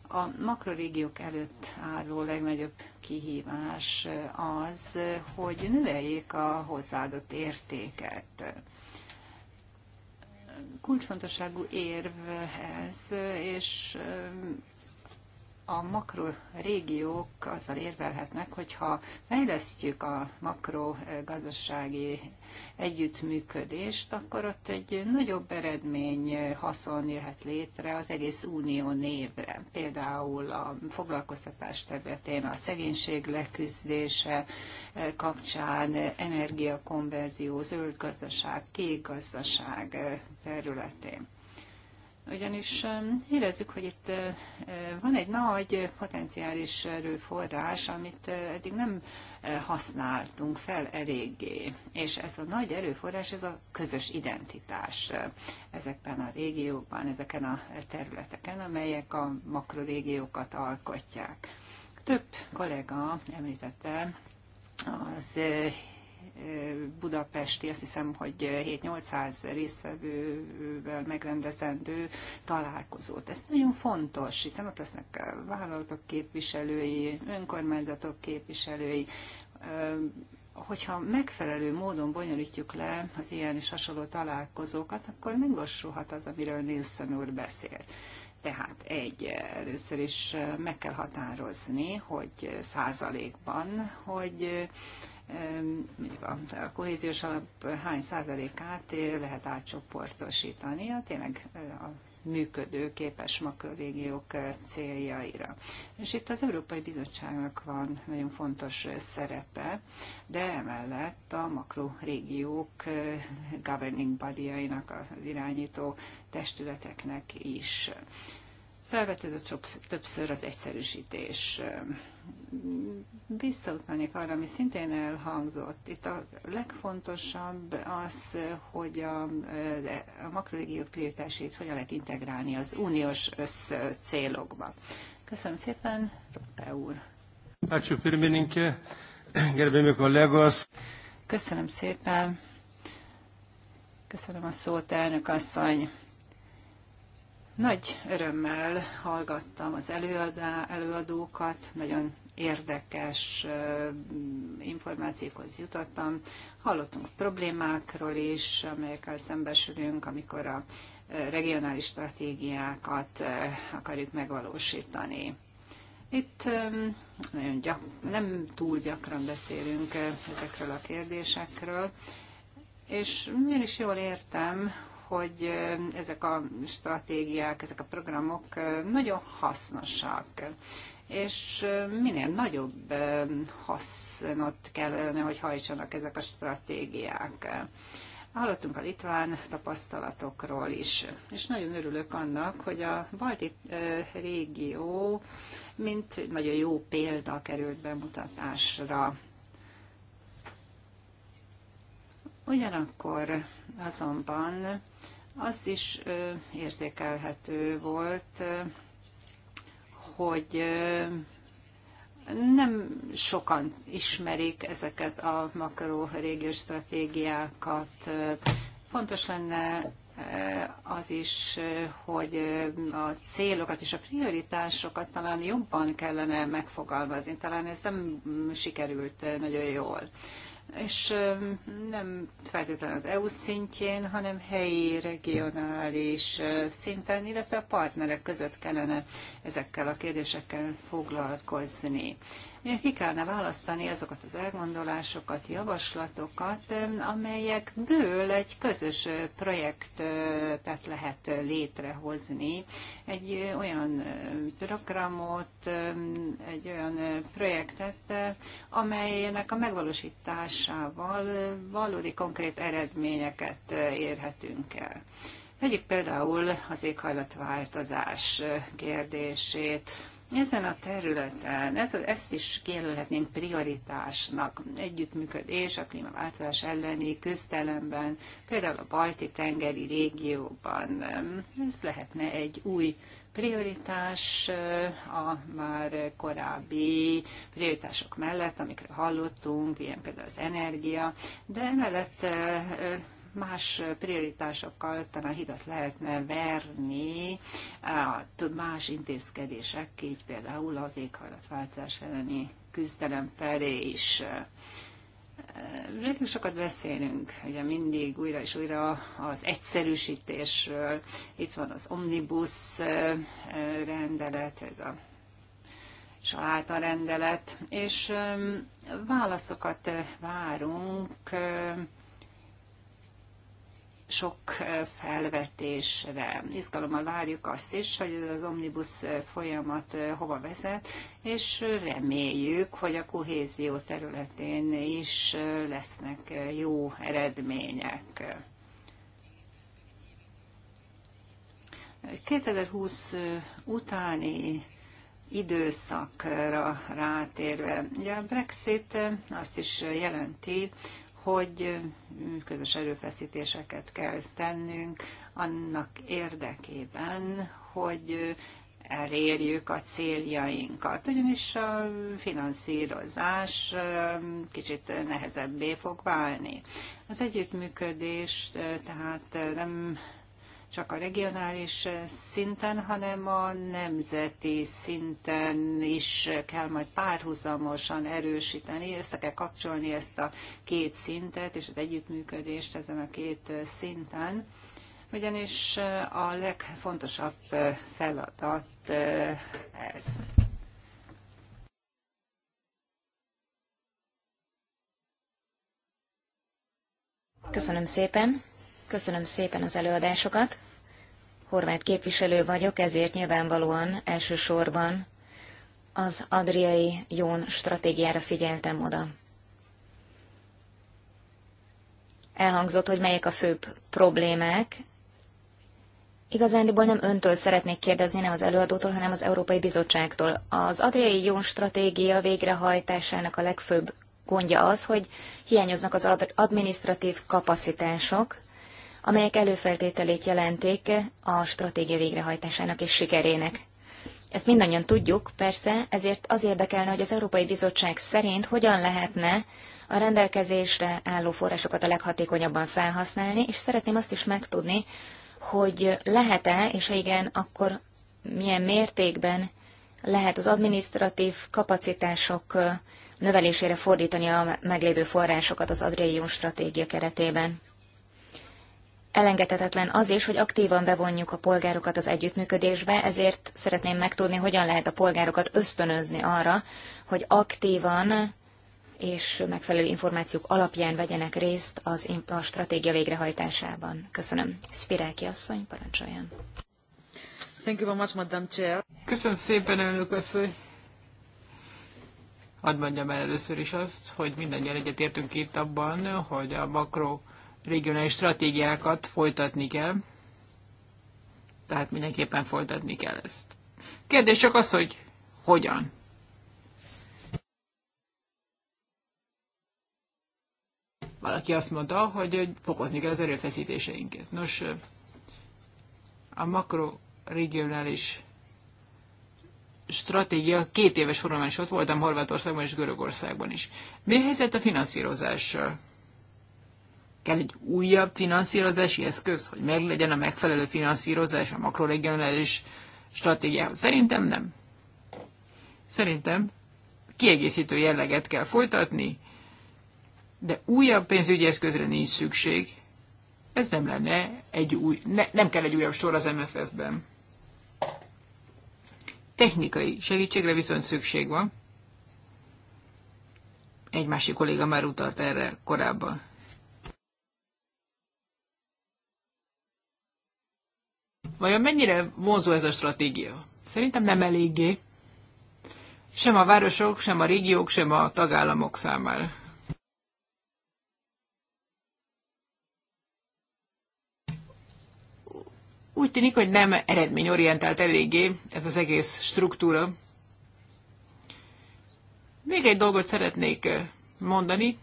A makrorégiók előtt álló legnagyobb kihívás eh, az, hogy növeljék a hozzáadott értéket. Kulcsfontosságú érv ez, és eh, a makro régiók azzal érvelhetnek, hogyha fejlesztjük a makro gazdasági együttműködést, akkor ott egy nagyobb eredmény haszon jöhet létre az egész unió névre. Például a foglalkoztatás területén a szegénység leküzdése eh, kapcsán energiakonverzió, zöld gazdaság, kék gazdaság eh, területén ugyanis érezzük, hogy itt eh, eh, van egy nagy potenciális erőforrás, amit eh, eddig nem használtunk fel eléggé. És ez a nagy erőforrás, ez a közös identitás ezekben a régiókban, ezeken a területeken, amelyek a makrorégiókat alkotják. Több kollega említette az budapesti, azt hiszem, hogy 7-800 résztvevővel megrendezendő találkozót. Ez nagyon fontos, hiszen ott lesznek vállalatok képviselői, önkormányzatok képviselői, hogyha megfelelő módon bonyolítjuk le az ilyen és hasonló találkozókat, akkor megvassulhat az, amiről Nilsson úr beszélt. Tehát egy, először is meg kell határozni, hogy százalékban, hogy a kohéziós alap hány százalékát lehet átcsoportosítani a tényleg a működő képes makrorégiók céljaira. És itt az Európai Bizottságnak van nagyon fontos szerepe, de emellett a makrorégiók governing body-ainak, az irányító testületeknek is. Felvetődött többször az egyszerűsítés visszautalnék arra, ami szintén elhangzott. Itt a legfontosabb az, hogy a, a makrorégiók prioritásait hogyan lehet integrálni az uniós össz célokba. Köszönöm szépen, Roppe úr. Köszönöm szépen. Köszönöm a szót, elnök asszony. Nagy örömmel hallgattam az előadá, előadókat, nagyon érdekes információkhoz jutottam. Hallottunk problémákról is, amelyekkel szembesülünk, amikor a regionális stratégiákat akarjuk megvalósítani. Itt nagyon gyak, nem túl gyakran beszélünk ezekről a kérdésekről, és én is jól értem, hogy ezek a stratégiák, ezek a programok nagyon hasznosak és minél nagyobb hasznot kellene, hogy hajtsanak ezek a stratégiák. Hallottunk a litván tapasztalatokról is, és nagyon örülök annak, hogy a balti régió mint nagyon jó példa került bemutatásra Ugyanakkor azonban az is érzékelhető volt, hogy nem sokan ismerik ezeket a makaró régió stratégiákat. Fontos lenne az is, hogy a célokat és a prioritásokat talán jobban kellene megfogalmazni. Talán ez nem sikerült nagyon jól és nem feltétlenül az EU szintjén, hanem helyi, regionális szinten, illetve a partnerek között kellene ezekkel a kérdésekkel foglalkozni ki kellene választani azokat az elgondolásokat, javaslatokat, amelyekből egy közös projektet lehet létrehozni, egy olyan programot, egy olyan projektet, amelynek a megvalósításával valódi konkrét eredményeket érhetünk el. Vegyük például az éghajlatváltozás kérdését. Ezen a területen, ez, ezt is kérülhetnénk prioritásnak, együttműködés a klímaváltozás elleni küzdelemben, például a balti tengeri régióban. Ez lehetne egy új prioritás a már korábbi prioritások mellett, amikre hallottunk, ilyen például az energia, de mellett más prioritásokkal talán hidat lehetne verni, több más intézkedések, így például az éghajlatváltozás elleni küzdelem felé is. Nagyon sokat beszélünk, ugye mindig újra és újra az egyszerűsítésről. Itt van az omnibus rendelet, ez a saláta rendelet, és válaszokat várunk sok felvetésre. Izgalommal várjuk azt is, hogy ez az omnibus folyamat hova vezet, és reméljük, hogy a kohézió területén is lesznek jó eredmények. 2020 utáni időszakra rátérve. Ugye a Brexit azt is jelenti, hogy közös erőfeszítéseket kell tennünk annak érdekében, hogy elérjük a céljainkat. Ugyanis a finanszírozás kicsit nehezebbé fog válni. Az együttműködés tehát nem csak a regionális eh, szinten, hanem a nemzeti szinten is kell majd párhuzamosan erősíteni, össze kell kapcsolni ezt a két szintet és az együttműködést ezen a két eh, szinten, ugyanis eh, a legfontosabb feladat ez. Köszönöm szépen. Köszönöm szépen az előadásokat. Horvát képviselő vagyok, ezért nyilvánvalóan elsősorban az adriai jón stratégiára figyeltem oda. Elhangzott, hogy melyek a főbb problémák. Igazándiból nem öntől szeretnék kérdezni, nem az előadótól, hanem az Európai Bizottságtól. Az adriai jón stratégia végrehajtásának a legfőbb gondja az, hogy hiányoznak az administratív kapacitások, amelyek előfeltételét jelenték a stratégia végrehajtásának és sikerének. Ezt mindannyian tudjuk, persze, ezért az érdekelne, hogy az Európai Bizottság szerint hogyan lehetne a rendelkezésre álló forrásokat a leghatékonyabban felhasználni, és szeretném azt is megtudni, hogy lehet-e, és ha igen, akkor milyen mértékben lehet az administratív kapacitások növelésére fordítani a meglévő forrásokat az Adriaium stratégia keretében elengedhetetlen az is, hogy aktívan bevonjuk a polgárokat az együttműködésbe, ezért szeretném megtudni, hogyan lehet a polgárokat ösztönözni arra, hogy aktívan és megfelelő információk alapján vegyenek részt az, a stratégia végrehajtásában. Köszönöm. Spiráki asszony, parancsoljon. Thank you very much, Madam Chair. Köszönöm szépen, elnök asszony. Hadd mondjam el először is azt, hogy mindannyian egyetértünk itt abban, hogy a makro regionális stratégiákat folytatni kell. Tehát mindenképpen folytatni kell ezt. Kérdés csak az, hogy hogyan. Valaki azt mondta, hogy fokozni kell az erőfeszítéseinket. Nos, a makroregionális stratégia két éves formányos ott voltam Horvátországban és Görögországban is. Mi helyzet a finanszírozással? kell egy újabb finanszírozási eszköz, hogy meglegyen a megfelelő finanszírozás a makroregionális stratégiához. Szerintem nem. Szerintem kiegészítő jelleget kell folytatni, de újabb pénzügyi eszközre nincs szükség. Ez nem lenne egy új, ne, nem kell egy újabb sor az MFF-ben. Technikai segítségre viszont szükség van. Egy másik kolléga már utalt erre korábban. Vajon mennyire vonzó ez a stratégia? Szerintem nem eléggé. Sem a városok, sem a régiók, sem a tagállamok számára. Úgy tűnik, hogy nem eredményorientált eléggé ez az egész struktúra. Még egy dolgot szeretnék eh, mondani,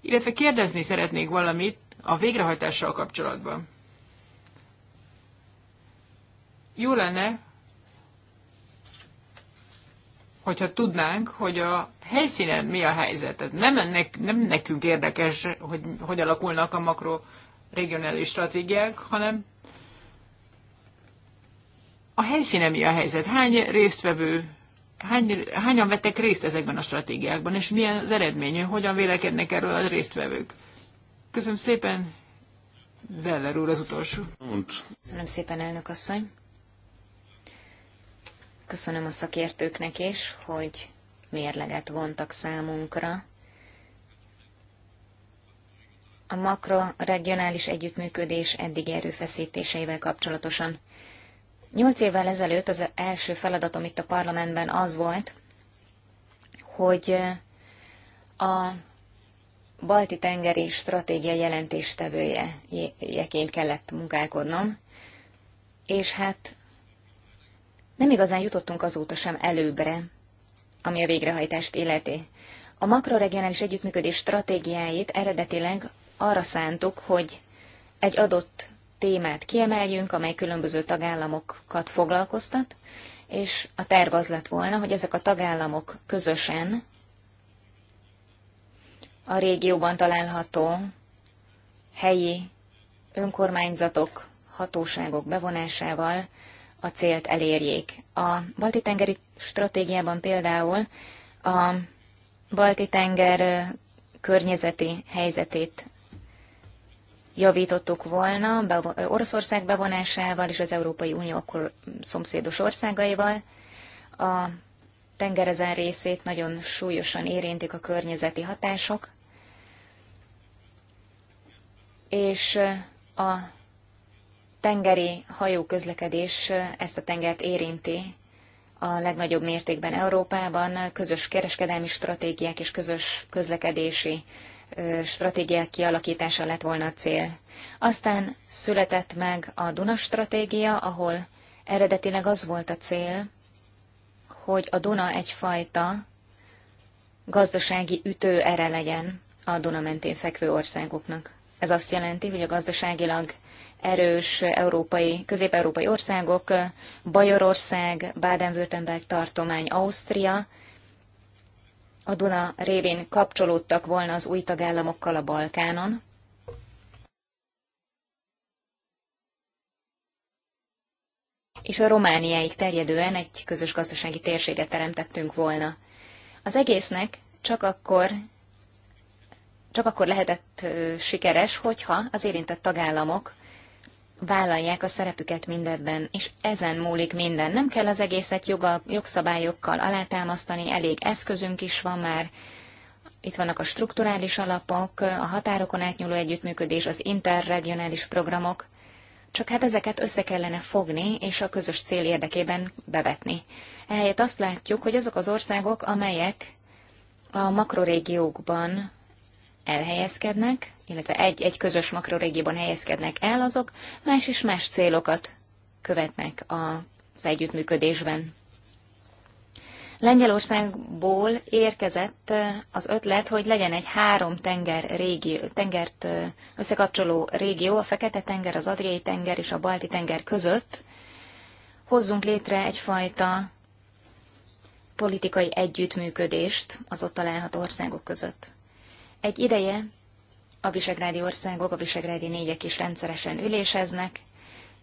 illetve kérdezni szeretnék valamit a végrehajtással kapcsolatban. Jó lenne, hogyha tudnánk, hogy a helyszínen mi a helyzet. Tehát nem, ennek, nem nekünk érdekes, hogy hogy alakulnak a makro regionális stratégiák, hanem a helyszínen mi a helyzet. Hány résztvevő, hány, hányan vettek részt ezekben a stratégiákban, és milyen az eredmény, hogyan vélekednek erről a résztvevők. Köszönöm szépen, Zeller úr az utolsó. Köszönöm szépen, elnök asszony. Köszönöm a szakértőknek is, hogy mérleget vontak számunkra. A makroregionális együttműködés eddigi erőfeszítéseivel kapcsolatosan. Nyolc évvel ezelőtt az első feladatom itt a parlamentben az volt, hogy a balti tengeri stratégia jelentéstevőjeként kellett munkálkodnom, és hát nem igazán jutottunk azóta sem előbbre, ami a végrehajtást illeti. A makroregionális együttműködés stratégiáit eredetileg arra szántuk, hogy egy adott témát kiemeljünk, amely különböző tagállamokat foglalkoztat, és a terv az lett volna, hogy ezek a tagállamok közösen a régióban található helyi önkormányzatok, hatóságok bevonásával a célt elérjék. A Balti-tengeri stratégiában például a Balti-tenger környezeti helyzetét javítottuk volna be, Oroszország bevonásával és az Európai Unió akkor szomszédos országaival. A tengerezen részét nagyon súlyosan érintik a környezeti hatások, és a tengeri hajóközlekedés ezt a tengert érinti a legnagyobb mértékben Európában. Közös kereskedelmi stratégiák és közös közlekedési stratégiák kialakítása lett volna a cél. Aztán született meg a Duna stratégia, ahol eredetileg az volt a cél, hogy a Duna egyfajta gazdasági ütőere legyen a Duna mentén fekvő országoknak. Ez azt jelenti, hogy a gazdaságilag erős európai, közép-európai országok, Bajorország, Baden-Württemberg tartomány, Ausztria, a Duna révén kapcsolódtak volna az új tagállamokkal a Balkánon. és a Romániáig terjedően egy közös gazdasági térséget teremtettünk volna. Az egésznek csak akkor, csak akkor lehetett sikeres, hogyha az érintett tagállamok vállalják a szerepüket mindebben, és ezen múlik minden. Nem kell az egészet joga, jogszabályokkal alátámasztani, elég eszközünk is van már. Itt vannak a strukturális alapok, a határokon átnyúló együttműködés, az interregionális programok. Csak hát ezeket össze kellene fogni, és a közös cél érdekében bevetni. Ehelyett azt látjuk, hogy azok az országok, amelyek a makrorégiókban elhelyezkednek, illetve egy-egy közös makrorégióban helyezkednek el, azok más és más célokat követnek az együttműködésben. Lengyelországból érkezett az ötlet, hogy legyen egy három tenger régió, tengert összekapcsoló régió, a Fekete-tenger, az Adriai-tenger és a Balti-tenger között. Hozzunk létre egyfajta politikai együttműködést az ott található országok között. Egy ideje a visegrádi országok, a visegrádi négyek is rendszeresen üléseznek,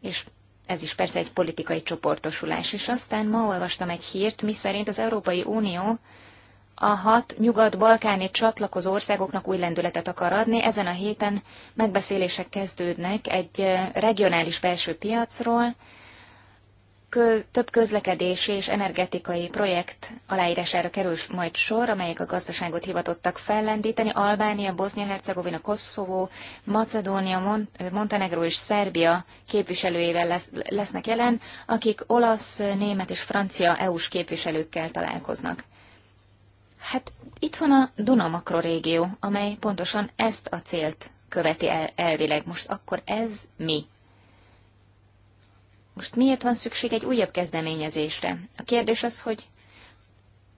és ez is persze egy politikai csoportosulás. És aztán ma olvastam egy hírt, miszerint az Európai Unió a hat nyugat-balkáni csatlakozó országoknak új lendületet akar adni. Ezen a héten megbeszélések kezdődnek egy eh, regionális belső piacról, kö, több közlekedési és energetikai projekt aláírására kerül majd sor, amelyek a gazdaságot hivatottak fellendíteni. Albánia, Bosznia-Hercegovina, Koszovó, Macedónia, Mont- Montenegro és Szerbia képviselőivel lesz, lesznek jelen, akik olasz, német és francia EU-s képviselőkkel találkoznak. Hát itt van a Duna makrorégió, amely pontosan ezt a célt követi el, elvileg. Most akkor ez mi? Most miért van szükség egy újabb kezdeményezésre? A kérdés az, hogy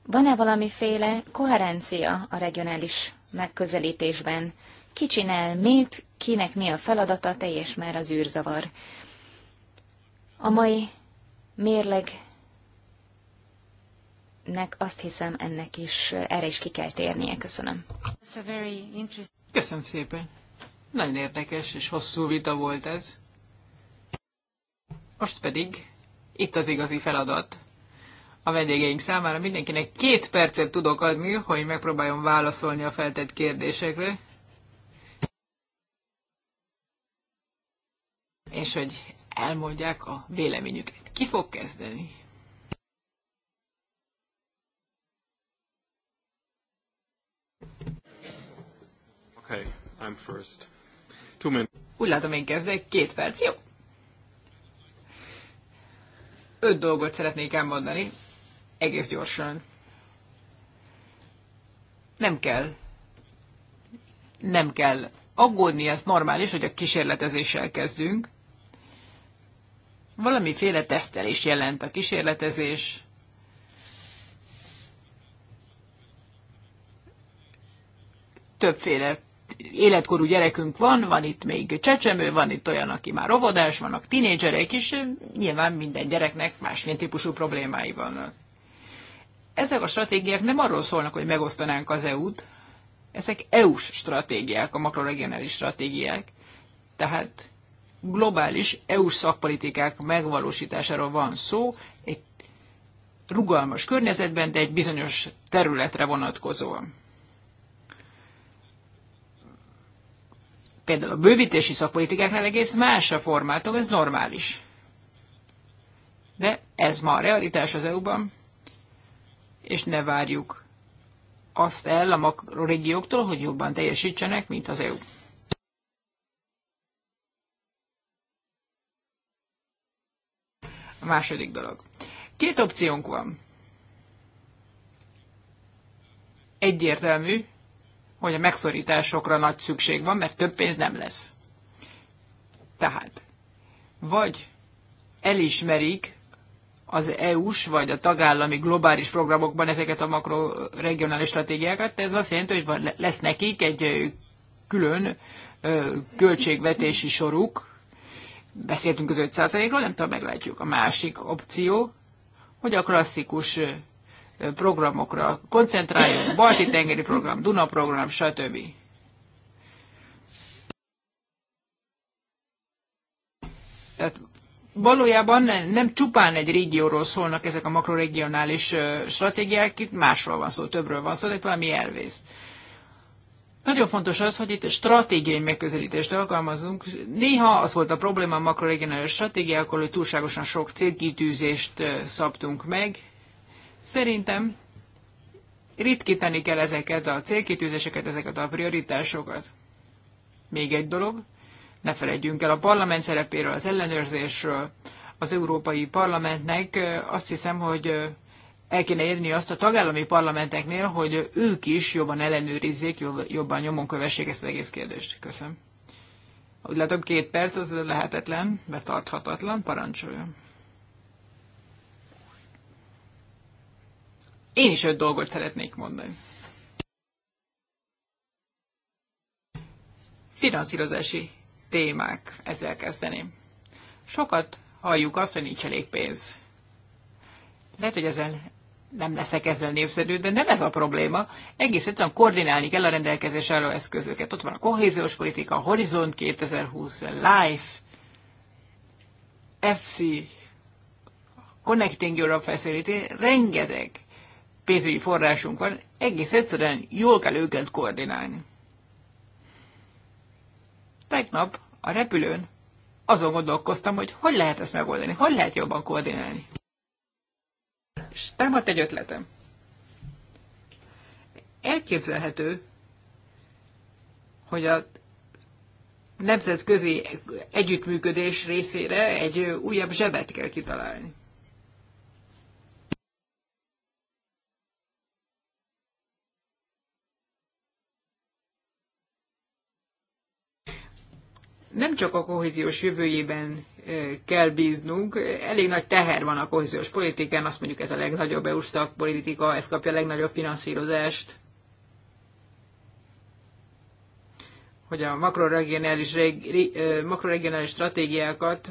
van-e valamiféle koherencia a regionális megközelítésben? Ki csinál mit, kinek mi a feladata, teljes már az űrzavar. A mai mérlegnek azt hiszem ennek is, erre is ki kell térnie. Köszönöm. Köszönöm szépen. Nagyon érdekes és hosszú vita volt ez. Most pedig itt az igazi feladat a vendégeink számára. Mindenkinek két percet tudok adni, hogy megpróbáljon válaszolni a feltett kérdésekre. És hogy elmondják a véleményüket. Ki fog kezdeni? Okay, I'm first. Two minutes. Úgy látom, én kezdek. Két perc. Jó. Öt dolgot szeretnék elmondani, egész gyorsan. Nem kell. Nem kell aggódni, ez normális, hogy a kísérletezéssel kezdünk. Valamiféle tesztelés jelent a kísérletezés. Többféle életkorú gyerekünk van, van itt még csecsemő, van itt olyan, aki már óvodás, vannak tinédzserek is, nyilván minden gyereknek másmilyen típusú problémái vannak. Ezek a stratégiák nem arról szólnak, hogy megosztanánk az EU-t, ezek EU-s stratégiák, a makroregionális stratégiák. Tehát globális EU-s szakpolitikák megvalósításáról van szó, egy rugalmas környezetben, de egy bizonyos területre vonatkozóan. Például a bővítési szakpolitikáknál egész más a formátum, ez normális. De ez ma a realitás az EU-ban, és ne várjuk azt el a makrorégióktól, hogy jobban teljesítsenek, mint az EU. A második dolog. Két opciónk van. Egyértelmű, hogy a megszorításokra nagy szükség van, mert több pénz nem lesz. Tehát, vagy elismerik az EU-s vagy a tagállami globális programokban ezeket a makroregionális stratégiákat, ez azt jelenti, hogy van, lesz nekik egy külön költségvetési soruk, beszéltünk az 5%-ról, nem tudom, meglátjuk. A másik opció, hogy a klasszikus programokra koncentráljunk, Balti-tengeri program, Duna program, stb. Tehát valójában nem csupán egy régióról szólnak ezek a makroregionális stratégiák, itt másról van szó, többről van szó, de itt valami elvész. Nagyon fontos az, hogy itt stratégiai megközelítést alkalmazunk. Néha az volt a probléma a makroregionális stratégiákkal, hogy túlságosan sok célkitűzést szabtunk meg, Szerintem ritkítani kell ezeket a célkitűzéseket, ezeket a prioritásokat. Még egy dolog, ne felejtjünk el a parlament szerepéről, az ellenőrzésről, az Európai Parlamentnek azt hiszem, hogy el kéne érni azt a tagállami parlamenteknél, hogy ők is jobban ellenőrizzék, jobban nyomon kövessék ezt az egész kérdést. Köszönöm. Úgy látom, két perc, az lehetetlen, betarthatatlan, parancsoljon. Én is öt dolgot szeretnék mondani. Finanszírozási témák, ezzel kezdeném. Sokat halljuk azt, hogy nincs elég pénz. Lehet, hogy ezzel nem leszek ezzel népszerű, de nem ez a probléma. Egész egyszerűen koordinálni kell a rendelkezés álló eszközöket. Ott van a kohéziós politika, a Horizont 2020, LIFE, FC, Connecting Europe Facility, rengeteg pénzügyi forrásunk van, egész egyszerűen jól kell őket koordinálni. Tegnap a repülőn azon gondolkoztam, hogy hogy lehet ezt megoldani, hogy lehet jobban koordinálni. És támadt egy ötletem. Elképzelhető, hogy a nemzetközi együttműködés részére egy újabb zsebet kell kitalálni. nem csak a kohéziós jövőjében kell bíznunk, elég nagy teher van a kohéziós politikán, azt mondjuk ez a legnagyobb EU politika, ez kapja a legnagyobb finanszírozást. Hogy a makroregionális, makroregionális stratégiákat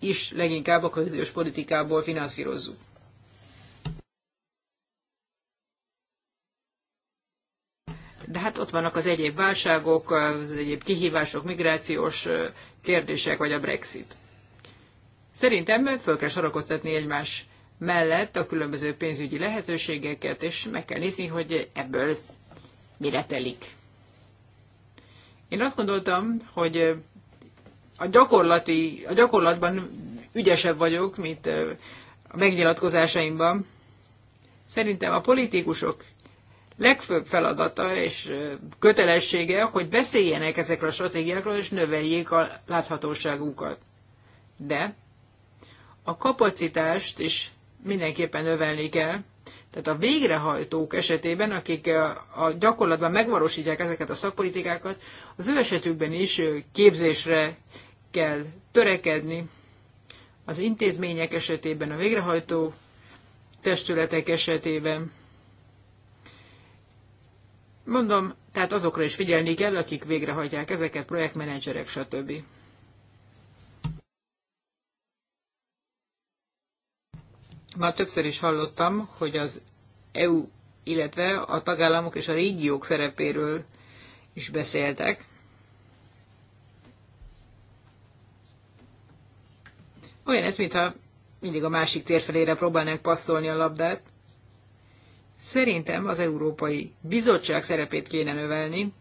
is leginkább a kohéziós politikából finanszírozzuk. de hát ott vannak az egyéb válságok, az egyéb kihívások, migrációs kérdések, vagy a Brexit. Szerintem föl kell sorakoztatni egymás mellett a különböző pénzügyi lehetőségeket, és meg kell nézni, hogy ebből mire telik. Én azt gondoltam, hogy a, gyakorlati, a gyakorlatban ügyesebb vagyok, mint a megnyilatkozásaimban. Szerintem a politikusok legfőbb feladata és kötelessége, hogy beszéljenek ezekről a stratégiákról, és növeljék a láthatóságukat. De a kapacitást is mindenképpen növelni kell, tehát a végrehajtók esetében, akik a gyakorlatban megvalósítják ezeket a szakpolitikákat, az ő esetükben is képzésre kell törekedni. Az intézmények esetében, a végrehajtó testületek esetében Mondom, tehát azokra is figyelni kell, akik végrehajtják ezeket, projektmenedzserek, stb. Már többször is hallottam, hogy az EU, illetve a tagállamok és a régiók szerepéről is beszéltek. Olyan ez, mintha mindig a másik tér felére próbálnánk passzolni a labdát. Szerintem az Európai Bizottság szerepét kéne növelni,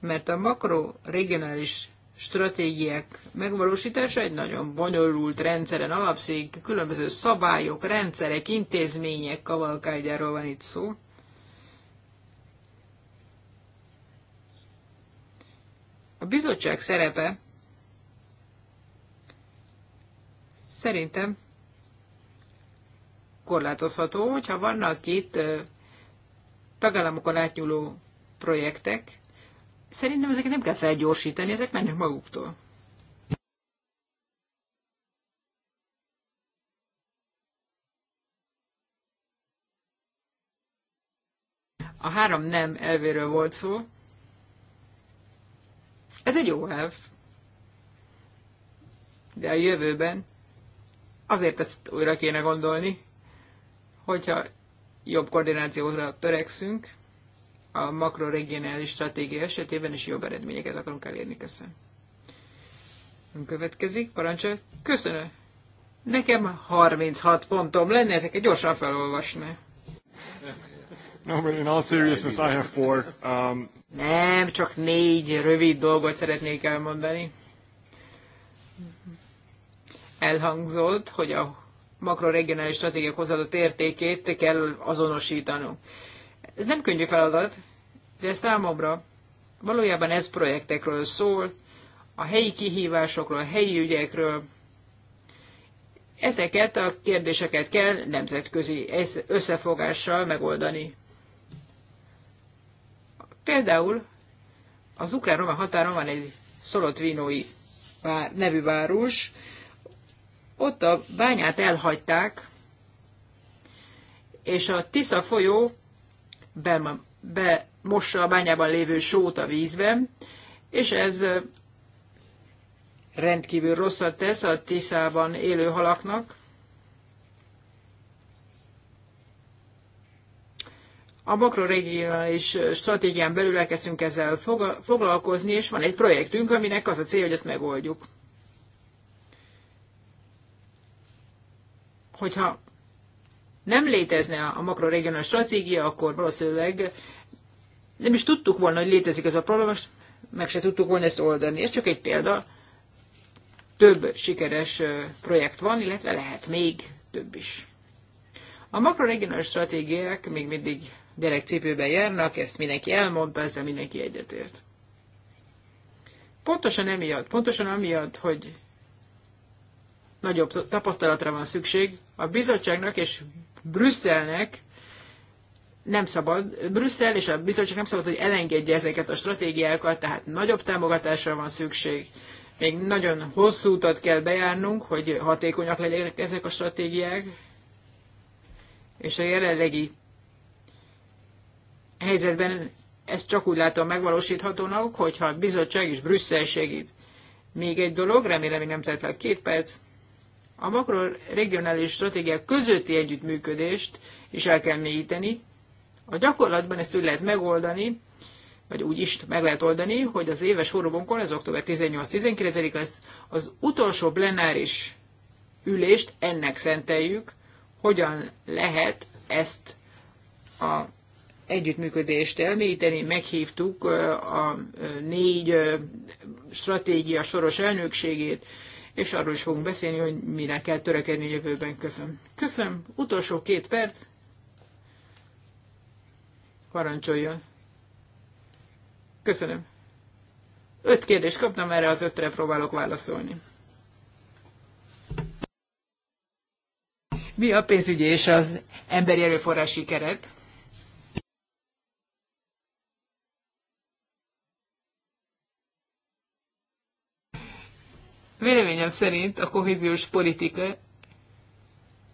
mert a makroregionális stratégiák megvalósítása egy nagyon bonyolult rendszeren alapszik, különböző szabályok, rendszerek, intézmények kavalkágyáról van itt szó. A bizottság szerepe szerintem korlátozható, hogyha vannak itt tagállamokon átnyúló projektek, szerintem ezeket nem kell felgyorsítani, ezek mennek maguktól. A három nem elvéről volt szó. Ez egy jó elv. De a jövőben azért ezt újra kéne gondolni hogyha jobb koordinációra törekszünk, a makroregionális stratégia esetében is jobb eredményeket akarunk elérni. Köszönöm. Következik, parancsolj. Köszönöm. Nekem 36 pontom lenne, ezeket gyorsan felolvasni. No, but in all seriousness, I have four. Um... Nem, csak négy rövid dolgot szeretnék elmondani. Elhangzott, hogy a makroregionális stratégiák hozzáadott értékét kell azonosítanunk. Ez nem könnyű feladat, de számomra valójában ez projektekről szól, a helyi kihívásokról, a helyi ügyekről. Ezeket a kérdéseket kell nemzetközi összefogással megoldani. Például az ukrán roma határon van egy Szolotvinói nevű város, ott a bányát elhagyták, és a Tisza folyó bemossa a bányában lévő sót a vízben, és ez rendkívül rosszat tesz a Tiszában élő halaknak. A makroregionális stratégián belül elkezdtünk ezzel foglalkozni, és van egy projektünk, aminek az a cél, hogy ezt megoldjuk. hogyha nem létezne a makroregionális stratégia, akkor valószínűleg nem is tudtuk volna, hogy létezik ez a probléma, meg se tudtuk volna ezt oldani. Ez csak egy példa. Több sikeres projekt van, illetve lehet még több is. A makroregionális stratégiák még mindig gyerekcipőben járnak, ezt mindenki elmondta, ezzel mindenki egyetért. Pontosan emiatt, pontosan amiatt, hogy nagyobb tapasztalatra van szükség, a bizottságnak és Brüsszelnek nem szabad, Brüsszel és a bizottság nem szabad, hogy elengedje ezeket a stratégiákat, tehát nagyobb támogatásra van szükség. Még nagyon hosszú utat kell bejárnunk, hogy hatékonyak legyenek ezek a stratégiák, és a jelenlegi helyzetben ezt csak úgy látom megvalósíthatónak, hogyha a bizottság és Brüsszel segít. Még egy dolog, remélem, hogy nem telt két perc. A makroregionális stratégiák közötti együttműködést is el kell mélyíteni. A gyakorlatban ezt úgy lehet megoldani, vagy úgy is meg lehet oldani, hogy az éves fórumunkon, az október 18-19 az, az utolsó plenáris ülést ennek szenteljük, hogyan lehet ezt a együttműködést elmélyíteni. Meghívtuk a négy stratégia soros elnökségét, és arról is fogunk beszélni, hogy mire kell törekedni jövőben. Köszönöm. Köszönöm. Utolsó két perc. Parancsolja. Köszönöm. Öt kérdést kaptam, erre az ötre próbálok válaszolni. Mi a pénzügyi és az emberi erőforrási keret? Véleményem szerint a kohéziós politika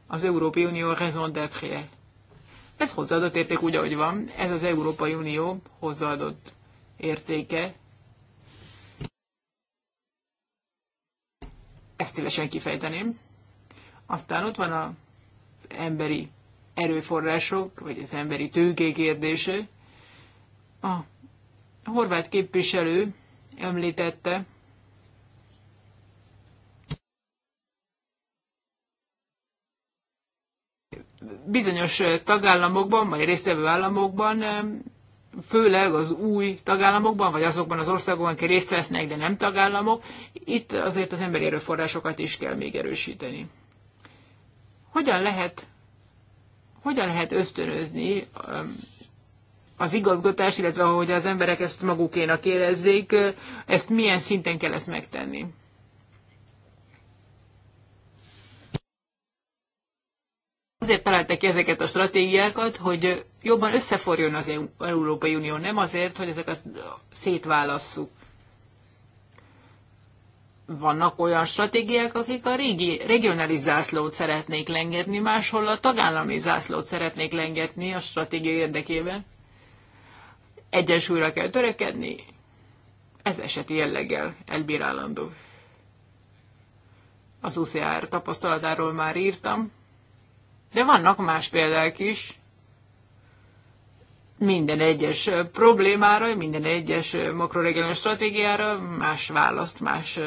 az Európai Unió raison d'être. Ez hozzáadott érték úgy, ahogy van. Ez az Európai Unió hozzáadott értéke. Ezt szívesen kifejteném. Aztán ott van az emberi erőforrások, vagy az emberi tőké kérdése. A horvát képviselő említette, bizonyos tagállamokban, vagy résztvevő államokban, főleg az új tagállamokban, vagy azokban az országokban, akik részt vesznek, de nem tagállamok, itt azért az emberi erőforrásokat is kell még erősíteni. Hogyan lehet, hogyan lehet ösztönözni az igazgatás, illetve ahogy az emberek ezt magukénak érezzék, ezt milyen szinten kell ezt megtenni? Azért találták ki ezeket a stratégiákat, hogy jobban összeforjon az e Európai Unió, nem azért, hogy ezeket szétválasszuk. Vannak olyan stratégiák, akik a régi, regionális zászlót szeretnék lengetni, máshol a tagállami zászlót szeretnék lengetni a stratégia érdekében. Egyensúlyra kell törekedni, ez eseti jelleggel elbírálandó. Az UCR tapasztalatáról már írtam, de vannak más példák is. Minden egyes problémára, minden egyes makroregionális stratégiára más választ, más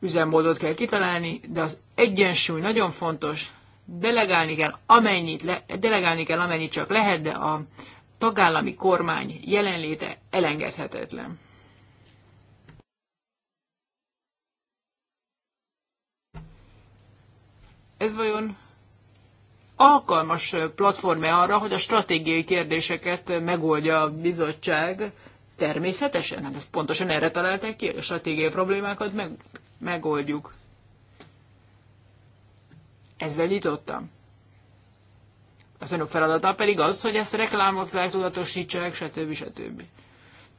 üzemmódot kell kitalálni, de az egyensúly nagyon fontos, delegálni kell amennyit, le, delegálni kell amennyit csak lehet, de a tagállami kormány jelenléte elengedhetetlen. Ez vajon alkalmas platformja arra, hogy a stratégiai kérdéseket megoldja a bizottság természetesen? Hát ezt pontosan erre találták ki, a stratégiai problémákat meg, megoldjuk. Ezzel nyitottam. Az önök feladata pedig az, hogy ezt reklámozzák, tudatosítsák, stb. stb.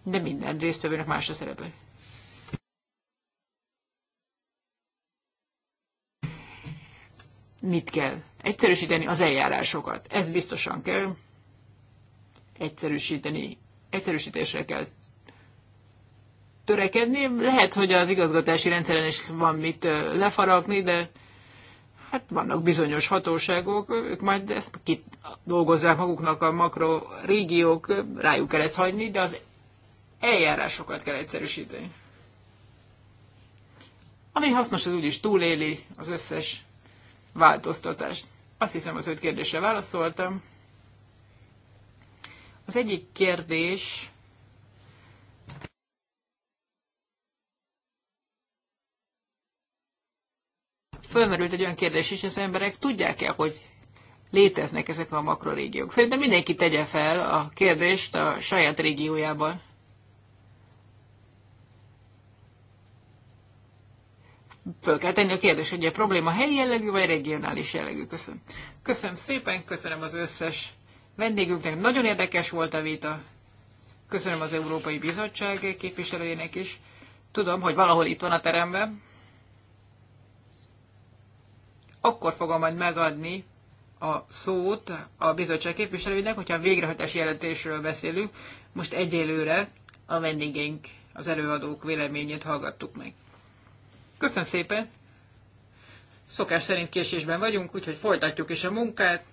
De minden résztvevőnek más a szerepe. Mit kell egyszerűsíteni az eljárásokat. Ez biztosan kell. Egyszerűsíteni, egyszerűsítésre kell törekedni. Lehet, hogy az igazgatási rendszeren is van mit lefaragni, de hát vannak bizonyos hatóságok, ők majd ezt dolgozzák maguknak a makro régiók, rájuk kell ezt hagyni, de az eljárásokat kell egyszerűsíteni. Ami hasznos, az úgyis túléli az összes változtatást. Azt hiszem az öt kérdésre válaszoltam. Az egyik kérdés fölmerült egy olyan kérdés is, hogy az emberek tudják-e, hogy léteznek ezek a makrorégiók. Szerintem mindenki tegye fel a kérdést a saját régiójában. föl kell tenni a kérdés, hogy a probléma helyi jellegű vagy regionális jellegű. Köszönöm. Köszönöm szépen, köszönöm az összes vendégünknek. Nagyon érdekes volt a vita. Köszönöm az Európai Bizottság képviselőjének is. Tudom, hogy valahol itt van a teremben. Akkor fogom majd megadni a szót a bizottság képviselőjének, hogyha a végrehajtási jelentésről beszélünk. Most egyelőre a vendégeink, az előadók véleményét hallgattuk meg. Köszönöm szépen! Szokás szerint késésben vagyunk, úgyhogy folytatjuk is a munkát.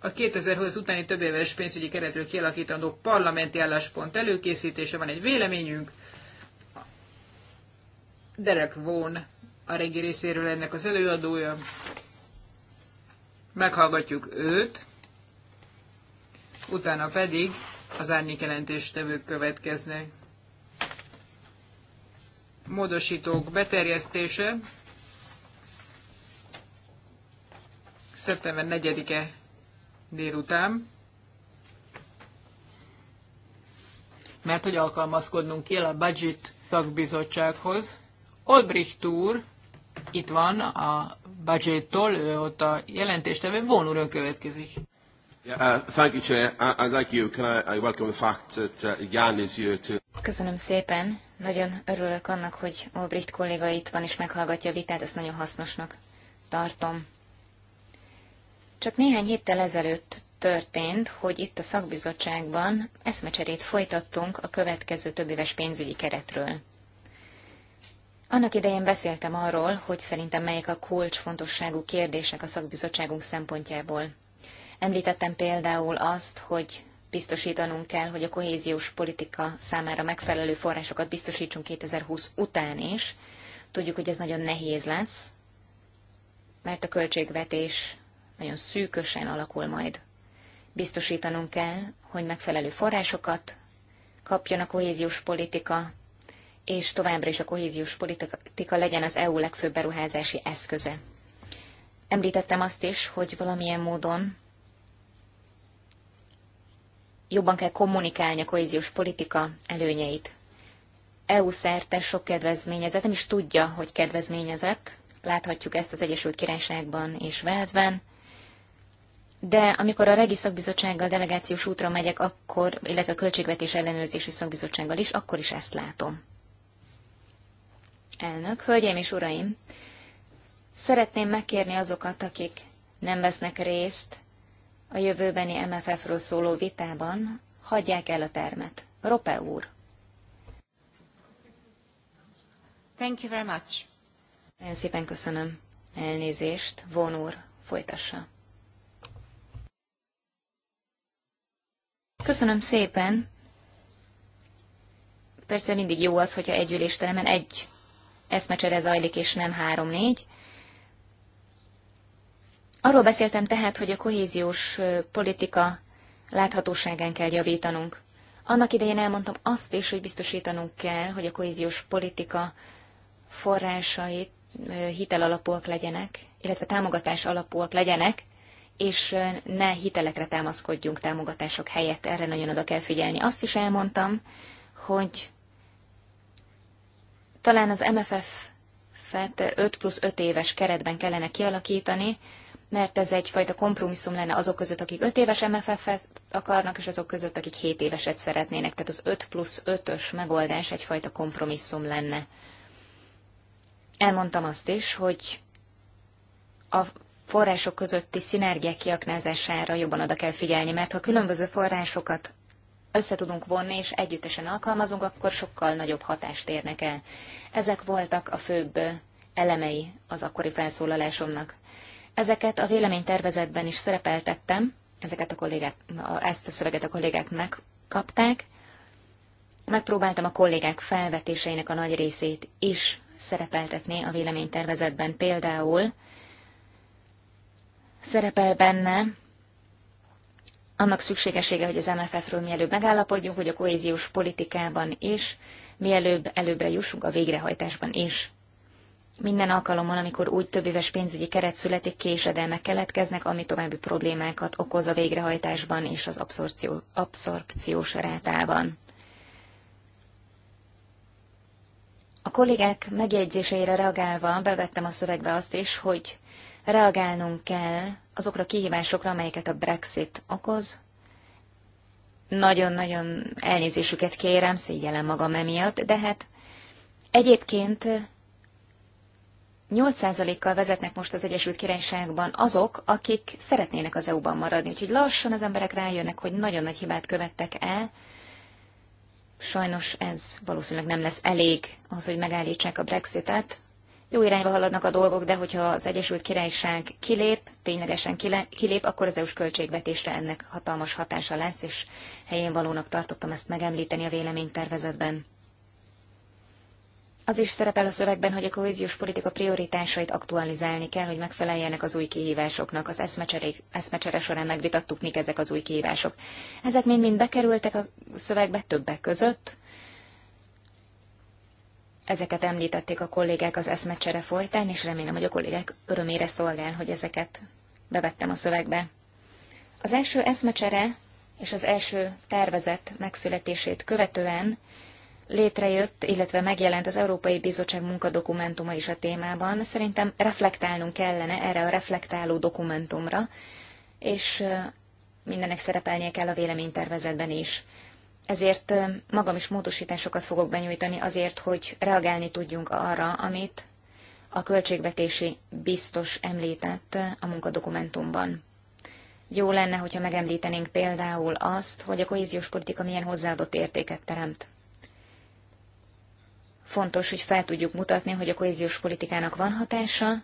A 2020 utáni több éves pénzügyi keretről kialakítandó parlamenti álláspont előkészítése van egy véleményünk. Derek Vaughan a régi részéről ennek az előadója. Meghallgatjuk őt, utána pedig az árnyékelentés jelentéstevők következnek módosítók beterjesztése szeptember 4-e délután, mert hogy alkalmazkodnunk kell a budget tagbizottsághoz. Olbricht úr itt van a budgettól, ő ott a jelentéstevő, von úrön következik. Köszönöm szépen. Nagyon örülök annak, hogy Olbricht kolléga itt van és meghallgatja a vitát, ezt nagyon hasznosnak tartom. Csak néhány héttel ezelőtt történt, hogy itt a szakbizottságban eszmecserét folytattunk a következő többéves pénzügyi keretről. Annak idején beszéltem arról, hogy szerintem melyek a kulcsfontosságú kérdések a szakbizottságunk szempontjából. Említettem például azt, hogy biztosítanunk kell, hogy a kohéziós politika számára megfelelő forrásokat biztosítsunk 2020 után is. Tudjuk, hogy ez nagyon nehéz lesz, mert a költségvetés nagyon szűkösen alakul majd. Biztosítanunk kell, hogy megfelelő forrásokat kapjon a kohéziós politika, és továbbra is a kohéziós politika legyen az EU legfőbb beruházási eszköze. Említettem azt is, hogy valamilyen módon jobban kell kommunikálni a kohéziós politika előnyeit. EU szerte sok kedvezményezett, nem is tudja, hogy kedvezményezett. Láthatjuk ezt az Egyesült Királyságban és Velszben. De amikor a Regi Szakbizottsággal delegációs útra megyek, akkor, illetve a Költségvetés Ellenőrzési Szakbizottsággal is, akkor is ezt látom. Elnök, hölgyeim és uraim, szeretném megkérni azokat, akik nem vesznek részt a jövőbeni MFF-ről szóló vitában hagyják el a termet. Rope úr. Thank you very much. Nagyon szépen köszönöm. Elnézést, Von úr, folytassa. Köszönöm szépen. Persze mindig jó az, hogyha egy ülésteremen egy eszmecsere zajlik, és nem három-négy. Arról beszéltem tehát, hogy a kohéziós politika láthatóságán kell javítanunk. Annak idején elmondtam azt is, hogy biztosítanunk kell, hogy a kohéziós politika forrásait hitel alapúak legyenek, illetve támogatás alapúak legyenek, és ne hitelekre támaszkodjunk támogatások helyett, erre nagyon oda kell figyelni. Azt is elmondtam, hogy talán az MFF-et 5 plusz 5 éves keretben kellene kialakítani, mert ez egyfajta kompromisszum lenne azok között, akik 5 éves MFF-et akarnak, és azok között, akik 7 éveset szeretnének. Tehát az 5 plusz 5-ös megoldás egyfajta kompromisszum lenne. Elmondtam azt is, hogy a források közötti szinergiák kiaknázására jobban oda kell figyelni, mert ha különböző forrásokat össze tudunk vonni és együttesen alkalmazunk, akkor sokkal nagyobb hatást érnek el. Ezek voltak a főbb elemei az akkori felszólalásomnak. Ezeket a véleménytervezetben is szerepeltettem, ezeket a kollégák, ezt a szöveget a kollégák megkapták. Megpróbáltam a kollégák felvetéseinek a nagy részét is szerepeltetni a véleménytervezetben. Például szerepel benne annak szükségessége, hogy az MFF-ről mielőbb megállapodjunk, hogy a kohéziós politikában is mielőbb előbbre jussunk a végrehajtásban is. Minden alkalommal, amikor úgy éves pénzügyi keret születik, késedelmek keletkeznek, ami további problémákat okoz a végrehajtásban és az abszorpciós rátában. A kollégák megjegyzéseire reagálva bevettem a szövegbe azt is, hogy reagálnunk kell azokra a kihívásokra, amelyeket a Brexit okoz. Nagyon-nagyon elnézésüket kérem, szégyellem magam emiatt, de hát egyébként 8%-kal vezetnek most az Egyesült Királyságban azok, akik szeretnének az EU-ban maradni. Úgyhogy lassan az emberek rájönnek, hogy nagyon nagy hibát követtek el. Sajnos ez valószínűleg nem lesz elég ahhoz, hogy megállítsák a Brexitet. Jó irányba haladnak a dolgok, de hogyha az Egyesült Királyság kilép, ténylegesen kilép, akkor az EU-s költségvetésre ennek hatalmas hatása lesz, és helyén valónak tartottam ezt megemlíteni a véleménytervezetben. Az is szerepel a szövegben, hogy a kohéziós politika prioritásait aktualizálni kell, hogy megfeleljenek az új kihívásoknak. Az eszmecsere során megvitattuk, mik ezek az új kihívások. Ezek mind-mind bekerültek a szövegbe többek között. Ezeket említették a kollégák az eszmecsere folytán, és remélem, hogy a kollégák örömére szolgál, hogy ezeket bevettem a szövegbe. Az első eszmecsere és az első tervezet megszületését követően létrejött, illetve megjelent az Európai Bizottság munkadokumentuma is a témában. Szerintem reflektálnunk kellene erre a reflektáló dokumentumra, és mindennek szerepelnie kell a véleménytervezetben is. Ezért magam is módosításokat fogok benyújtani azért, hogy reagálni tudjunk arra, amit a költségvetési biztos említett a munkadokumentumban. Jó lenne, hogyha megemlítenénk például azt, hogy a kohéziós politika milyen hozzáadott értéket teremt Fontos, hogy fel tudjuk mutatni, hogy a kohéziós politikának van hatása,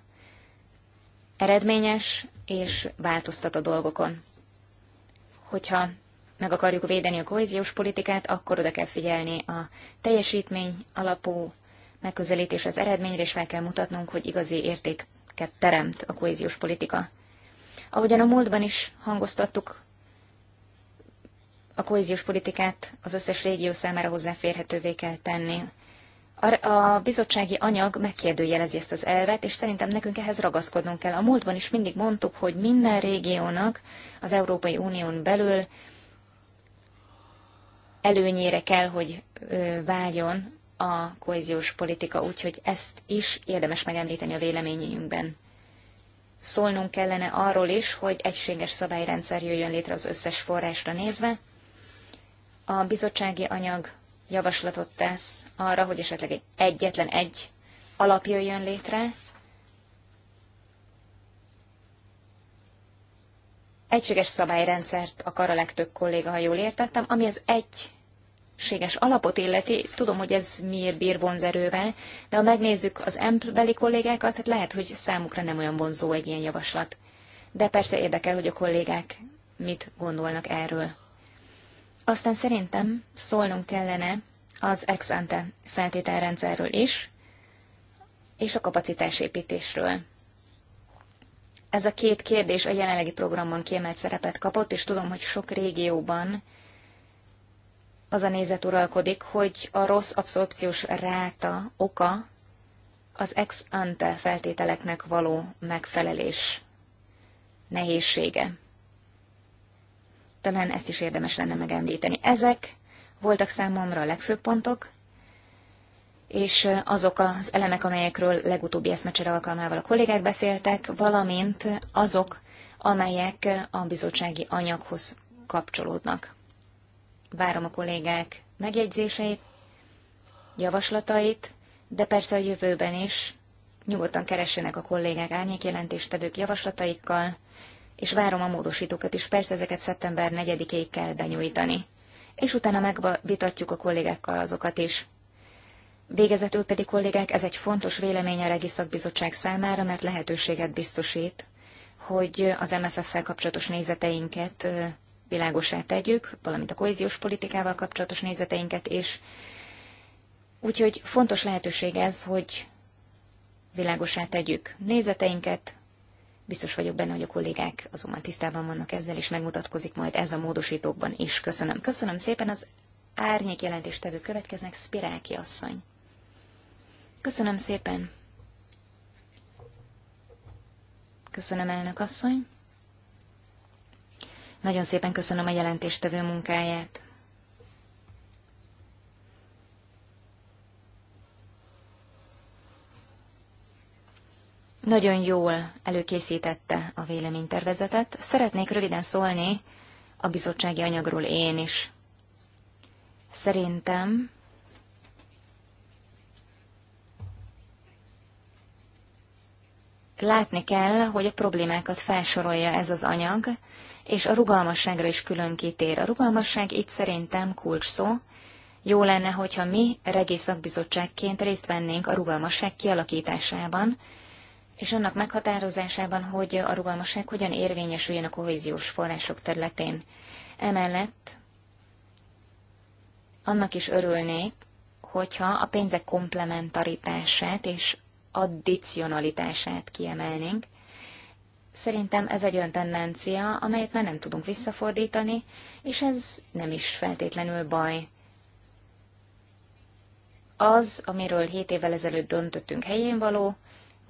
eredményes és változtat a dolgokon. Hogyha meg akarjuk védeni a kohéziós politikát, akkor oda kell figyelni a teljesítmény alapú megközelítés az eredményre, és fel kell mutatnunk, hogy igazi értéket teremt a kohéziós politika. Ahogyan a múltban is hangoztattuk, a kohéziós politikát az összes régió számára hozzáférhetővé kell tenni. A bizottsági anyag megkérdőjelezi ezt az elvet, és szerintem nekünk ehhez ragaszkodnunk kell. A múltban is mindig mondtuk, hogy minden régiónak az Európai Unión belül előnyére kell, hogy váljon a kohéziós politika, úgyhogy ezt is érdemes megemlíteni a véleményünkben. Szólnunk kellene arról is, hogy egységes szabályrendszer jöjjön létre az összes forrásra nézve. A bizottsági anyag javaslatot tesz arra, hogy esetleg egy egyetlen egy alap jöjjön létre. Egységes szabályrendszert akar a legtöbb kolléga, ha jól értettem, ami az egy egységes alapot illeti, tudom, hogy ez miért bír vonzerővel, de ha megnézzük az EMP beli kollégákat, hát lehet, hogy számukra nem olyan vonzó egy ilyen javaslat. De persze érdekel, hogy a kollégák mit gondolnak erről. Aztán szerintem szólnunk kellene az ex ante feltételrendszerről is, és a kapacitásépítésről. Ez a két kérdés a jelenlegi programban kiemelt szerepet kapott, és tudom, hogy sok régióban az a nézet uralkodik, hogy a rossz abszorpciós ráta oka az ex ante feltételeknek való megfelelés nehézsége talán ezt is érdemes lenne megemlíteni. Ezek voltak számomra a legfőbb pontok, és azok az elemek, amelyekről legutóbbi eszmecsere alkalmával a kollégák beszéltek, valamint azok, amelyek a bizottsági anyaghoz kapcsolódnak. Várom a kollégák megjegyzéseit, javaslatait, de persze a jövőben is nyugodtan keressenek a kollégák árnyékjelentéstevők javaslataikkal, és várom a módosítókat is. Persze ezeket szeptember 4-ig kell benyújtani. És utána megvitatjuk a kollégákkal azokat is. Végezetül pedig kollégák, ez egy fontos vélemény a Regi Szakbizottság számára, mert lehetőséget biztosít, hogy az MFF-fel kapcsolatos nézeteinket világosá tegyük, valamint a kohéziós politikával kapcsolatos nézeteinket is. Úgyhogy fontos lehetőség ez, hogy világosá tegyük nézeteinket, Biztos vagyok benne, hogy a kollégák azonban tisztában vannak ezzel, és megmutatkozik majd ez a módosítókban is. Köszönöm. Köszönöm szépen az árnyék jelentéstevő következnek, Spiráki asszony. Köszönöm szépen. Köszönöm, elnök asszony. Nagyon szépen köszönöm a jelentéstevő munkáját. nagyon jól előkészítette a véleménytervezetet. Szeretnék röviden szólni a bizottsági anyagról én is. Szerintem látni kell, hogy a problémákat felsorolja ez az anyag, és a rugalmasságra is külön kitér. A rugalmasság itt szerintem kulcs szó. Jó lenne, hogyha mi regészakbizottságként részt vennénk a rugalmasság kialakításában, és annak meghatározásában, hogy a rugalmasság hogyan érvényesüljön a kohéziós források területén. Emellett annak is örülnék, hogyha a pénzek komplementaritását és addicionalitását kiemelnénk. Szerintem ez egy olyan tendencia, amelyet már nem tudunk visszafordítani, és ez nem is feltétlenül baj. Az, amiről 7 évvel ezelőtt döntöttünk helyén való,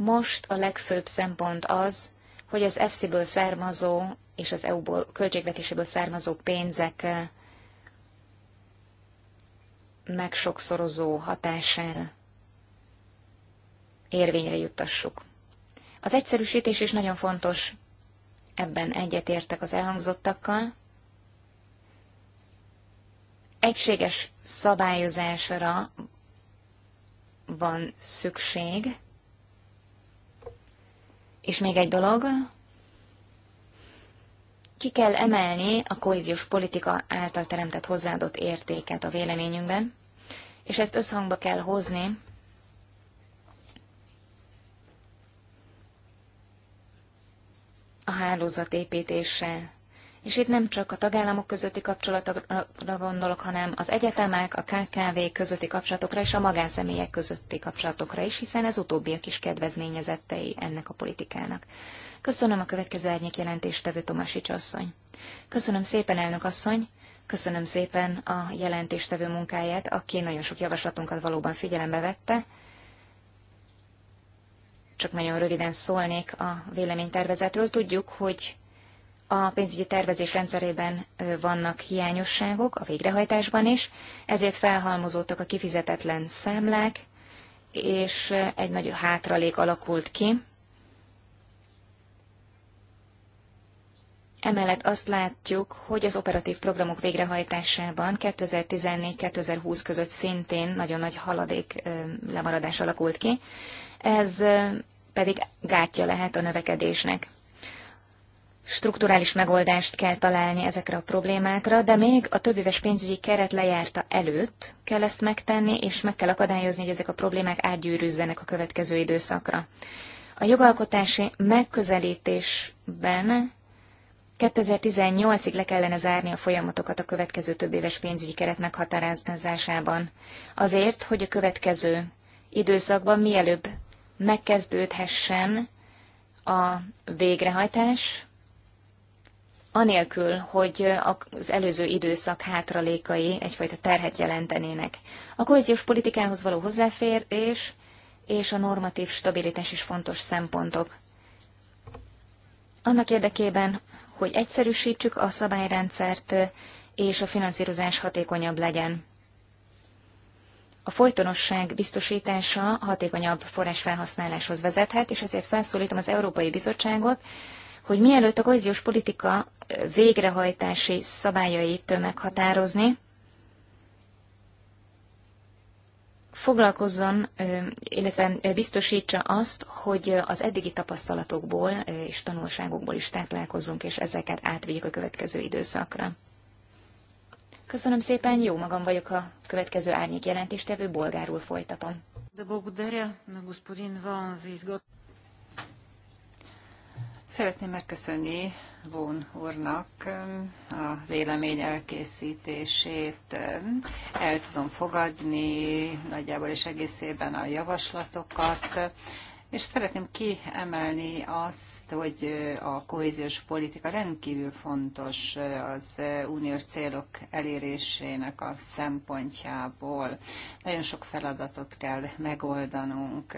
most a legfőbb szempont az, hogy az efsi ből származó és az EU-ból költségvetéséből származó pénzek megsokszorozó hatására érvényre juttassuk. Az egyszerűsítés is nagyon fontos, ebben egyetértek az elhangzottakkal. Egységes szabályozásra van szükség, és még egy dolog, ki kell emelni a kohéziós politika által teremtett hozzáadott értéket a véleményünkben, és ezt összhangba kell hozni a hálózatépítéssel. És itt nem csak a tagállamok közötti kapcsolatokra gondolok, hanem az egyetemek, a KKV közötti kapcsolatokra és a magánszemélyek közötti kapcsolatokra is, hiszen ez utóbbiak is kedvezményezettei ennek a politikának. Köszönöm a következő árnyék jelentéstevő Tomasics asszony. Köszönöm szépen, elnök asszony! Köszönöm szépen a jelentéstevő munkáját, aki nagyon sok javaslatunkat valóban figyelembe vette. Csak nagyon röviden szólnék a véleménytervezetről. Tudjuk, hogy a pénzügyi tervezés rendszerében vannak hiányosságok, a végrehajtásban is, ezért felhalmozódtak a kifizetetlen számlák, és egy nagy hátralék alakult ki. Emellett azt látjuk, hogy az operatív programok végrehajtásában 2014-2020 között szintén nagyon nagy haladék lemaradás alakult ki, ez pedig gátja lehet a növekedésnek strukturális megoldást kell találni ezekre a problémákra, de még a éves pénzügyi keret lejárta előtt kell ezt megtenni, és meg kell akadályozni, hogy ezek a problémák átgyűrűzzenek a következő időszakra. A jogalkotási megközelítésben 2018-ig le kellene zárni a folyamatokat a következő éves pénzügyi keret meghatározásában, azért, hogy a következő időszakban mielőbb megkezdődhessen a végrehajtás, anélkül, hogy az előző időszak hátralékai egyfajta terhet jelentenének. A kohéziós politikához való hozzáférés és a normatív stabilitás is fontos szempontok. Annak érdekében, hogy egyszerűsítsük a szabályrendszert, és a finanszírozás hatékonyabb legyen. A folytonosság biztosítása hatékonyabb forrásfelhasználáshoz vezethet, és ezért felszólítom az Európai Bizottságot, hogy mielőtt a kohéziós politika végrehajtási szabályait meghatározni. Foglalkozzon, illetve biztosítsa azt, hogy az eddigi tapasztalatokból és tanulságokból is táplálkozzunk, és ezeket átvigyük a következő időszakra. Köszönöm szépen, jó magam vagyok a következő árnyék jelentéstevő, bolgárul folytatom. Szeretném megköszönni Vón úrnak um, a vélemény elkészítését um, el tudom fogadni, nagyjából és egészében a javaslatokat. És szeretném kiemelni azt, hogy a kohéziós politika rendkívül fontos az uniós célok elérésének a szempontjából. Nagyon sok feladatot kell megoldanunk.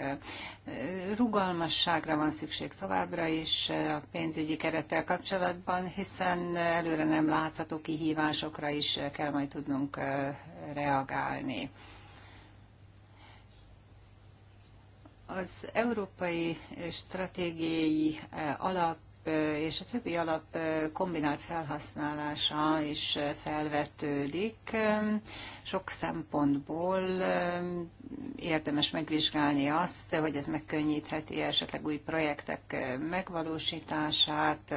Rugalmasságra van szükség továbbra is a pénzügyi kerettel kapcsolatban, hiszen előre nem látható kihívásokra is kell majd tudnunk reagálni. Az európai stratégiai eh, alap eh, és a többi alap eh, kombinált felhasználása is felvetődik. Sok szempontból érdemes megvizsgálni azt, hogy ez megkönnyítheti esetleg új projektek megvalósítását,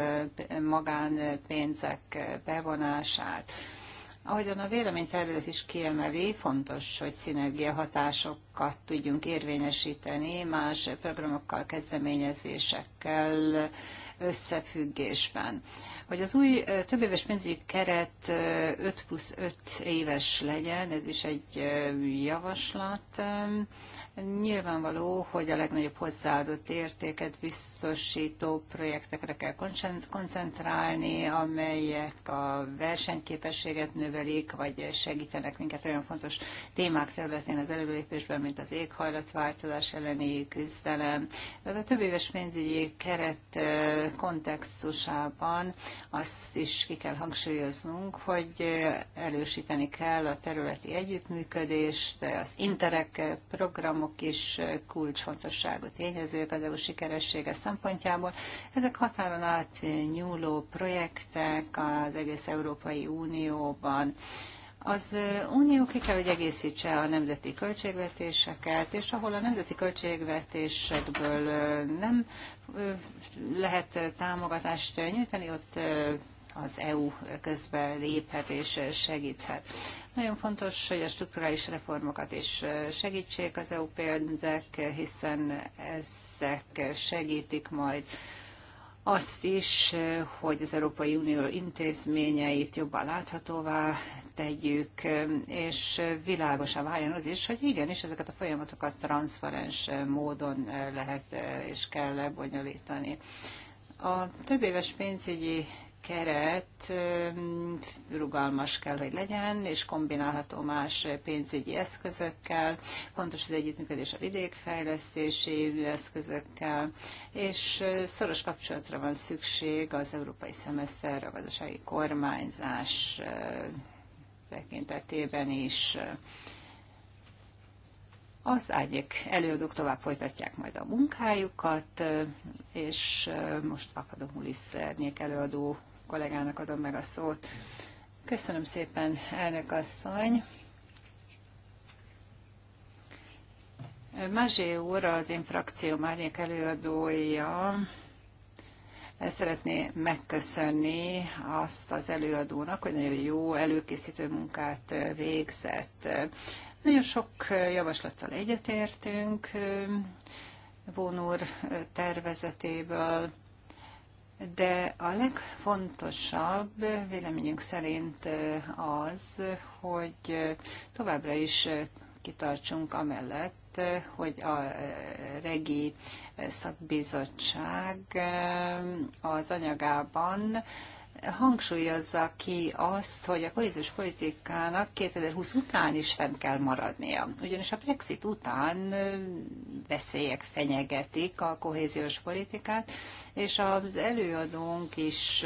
magánpénzek bevonását. Ahogyan a véleménytervezés is kiemeli, fontos, hogy szinergia hatásokat tudjunk érvényesíteni más programokkal, kezdeményezésekkel összefüggésben. Hogy az új többéves pénzügyi keret 5 plusz 5 éves legyen, ez is egy javaslat, Nyilvánvaló, hogy a legnagyobb hozzáadott értéket biztosító projektekre kell koncentrálni, amelyek a versenyképességet növelik, vagy segítenek minket olyan fontos témák területén az előlépésben, mint az éghajlatváltozás elleni küzdelem. Tehát a több éves pénzügyi keret kontextusában azt is ki kell hangsúlyoznunk, hogy erősíteni kell a területi együttműködést, az interek programot, számok is kulcsfontosságú tényezők az EU sikeressége szempontjából. Ezek határon át nyúló projektek az egész Európai Unióban. Az Unió ki kell, hogy egészítse a nemzeti költségvetéseket, és ahol a nemzeti költségvetésekből nem lehet támogatást nyújtani, ott az EU közbe léphet és segíthet. Nagyon fontos, hogy a strukturális reformokat is segítsék az EU pénzek, hiszen ezek segítik majd azt is, hogy az Európai Unió intézményeit jobban láthatóvá tegyük, és világosá váljon az is, hogy igenis ezeket a folyamatokat transzparens módon lehet és kell lebonyolítani. A több éves pénzügyi keret rugalmas kell, hogy legyen, és kombinálható más pénzügyi eszközökkel, fontos az együttműködés a vidékfejlesztési eszközökkel, és szoros kapcsolatra van szükség az európai szemeszter, a gazdasági kormányzás tekintetében is. Az ágyék előadók tovább folytatják majd a munkájukat, és most Papadomulis árnyék előadó kollégának adom meg a szót. Köszönöm szépen, elnök asszony. Mazsé úr, az én frakció márnyék előadója, szeretné megköszönni azt az előadónak, hogy nagyon jó előkészítő munkát végzett. Nagyon sok javaslattal egyetértünk, Bón tervezetéből, de a legfontosabb véleményünk szerint az, hogy továbbra is kitartsunk amellett, hogy a regi szakbizottság az anyagában hangsúlyozza ki azt, hogy a kohéziós politikának 2020 után is fenn kell maradnia. Ugyanis a Brexit után veszélyek fenyegetik a kohéziós politikát, és az előadónk is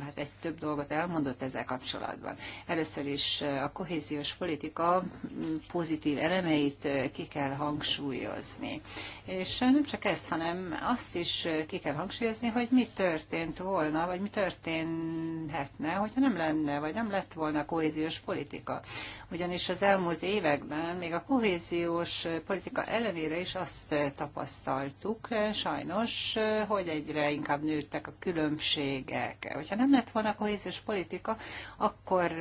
hát egy több dolgot elmondott ezzel kapcsolatban. Először is a kohéziós politika mm, pozitív elemeit ki kell hangsúlyozni. És nem csak ezt, hanem azt is ki kell hangsúlyozni, hogy mi történt volna, vagy mi történhetne, hogyha nem lenne, vagy nem lett volna kohéziós politika. Ugyanis az elmúlt években még a kohéziós politika ellenére is azt tapasztaltuk sajnos, hogy egyre inkább nőttek a különbségek. Hogyha nem lett volna kohéziós politika, akkor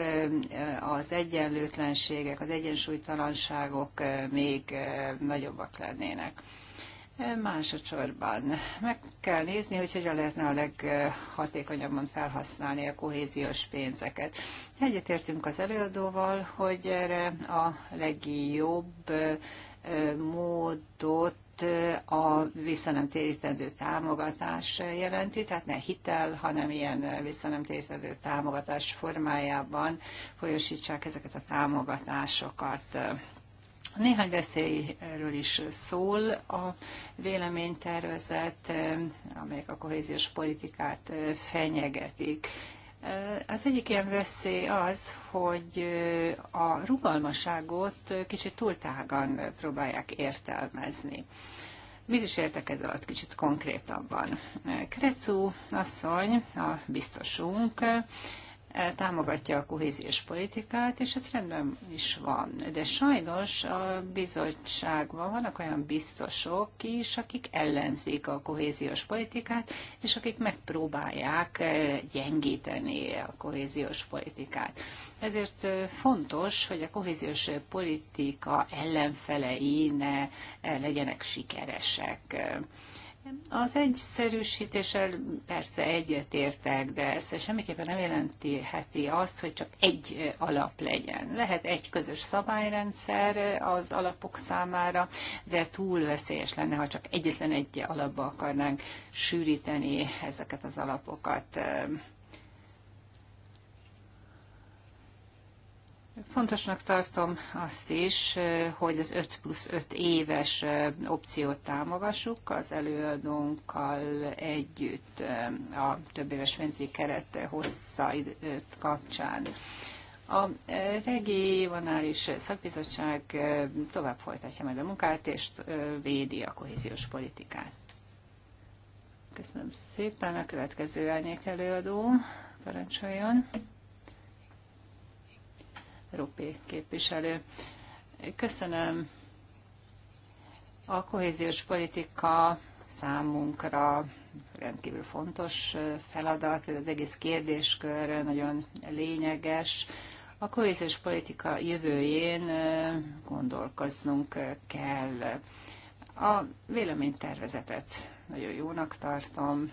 az egyenlőtlenségek, az egyensúlytalanságok még nagyobbak lennének. Másodszorban meg kell nézni, hogy hogyan lehetne a leghatékonyabban felhasználni a kohéziós pénzeket. Egyetértünk az előadóval, hogy erre a legjobb módot itt a visszanemtérítendő támogatás jelenti, tehát ne hitel, hanem ilyen visszanemtérítendő támogatás formájában folyosítsák ezeket a támogatásokat. Néhány veszélyről is szól a véleménytervezet, amelyek a kohéziós politikát fenyegetik. Az egyik ilyen veszély az, hogy a rugalmaságot kicsit túltágan próbálják értelmezni. Mit is értek ez alatt kicsit konkrétabban? Krecu asszony, a biztosunk, támogatja a kohéziós politikát, és ez rendben is van. De sajnos a bizottságban vannak olyan biztosok is, akik ellenzik a kohéziós politikát, és akik megpróbálják eh, gyengíteni a kohéziós politikát. Ezért eh, fontos, hogy a kohéziós politika ellenfelei ne eh, legyenek sikeresek az egyszerűsítéssel persze egyetértek, de ez semmiképpen nem jelentheti azt, hogy csak egy alap legyen. Lehet egy közös szabályrendszer az alapok számára, de túl veszélyes lenne, ha csak egyetlen egy alapba akarnánk sűríteni ezeket az alapokat. Fontosnak tartom azt is, hogy az 5 plusz 5 éves opciót támogassuk az előadónkkal együtt a több éves fenzi keret hossza kapcsán. A regionális szakbizottság tovább folytatja majd a munkát, és védi a kohéziós politikát. Köszönöm szépen. A következő árnyék előadó parancsoljon. Rupi képviselő. Köszönöm. A kohéziós politika számunkra rendkívül fontos feladat, ez az egész kérdéskör nagyon lényeges. A kohéziós politika jövőjén gondolkoznunk kell. A véleménytervezetet nagyon jónak tartom.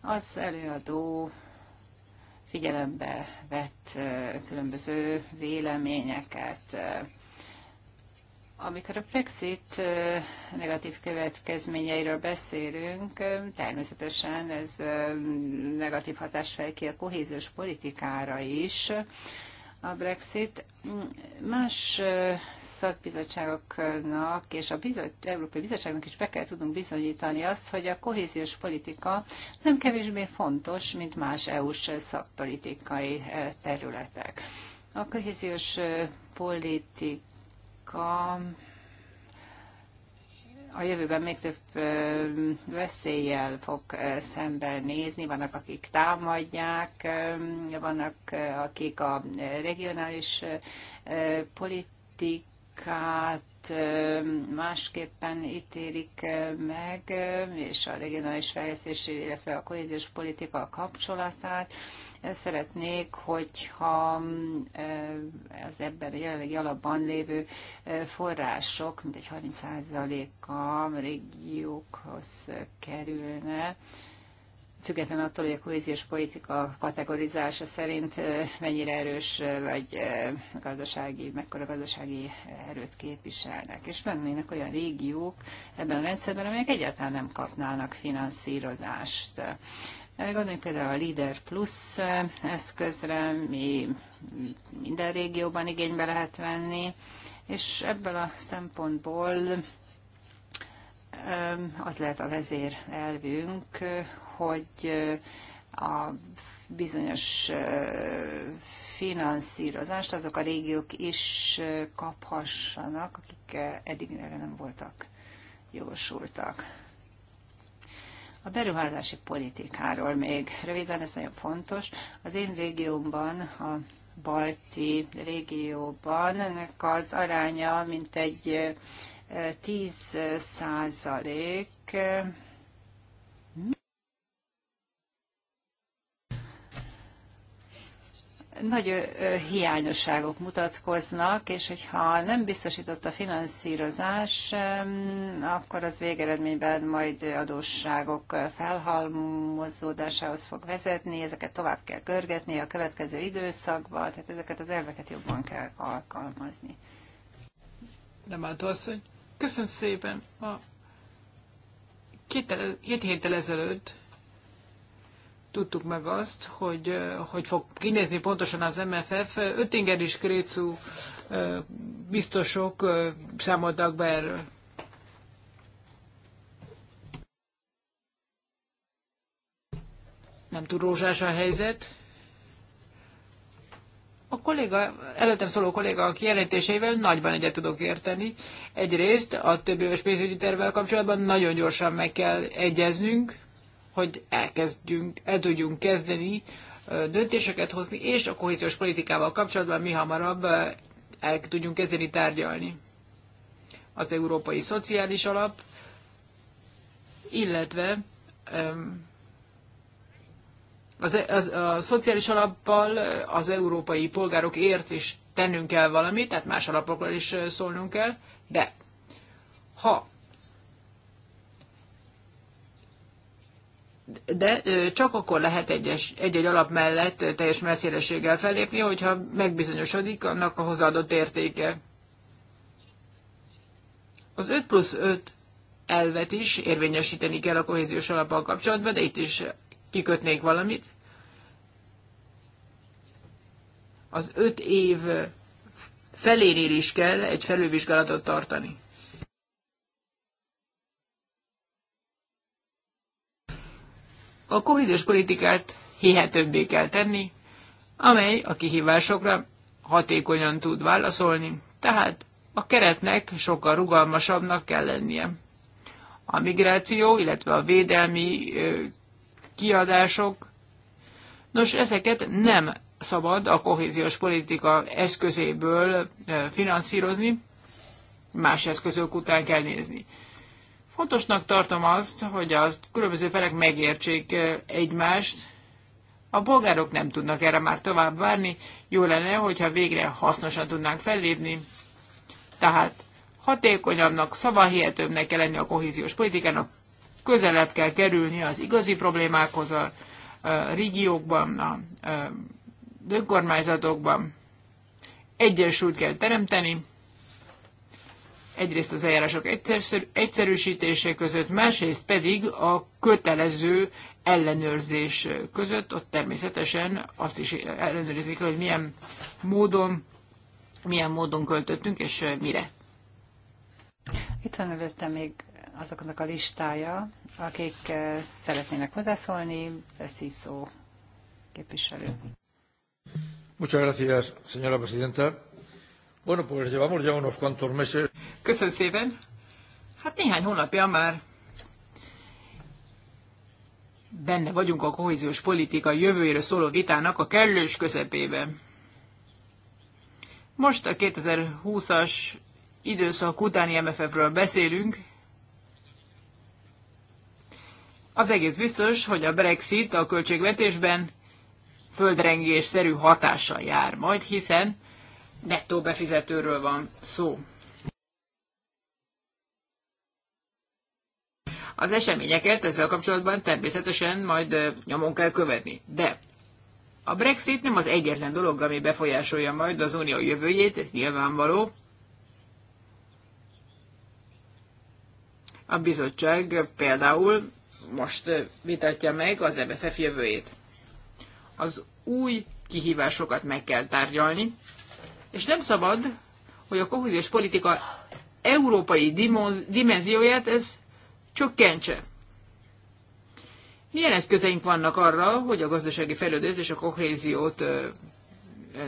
Az előadó figyelembe vett különböző véleményeket. Amikor a Brexit negatív következményeiről beszélünk, természetesen ez negatív hatás fejt ki a kohéziós politikára is, a Brexit. Más szakbizottságoknak és a bizottság, Európai Bizottságnak is be kell tudnunk bizonyítani azt, hogy a kohéziós politika nem kevésbé fontos, mint más EU-s szakpolitikai területek. A kohéziós politika a jövőben még több veszéllyel fog szembenézni. Vannak, akik támadják, vannak, akik a regionális politikát másképpen ítélik meg, és a regionális fejlesztés, illetve a kohéziós politika kapcsolatát szeretnék, hogyha eh, az ebben a jelenlegi alapban lévő eh, források, mint egy 30%-a régiókhoz kerülne, független attól, hogy a kohéziós politika kategorizása szerint eh, mennyire erős, vagy gazdasági, mekkora gazdasági erőt képviselnek. És lennének olyan régiók ebben a rendszerben, amelyek egyáltalán nem kapnának finanszírozást. Gondoljunk például a Leader Plus eh, eszközre, mi minden régióban igénybe lehet venni, és ebből a szempontból eh, az lehet a vezér elvünk, hogy eh, a bizonyos finanszírozást azok a régiók is kaphassanak, akik eddig nem voltak jogosultak. A beruházási politikáról még röviden, ez nagyon fontos. Az én régiómban, a balti régióban ennek az aránya egy 10 százalék, nagy hiányosságok mutatkoznak, és hogyha nem biztosított a finanszírozás, akkor az végeredményben majd adósságok felhalmozódásához fog vezetni, ezeket tovább kell görgetni a következő időszakban, tehát ezeket az elveket jobban kell alkalmazni. Nem asszony. Köszönöm szépen. A két, két héttel ezelőtt tudtuk meg azt, hogy hogy fog kinézni pontosan az MFF. Öttinger és Krécu biztosok számoltak be erről. Nem túl rózsás a helyzet. A kolléga, előttem szóló kolléga a kijelentéseivel nagyban egyet tudok érteni. Egyrészt a több éves pénzügyi tervvel kapcsolatban nagyon gyorsan meg kell egyeznünk, hogy elkezdjünk, el tudjunk kezdeni döntéseket hozni, és a kohéziós politikával kapcsolatban mi hamarabb el tudjunk kezdeni tárgyalni. Az Európai Szociális Alap, illetve az, e, az, a szociális alappal az európai polgárok ért és tennünk kell valamit, tehát más alapokról is szólnunk kell, de ha de csak akkor lehet egy-egy alap mellett teljes messzélességgel felépni, hogyha megbizonyosodik annak a hozzáadott értéke. Az 5 plusz 5 elvet is érvényesíteni kell a kohéziós alappal kapcsolatban, de itt is kikötnék valamit. Az 5 év felénél is kell egy felülvizsgálatot tartani. A kohéziós politikát hihetőbbé kell tenni, amely a kihívásokra hatékonyan tud válaszolni, tehát a keretnek sokkal rugalmasabbnak kell lennie. A migráció, illetve a védelmi kiadások, nos, ezeket nem szabad a kohéziós politika eszközéből finanszírozni, más eszközök után kell nézni. Fontosnak tartom azt, hogy a különböző felek megértsék eh, egymást. A bolgárok nem tudnak erre már tovább várni. Jó lenne, hogyha végre hasznosan tudnánk fellépni. Tehát hatékonyabbnak, szavahihetőbbnek kell lenni a kohéziós politikának, közelebb kell kerülni az igazi problémákhoz a, a régiókban, a, a önkormányzatokban. Egyensúlyt kell teremteni, egyrészt az eljárások egyszerűsítése között, másrészt pedig a kötelező ellenőrzés között, ott természetesen azt is ellenőrizik, hogy milyen módon, milyen módon költöttünk, és mire. Itt van előtte még azoknak a listája, akik eh, szeretnének hozzászólni, veszi szó képviselő. Muchas gracias, señora presidenta. Bueno, pues llevamos ya unos cuantos meses. Köszönöm szépen. Hát néhány hónapja már benne vagyunk a kohéziós politika jövőjére szóló vitának a kellős közepében. Most a 2020-as időszak utáni MFF-ről beszélünk. Az egész biztos, hogy a Brexit a költségvetésben földrengésszerű hatással jár majd, hiszen nettó befizetőről van szó. Az eseményeket ezzel kapcsolatban természetesen majd nyomon kell követni. De a Brexit nem az egyetlen dolog, ami befolyásolja majd az unió jövőjét, ez nyilvánvaló. A bizottság például most vitatja meg az MFF jövőjét. Az új kihívásokat meg kell tárgyalni, és nem szabad, hogy a kohéziós politika európai dimenzióját ez csökkentse. Milyen eszközeink vannak arra, hogy a gazdasági fejlődést és a kohéziót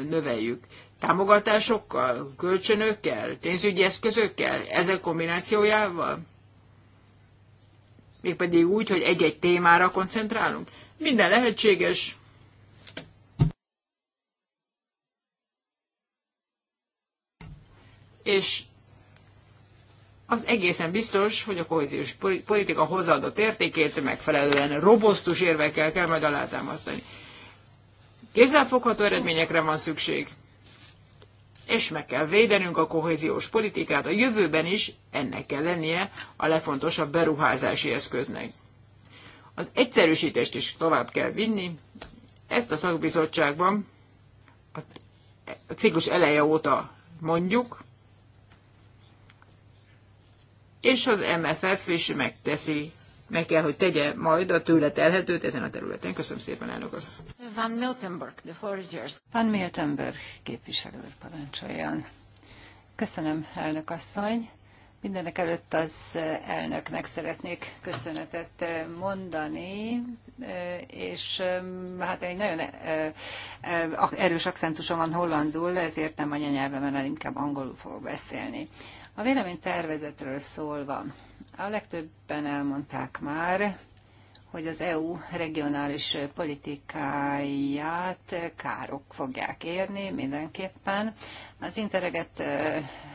növeljük? Támogatásokkal, kölcsönökkel, pénzügyi eszközökkel, ezek kombinációjával? Mégpedig úgy, hogy egy-egy témára koncentrálunk? Minden lehetséges, és az egészen biztos, hogy a kohéziós politika hozzáadott értékét megfelelően robosztus érvekkel kell majd alátámasztani. Kézzelfogható eredményekre van szükség, és meg kell védenünk a kohéziós politikát, a jövőben is ennek kell lennie a legfontosabb beruházási eszköznek. Az egyszerűsítést is tovább kell vinni, ezt a szakbizottságban a ciklus eleje óta mondjuk, és az MFF is megteszi, meg kell, hogy tegye majd a tőle telhetőt ezen a területen. Köszönöm szépen, elnök az. Van Miltenberg, the floor is yours. Van Miltenberg képviselő parancsoljon. Köszönöm, elnök asszony. Mindenek előtt az elnöknek szeretnék köszönetet mondani, és hát egy nagyon eh, erős akcentusom van hollandul, ezért nem anyanyelvemen, inkább angolul fogok beszélni. A tervezetről szólva, a legtöbben elmondták már, hogy az EU regionális politikáját károk fogják érni mindenképpen. Az Intereget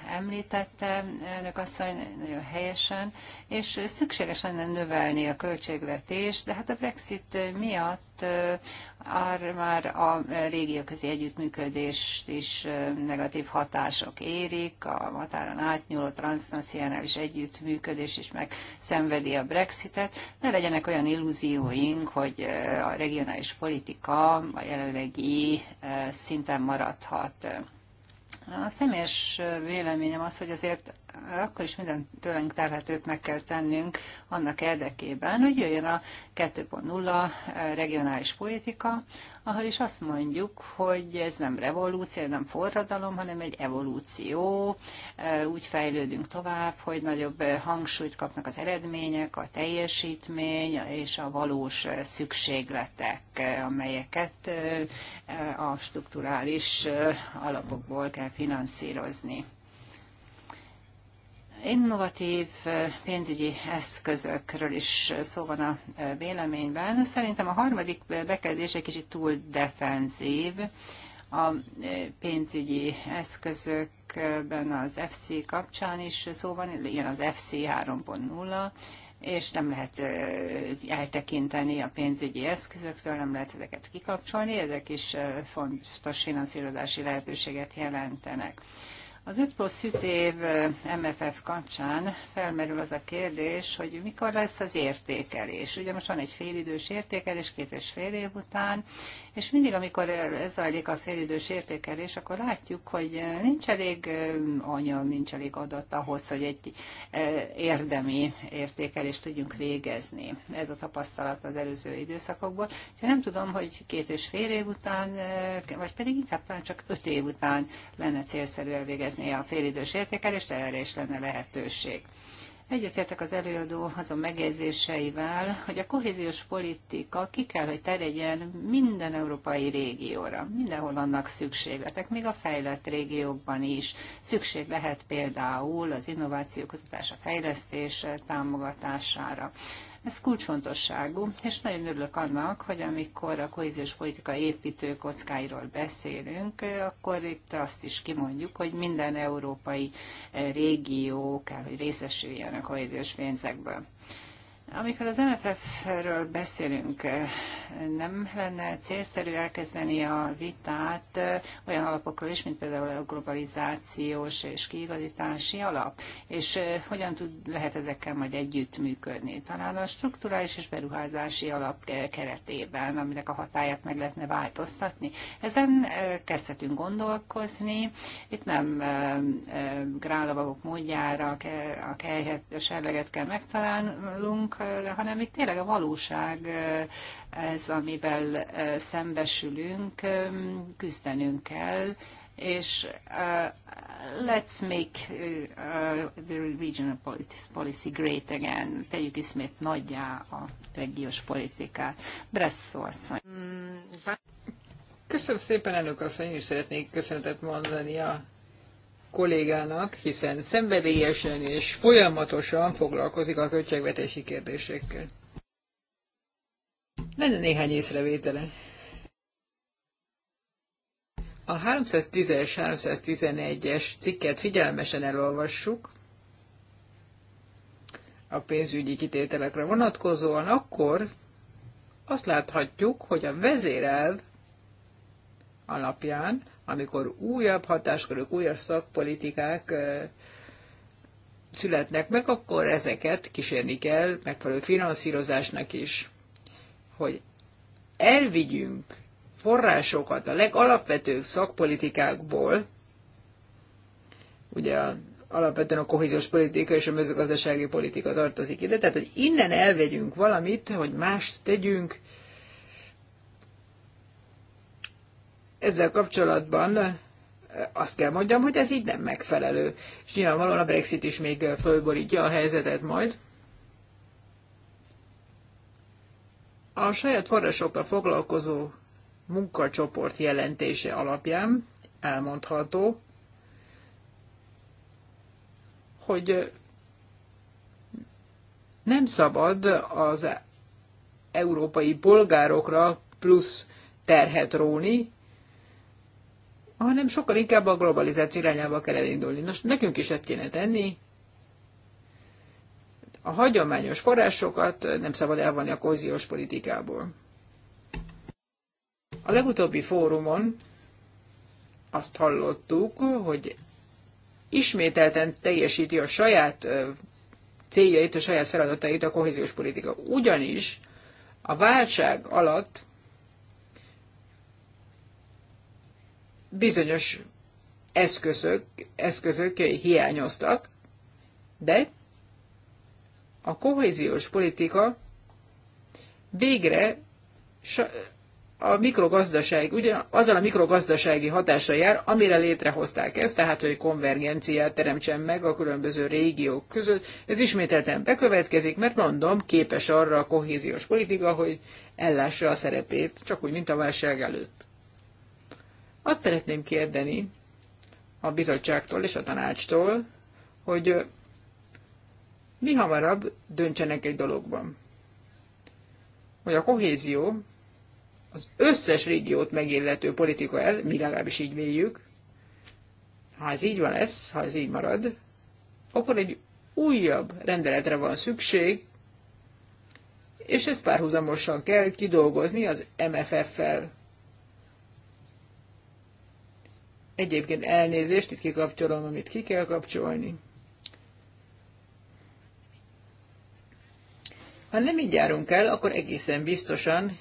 említette elnök asszony nagyon helyesen, és szükséges lenne növelni a költségvetést, de hát a Brexit miatt ár már a régió közé együttműködést is negatív hatások érik, a határon átnyúló transznacionális együttműködés is szenvedi a Brexitet. Ne legyenek olyan illúzióink, hogy a regionális politika a jelenlegi szinten maradhat. A személyes véleményem az, hogy azért akkor is minden tőlünk terhetőt meg kell tennünk annak érdekében, hogy jöjjön a 2.0 regionális politika, ahol is azt mondjuk, hogy ez nem revolúció, nem forradalom, hanem egy evolúció. Úgy fejlődünk tovább, hogy nagyobb hangsúlyt kapnak az eredmények, a teljesítmény és a valós szükségletek, amelyeket a strukturális alapokból kell finanszírozni innovatív pénzügyi eszközökről is szó van a véleményben. Szerintem a harmadik bekezdés egy kicsit túl defenzív. A pénzügyi eszközökben az FC kapcsán is szó van, ilyen az FC 3.0, és nem lehet eltekinteni a pénzügyi eszközöktől, nem lehet ezeket kikapcsolni, ezek is fontos finanszírozási lehetőséget jelentenek. Az 5 plusz 5 év MFF kapcsán felmerül az a kérdés, hogy mikor lesz az értékelés. Ugye most van egy félidős értékelés két és fél év után, és mindig, amikor ez zajlik a félidős értékelés, akkor látjuk, hogy nincs elég anyag, nincs elég adat ahhoz, hogy egy érdemi értékelést tudjunk végezni. Ez a tapasztalat az előző időszakokból. Úgyhogy nem tudom, hogy két és fél év után, vagy pedig inkább talán csak öt év után lenne célszerű elvégezni elemezni a félidős értékelést, erre is lenne lehetőség. Egyetértek az előadó azon megjegyzéseivel, hogy a kohéziós politika ki kell, hogy terjedjen minden európai régióra. Mindenhol vannak szükségletek, még a fejlett régiókban is. Szükség lehet például az innováció, kutatás, a fejlesztés támogatására. Ez kulcsfontosságú, és nagyon örülök annak, hogy amikor a kohéziós politika építő kockáiról beszélünk, akkor itt azt is kimondjuk, hogy minden európai régió kell, hogy részesüljön a kohéziós pénzekből. Amikor az MFF-ről beszélünk, nem lenne célszerű elkezdeni a vitát olyan alapokról is, mint például a globalizációs és kiigazítási alap, és hogyan tud, lehet ezekkel majd együttműködni. Talán a strukturális és beruházási alap keretében, aminek a hatáját meg lehetne változtatni. Ezen kezdhetünk gondolkozni. Itt nem grálavagok módjára a kelyhet, a serleget kell megtalálnunk, hanem itt tényleg a valóság ez, amivel szembesülünk, küzdenünk kell, és uh, let's make uh, the regional policy great again, tegyük ismét nagyjá a regiós politikát. Bresszó asszony. Mm, Köszönöm szépen, elnök asszony, én is szeretnék köszönetet mondani a kollégának, hiszen szenvedélyesen és folyamatosan foglalkozik a költségvetési kérdésekkel. Lenne néhány észrevétele. A 310-es, 311-es cikket figyelmesen elolvassuk a pénzügyi kitételekre vonatkozóan, akkor azt láthatjuk, hogy a vezérelv alapján amikor újabb hatáskörök, újabb szakpolitikák születnek meg, akkor ezeket kísérni kell megfelelő finanszírozásnak is, hogy elvigyünk forrásokat a legalapvetőbb szakpolitikákból, ugye alapvetően a kohéziós politika és a mezőgazdasági politika tartozik ide, tehát hogy innen elvegyünk valamit, hogy mást tegyünk, ezzel kapcsolatban azt kell mondjam, hogy ez így nem megfelelő. És nyilvánvalóan a Brexit is még fölborítja a helyzetet majd. A saját forrásokkal foglalkozó munkacsoport jelentése alapján elmondható, hogy nem szabad az európai polgárokra plusz terhet róni, hanem sokkal inkább a globalizáció irányába kell elindulni. Nos, nekünk is ezt kéne tenni. A hagyományos forrásokat nem szabad elvonni a kohéziós politikából. A legutóbbi fórumon azt hallottuk, hogy ismételten teljesíti a saját céljait, a saját feladatait a kohéziós politika. Ugyanis a válság alatt bizonyos eszközök, eszközök hiányoztak, de a kohéziós politika végre a mikrogazdaság, ugye azzal a mikrogazdasági hatása jár, amire létrehozták ezt, tehát hogy konvergenciát teremtsen meg a különböző régiók között. Ez ismételten bekövetkezik, mert mondom, képes arra a kohéziós politika, hogy ellássa a szerepét, csak úgy, mint a válság előtt. Azt szeretném kérdeni a bizottságtól és a tanácstól, hogy mi hamarabb döntsenek egy dologban. Hogy a kohézió az összes régiót megillető politika el, mi legalábbis így véljük, ha ez így van lesz, ha ez így marad, akkor egy újabb rendeletre van szükség, és ezt párhuzamosan kell kidolgozni az MFF-fel. Egyébként elnézést, itt kikapcsolom, amit ki kell kapcsolni. Ha nem így járunk el, akkor egészen biztosan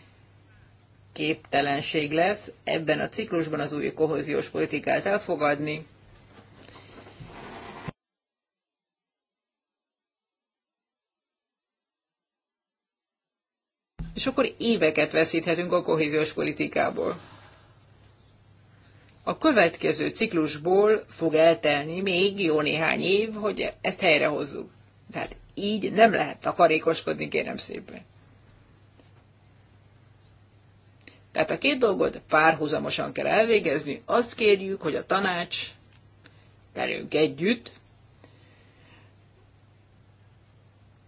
képtelenség lesz ebben a ciklusban az új kohéziós politikát elfogadni. És akkor éveket veszíthetünk a kohéziós politikából a következő ciklusból fog eltelni még jó néhány év, hogy ezt helyrehozzuk. Tehát így nem lehet takarékoskodni, kérem szépen. Tehát a két dolgot párhuzamosan kell elvégezni. Azt kérjük, hogy a tanács velünk együtt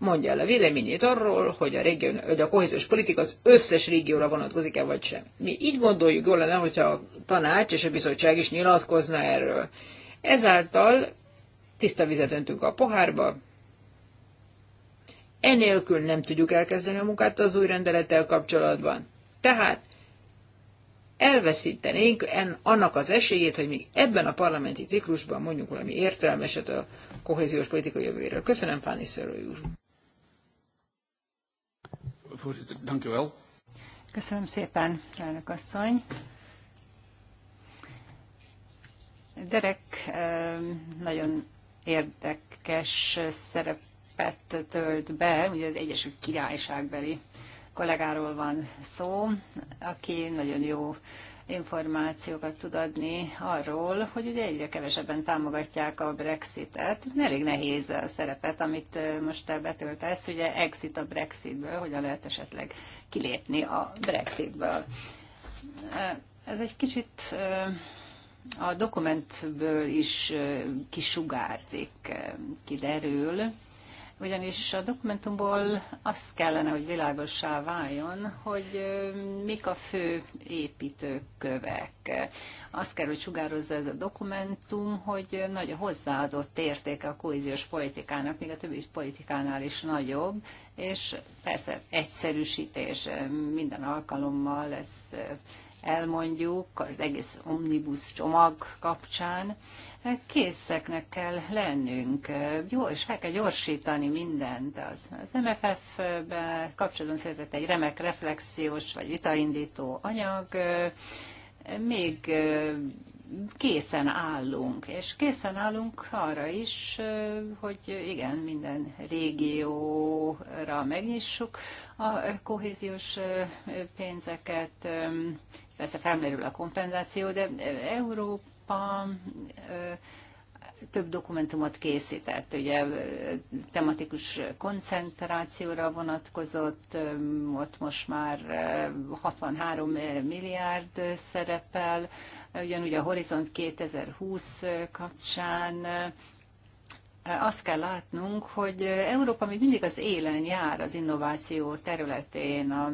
mondja el a véleményét arról, hogy a, régió, hogy a kohéziós politika az összes régióra vonatkozik-e vagy sem. Mi így gondoljuk, jól lenne, hogyha a tanács és a bizottság is nyilatkozna erről. Ezáltal tiszta vizet öntünk a pohárba, enélkül nem tudjuk elkezdeni a munkát az új rendelettel kapcsolatban. Tehát elveszítenénk en, annak az esélyét, hogy még ebben a parlamenti ciklusban mondjuk valami értelmeset a kohéziós politika jövőjéről. Köszönöm, Fáni Szörő úr voorzitter. Dank u wel. Köszönöm szépen, elnök asszony. Derek nagyon érdekes szerepet tölt be, ugye az Egyesült Királyságbeli kollégáról van szó, aki nagyon jó információkat tud adni arról, hogy ugye egyre kevesebben támogatják a Brexitet. Elég nehéz a szerepet, amit most betöltesz, ugye exit a Brexitből, hogyan lehet esetleg kilépni a Brexitből. Ez egy kicsit a dokumentből is kisugárzik, kiderül, ugyanis a dokumentumból azt kellene, hogy világosá váljon, hogy mik a fő építőkövek. Azt kell, hogy sugározza ez a dokumentum, hogy nagy a hozzáadott értéke a kohéziós politikának, még a többi politikánál is nagyobb, és persze egyszerűsítés minden alkalommal, ez elmondjuk az egész omnibus csomag kapcsán, készeknek kell lennünk, jó, és fel kell gyorsítani mindent. Az, az mff be kapcsolatban született egy remek reflexiós vagy vitaindító anyag, még készen állunk, és készen állunk arra is, hogy igen, minden régióra megnyissuk a kohéziós pénzeket, persze felmerül a kompenzáció, de Európa több dokumentumot készített, ugye tematikus koncentrációra vonatkozott, ott most már 63 milliárd szerepel, ugyanúgy a Horizont 2020 kapcsán azt kell látnunk, hogy Európa még mindig az élen jár az innováció területén, a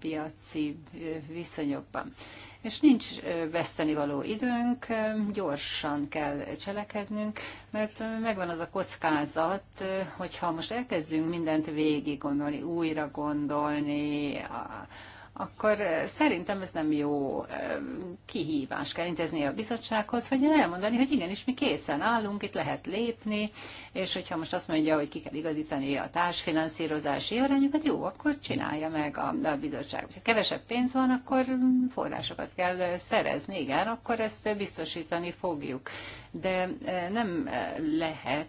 piaci viszonyokban. És nincs vesztenivaló időnk, gyorsan kell cselekednünk, mert megvan az a kockázat, hogyha most elkezdünk mindent végig gondolni, újra gondolni, akkor szerintem ez nem jó kihívás kell intézni a bizottsághoz, hogy elmondani, hogy igenis mi készen állunk, itt lehet lépni, és hogyha most azt mondja, hogy ki kell igazítani a társfinanszírozási arányokat, jó, akkor csinálja meg a, a bizottság. Ha kevesebb pénz van, akkor forrásokat kell szerezni, igen, akkor ezt biztosítani fogjuk. De nem lehet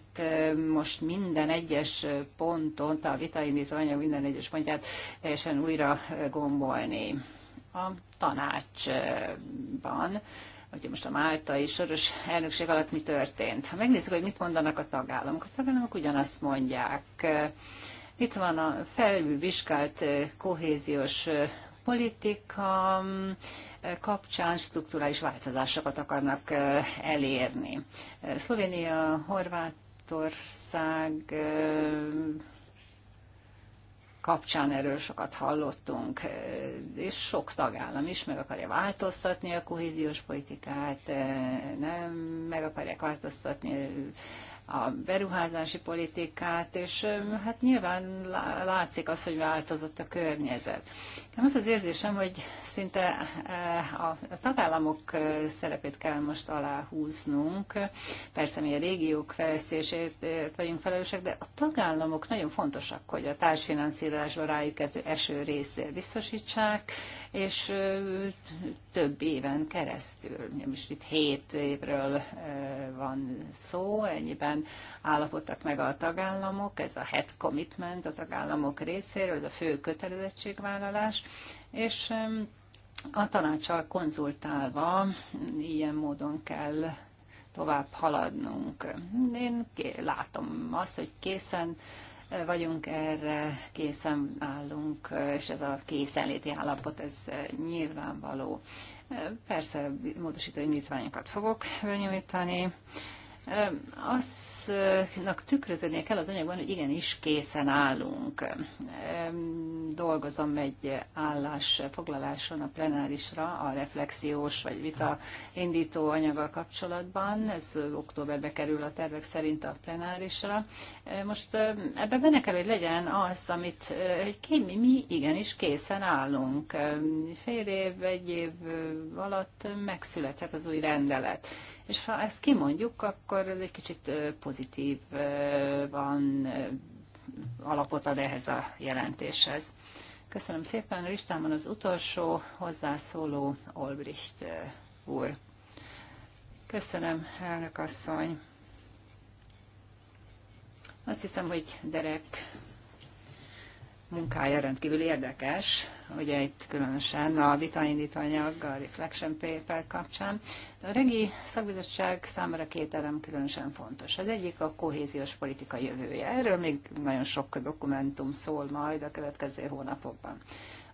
most minden egyes ponton, a vitaindító anyag minden egyes pontját teljesen újra gombol tárgyalni a tanácsban, hogy most a máltai soros elnökség alatt mi történt. Ha megnézzük, hogy mit mondanak a tagállamok, a tagállamok ugyanazt mondják. Itt van a felülvizsgált eh, kohéziós eh, politika eh, kapcsán strukturális változásokat akarnak elérni. Szlovénia, Horvátország kapcsán erről sokat hallottunk, és sok tagállam is meg akarja változtatni a kohéziós politikát, nem meg akarják változtatni a beruházási politikát, és hát nyilván látszik az, hogy változott a környezet. Nem az az érzésem, hogy szinte e, a tagállamok szerepét kell most aláhúznunk. Persze mi a régiók fejlesztésért vagyunk felelősek, de a tagállamok nagyon fontosak, hogy a társfinanszírozásban rájuk eső részét biztosítsák, és több éven keresztül. Most itt hét évről van szó, ennyiben állapodtak meg a tagállamok, ez a head commitment a tagállamok részéről, ez a fő kötelezettségvállalás, és a tanácssal konzultálva ilyen módon kell tovább haladnunk. Én látom azt, hogy készen vagyunk erre, készen állunk, és ez a készenléti állapot, ez nyilvánvaló. Persze módosító indítványokat fogok benyújtani, aznak tükröződnie kell az anyagban, hogy igenis készen állunk. Dolgozom egy állásfoglaláson a plenárisra a reflexiós vagy vita indító anyaggal kapcsolatban. Ez októberbe kerül a tervek szerint a plenárisra. Most ebben benne kell, hogy legyen az, amit egy kémi mi igenis készen állunk. Fél év, egy év alatt megszülethet az új rendelet és ha ezt kimondjuk, akkor ez egy kicsit pozitív van alapot ad ehhez a jelentéshez. Köszönöm szépen. Listámon az utolsó hozzászóló Olbricht úr. Köszönöm, elnök asszony. Azt hiszem, hogy Derek munkája rendkívül érdekes, ugye itt különösen a vitaindítóanyag, a reflection paper kapcsán. A regi szakbizottság számára két elem különösen fontos. Az egyik a kohéziós politika jövője. Erről még nagyon sok dokumentum szól majd a következő hónapokban.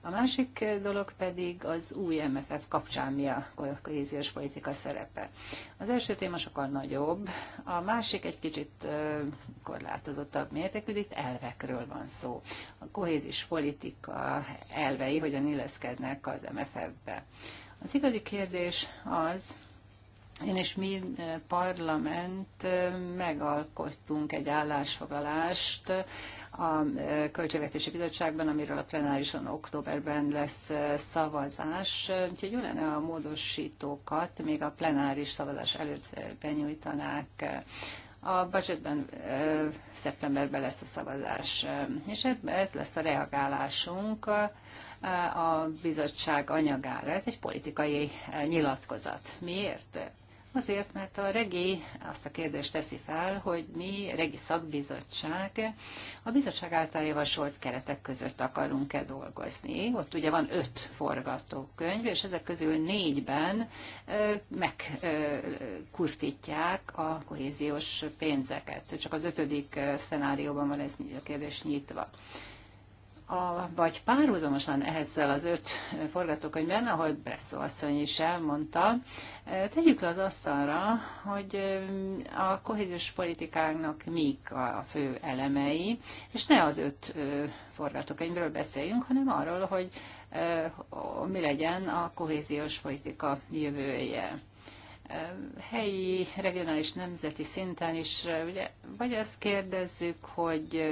A másik dolog pedig az új MFF kapcsán mi a kohéziós politika szerepe. Az első téma sokkal nagyobb, a másik egy kicsit korlátozottabb mértékű, itt elvekről van szó. A kohézis politika elvei hogyan illeszkednek az MFF-be. Az igazi kérdés az, én és mi parlament megalkottunk egy állásfoglalást a Költségvetési Bizottságban, amiről a plenárison októberben lesz szavazás. Úgyhogy jó lenne a módosítókat még a plenáris szavazás előtt benyújtanák. A budgetben szeptemberben lesz a szavazás, és ez lesz a reagálásunk a bizottság anyagára. Ez egy politikai nyilatkozat. Miért? Azért, mert a regi azt a kérdést teszi fel, hogy mi, regi szakbizottság, a bizottság által javasolt keretek között akarunk-e dolgozni. Ott ugye van öt forgatókönyv, és ezek közül négyben megkurtítják a kohéziós pénzeket. Csak az ötödik szenárióban van ez a kérdés nyitva a, vagy párhuzamosan ezzel az öt forgatókönyvben, ahogy Bresszó asszony is elmondta, tegyük le az asztalra, hogy a kohéziós politikának mik a fő elemei, és ne az öt forgatókönyvről beszéljünk, hanem arról, hogy mi legyen a kohéziós politika jövője helyi, regionális, nemzeti szinten is, ugye, vagy azt kérdezzük, hogy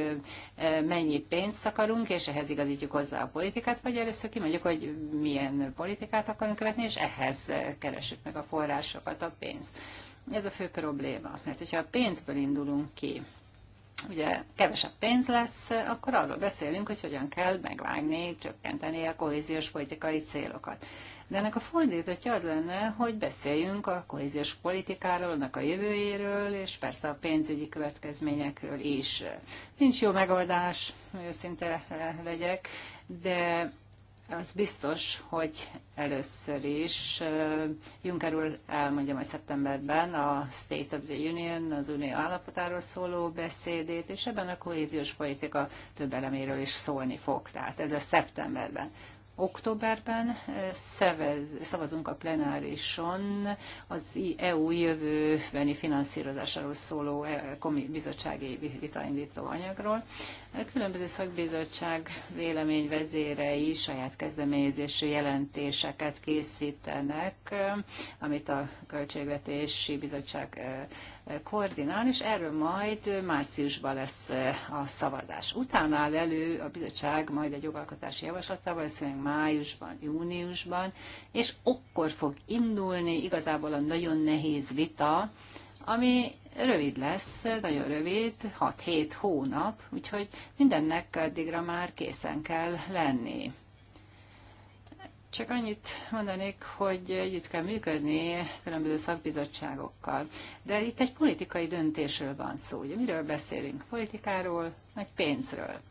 mennyi pénzt akarunk, és ehhez igazítjuk hozzá a politikát, vagy először kimondjuk, hogy milyen politikát akarunk követni, és ehhez keresünk meg a forrásokat, a pénzt. Ez a fő probléma, mert hogyha a pénzből indulunk ki, ugye kevesebb pénz lesz, akkor arról beszélünk, hogy hogyan kell megvágni, csökkenteni a kohéziós politikai célokat. De ennek a fordítottja az lenne, hogy beszéljünk a kohéziós politikáról, annak a jövőjéről, és persze a pénzügyi következményekről is. Nincs jó megoldás, őszinte legyek, de az biztos, hogy először is eh, Juncker úr elmondja majd szeptemberben a State of the Union, az unió állapotáról szóló beszédét, és ebben a kohéziós politika több eleméről is szólni fog. Tehát ez a szeptemberben októberben szavazunk a plenárison az EU jövőbeni finanszírozásáról szóló bizottsági vitaindító anyagról. Különböző szakbizottság véleményvezérei saját kezdeményezésű jelentéseket készítenek, amit a Költségvetési Bizottság koordinál, és erről majd márciusban lesz e, a szavazás. Utána áll elő a bizottság majd egy jogalkotási javaslatával, valószínűleg májusban, júniusban, és akkor fog indulni igazából a nagyon nehéz vita, ami rövid lesz, nagyon rövid, 6-7 hónap, úgyhogy mindennek addigra már készen kell lenni. Csak annyit mondanék, hogy együtt kell működni különböző szakbizottságokkal. De itt egy politikai döntésről van szó. Ugye miről beszélünk? Politikáról, vagy pénzről.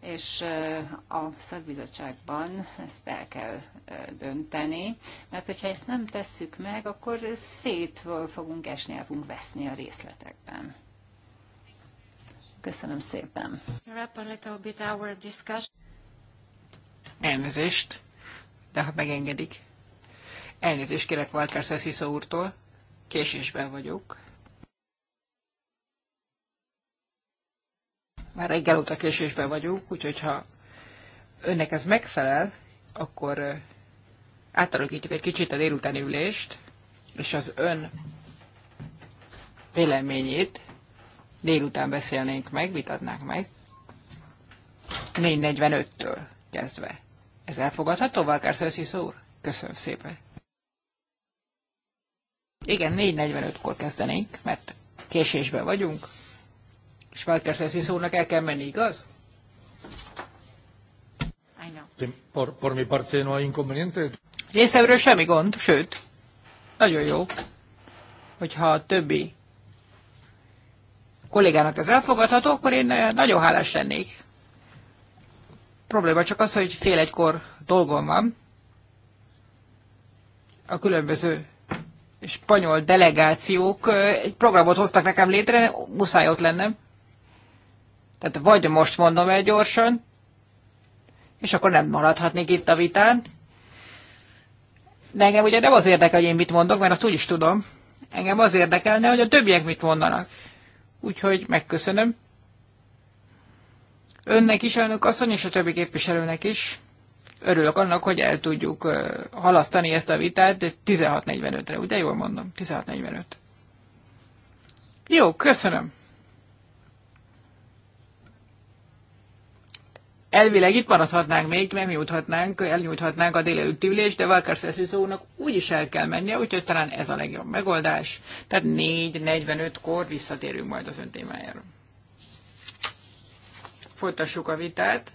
És eh, a szakbizottságban ezt el kell eh, dönteni, mert hogyha ezt nem tesszük meg, akkor szét fogunk esni, el fogunk veszni a részletekben. Köszönöm szépen. Elnézést de ha megengedik. Elnézést kérek Walter Sessiso úrtól, késésben vagyok. Már reggel óta késésben vagyunk, úgyhogy ha önnek ez megfelel, akkor átalakítjuk egy kicsit a délutáni ülést, és az ön véleményét délután beszélnénk meg, vitatnánk meg, 4.45-től kezdve. Ez elfogadható, Valkár Szöszisz úr? Köszönöm szépen. Igen, 4.45-kor kezdenénk, mert késésben vagyunk. És Valkár Szöszisz úrnak el kell menni, igaz? Por, por mi parte no hay inconveniente. Részemről semmi gond, sőt, nagyon jó, hogyha a többi kollégának ez elfogadható, akkor én eh, nagyon hálás lennék probléma csak az, hogy fél egykor dolgom van. A különböző spanyol delegációk egy programot hoztak nekem létre, muszáj ott lennem. Tehát vagy most mondom el gyorsan, és akkor nem maradhatnék itt a vitán. De engem ugye nem az érdekel, hogy én mit mondok, mert azt úgy is tudom. Engem az érdekelne, hogy a többiek mit mondanak. Úgyhogy megköszönöm önnek is, elnök asszony, és a többi képviselőnek is. Örülök annak, hogy el tudjuk halasztani ezt a vitát 16.45-re, ugye jól mondom? 16.45. Jó, köszönöm. Elvileg itt maradhatnánk még, nem juthatnánk, elnyújthatnánk a délelőtti ülést, de Valkar Szeszizónak is el kell mennie, úgyhogy talán ez a legjobb megoldás. Tehát 4.45-kor visszatérünk majd az ön témájára folytassuk a vitát.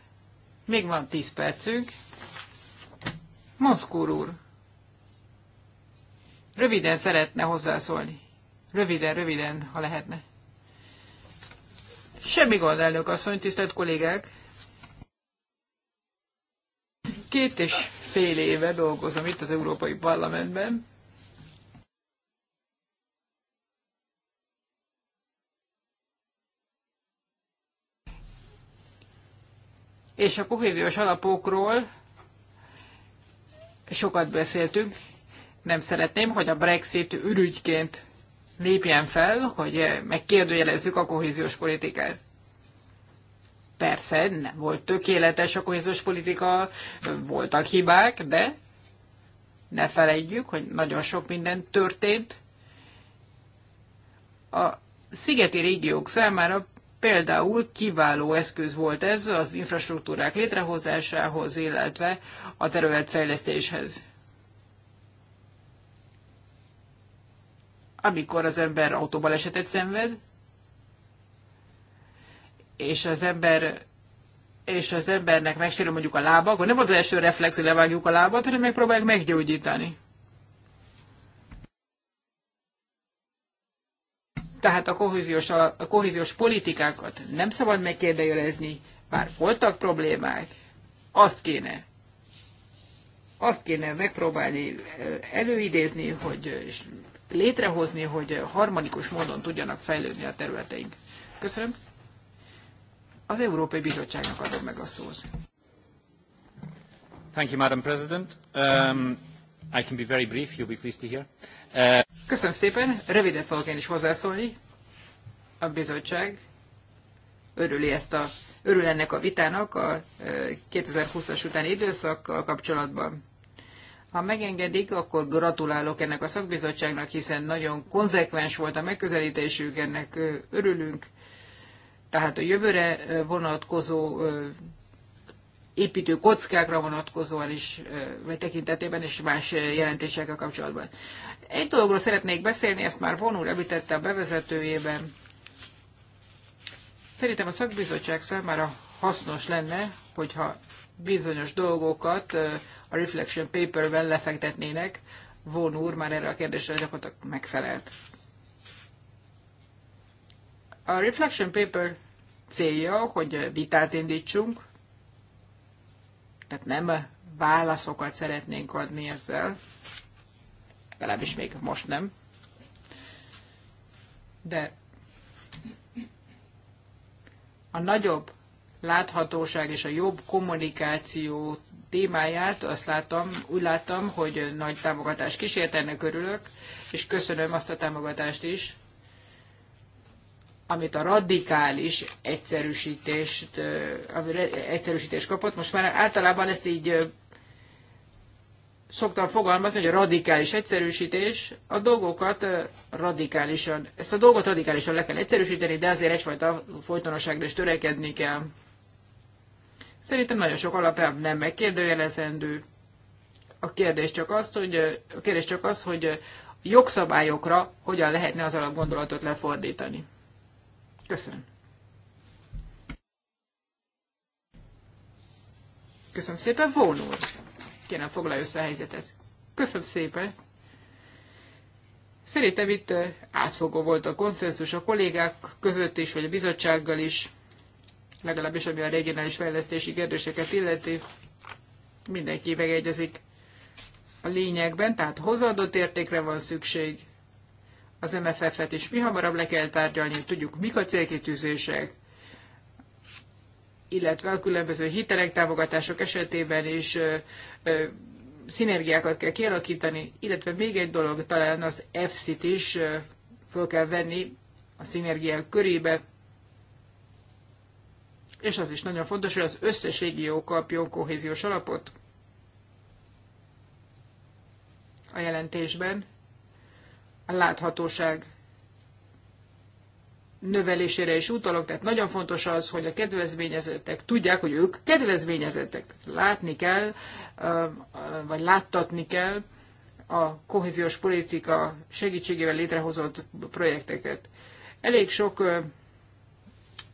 Még van 10 percünk. Moszkúr úr, röviden szeretne hozzászólni. Röviden, röviden, ha lehetne. Semmi gond, elnök asszony, tisztelt kollégák! Két és fél éve dolgozom itt az Európai Parlamentben, és a kohéziós alapokról sokat beszéltünk. Nem szeretném, hogy a Brexit ürügyként lépjen fel, hogy megkérdőjelezzük a kohéziós politikát. Persze, nem volt tökéletes a kohéziós politika, voltak hibák, de ne felejtjük, hogy nagyon sok minden történt. A szigeti régiók számára Például kiváló eszköz volt ez az infrastruktúrák létrehozásához, illetve a területfejlesztéshez. Amikor az ember autóbalesetet szenved, és az ember és az embernek megsérül mondjuk a lába, akkor nem az első reflex, hogy levágjuk a lábat, hanem megpróbáljuk meggyógyítani. tehát a kohéziós, a kohéziós politikákat nem szabad megkérdőjelezni, bár voltak problémák, azt kéne azt kéne megpróbálni eh, előidézni, hogy és létrehozni, hogy harmonikus módon tudjanak fejlődni a területeink. Köszönöm. Az Európai Bizottságnak adom meg a szót. Thank you, Madam President. Um, I can be very brief, you'll be pleased to hear. Uh... Köszönöm szépen, röviden fogok én is hozzászólni. A bizottság örüli ezt a, örül ennek a vitának a 2020-as utáni időszakkal kapcsolatban. Ha megengedik, akkor gratulálok ennek a szakbizottságnak, hiszen nagyon konzekvens volt a megközelítésük, ennek örülünk. Tehát a jövőre vonatkozó építő kockákra vonatkozóan is, vagy tekintetében és más jelentésekkel kapcsolatban. Egy dologról szeretnék beszélni, ezt már vonul említette a bevezetőjében. Szerintem a szakbizottság számára hasznos lenne, hogyha bizonyos dolgokat a Reflection Paper-ben lefektetnének. Von úr már erre a kérdésre gyakorlatilag megfelelt. A Reflection Paper célja, hogy vitát indítsunk tehát nem válaszokat szeretnénk adni ezzel, legalábbis még most nem. De a nagyobb láthatóság és a jobb kommunikáció témáját azt látom, úgy látom, hogy nagy támogatás kísért, ennek örülök, és köszönöm azt a támogatást is, amit a radikális egyszerűsítést, egyszerűsítés kapott. Most már általában ezt így szoktam fogalmazni, hogy a radikális egyszerűsítés a dolgokat radikálisan, ezt a dolgot radikálisan le kell egyszerűsíteni, de azért egyfajta folytonosságra is törekedni kell. Szerintem nagyon sok alapelv nem megkérdőjelezendő. A kérdés csak az, hogy, a kérdés csak az, hogy jogszabályokra hogyan lehetne az alapgondolatot lefordítani. Köszönöm. Köszönöm szépen, Vón úr. Kérem, foglalj össze a helyzetet. Köszönöm szépen. Szerintem itt átfogó volt a konszenzus a kollégák között is, vagy a bizottsággal is, legalábbis ami a regionális fejlesztési kérdéseket illeti. Mindenki megegyezik a lényegben, tehát hozadott értékre van szükség, az MFF-et és mi hamarabb le kell tárgyalni, tudjuk mik a célkitűzések, illetve a különböző hitelek, támogatások esetében is szinergiákat kell kialakítani, illetve még egy dolog, talán az EFSZ-t is föl kell venni a szinergiák körébe, és az is nagyon fontos, hogy az összes régió kapjon kohéziós alapot a jelentésben a láthatóság növelésére is utalok, tehát nagyon fontos az, hogy a kedvezményezettek tudják, hogy ők kedvezményezettek. Látni kell, vagy láttatni kell a kohéziós politika segítségével létrehozott projekteket. Elég sok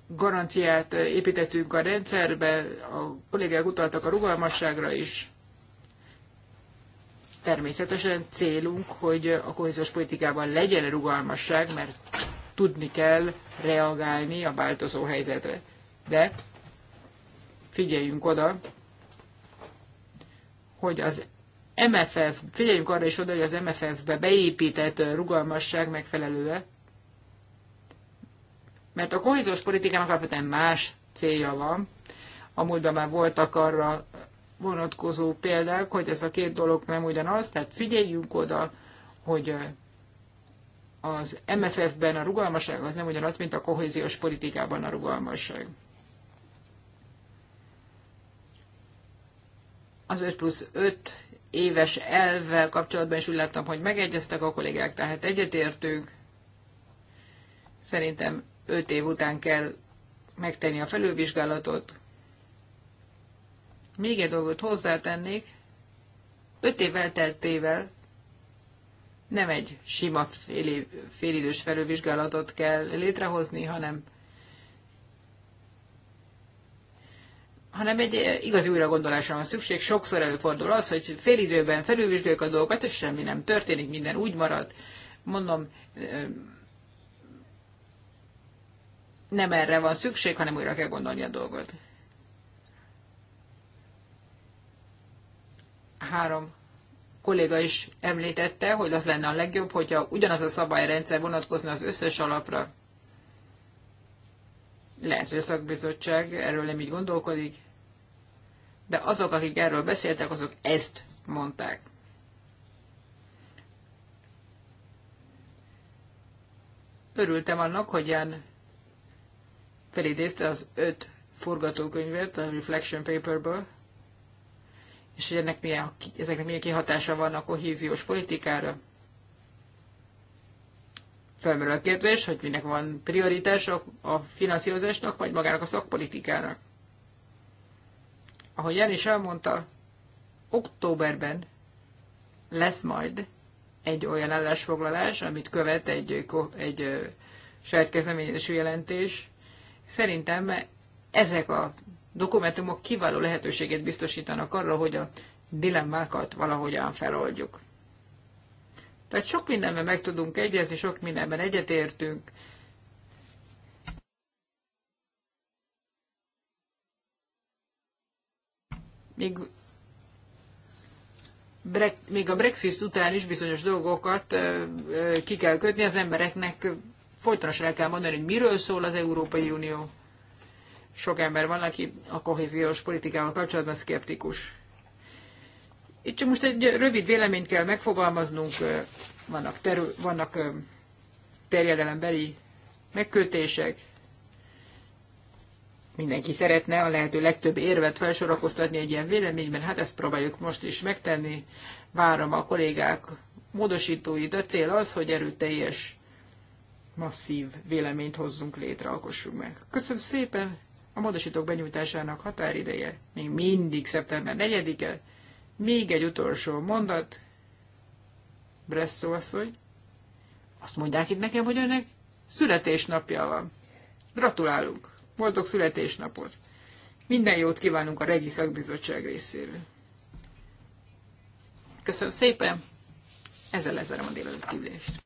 garanciát építettünk a rendszerbe, a kollégák utaltak a rugalmasságra is, természetesen célunk, hogy a kohéziós politikában legyen rugalmasság, mert tudni kell reagálni a változó helyzetre. De figyeljünk oda, hogy az MFF, figyeljünk arra is oda, hogy az MFF-be beépített rugalmasság megfelelő-e, mert a kohéziós politikának alapvetően más célja van. A múltban már voltak arra vonatkozó példák, hogy ez a két dolog nem ugyanaz, tehát figyeljünk oda, hogy az MFF-ben a rugalmasság az nem ugyanaz, mint a kohéziós politikában a rugalmasság. Az 5 plusz 5 éves elvvel kapcsolatban is úgy láttam, hogy megegyeztek a kollégák, tehát egyetértünk. Szerintem 5 év után kell megtenni a felülvizsgálatot, még egy dolgot hozzátennék, öt év elteltével nem egy sima fél felővizsgálatot felülvizsgálatot kell létrehozni, hanem hanem egy igazi újragondolásra van szükség. Sokszor előfordul az, hogy fél időben felülvizsgáljuk a dolgokat, és semmi nem történik, minden úgy marad. Mondom, nem erre van szükség, hanem újra kell gondolni a dolgot. három kolléga is említette, hogy az lenne a legjobb, hogyha ugyanaz a szabályrendszer vonatkozna az összes alapra. Lehet, hogy a szakbizottság erről nem így gondolkodik, de azok, akik erről beszéltek, azok ezt mondták. Örültem annak, hogy Jan felidézte az öt forgatókönyvet a Reflection Paperből, és hogy ennek milyen, ezeknek milyen kihatása van a kohéziós politikára. Felmerül a kérdés, hogy minek van prioritás a finanszírozásnak, vagy magának a szakpolitikának. Ahogy Jan is elmondta, októberben lesz majd egy olyan állásfoglalás, amit követ egy, egy saját jelentés. Szerintem ezek a dokumentumok kiváló lehetőséget biztosítanak arra, hogy a dilemmákat valahogyan feloldjuk. Tehát sok mindenben meg tudunk egyezni, sok mindenben egyetértünk, még, brek, még a Brexit után is bizonyos dolgokat ö, ö, ki kell kötni, az embereknek folytonosan el kell mondani, hogy miről szól az Európai Unió sok ember van, aki a kohéziós politikával kapcsolatban szkeptikus. Itt csak most egy rövid véleményt kell megfogalmaznunk, vannak, terü- vannak terjedelembeli megkötések, mindenki szeretne a lehető legtöbb érvet felsorakoztatni egy ilyen véleményben, hát ezt próbáljuk most is megtenni, várom a kollégák módosítóit, a cél az, hogy erőteljes, masszív véleményt hozzunk létre, alkossunk meg. Köszönöm szépen, a módosítók benyújtásának határideje még mindig szeptember 4-e. Még egy utolsó mondat. Bresszó asszony. Azt mondják itt nekem, hogy önnek születésnapja van. Gratulálunk! Boldog születésnapot! Minden jót kívánunk a Regi Szakbizottság részéről. Köszönöm szépen! Ezzel lezárom a délelőtt ülést.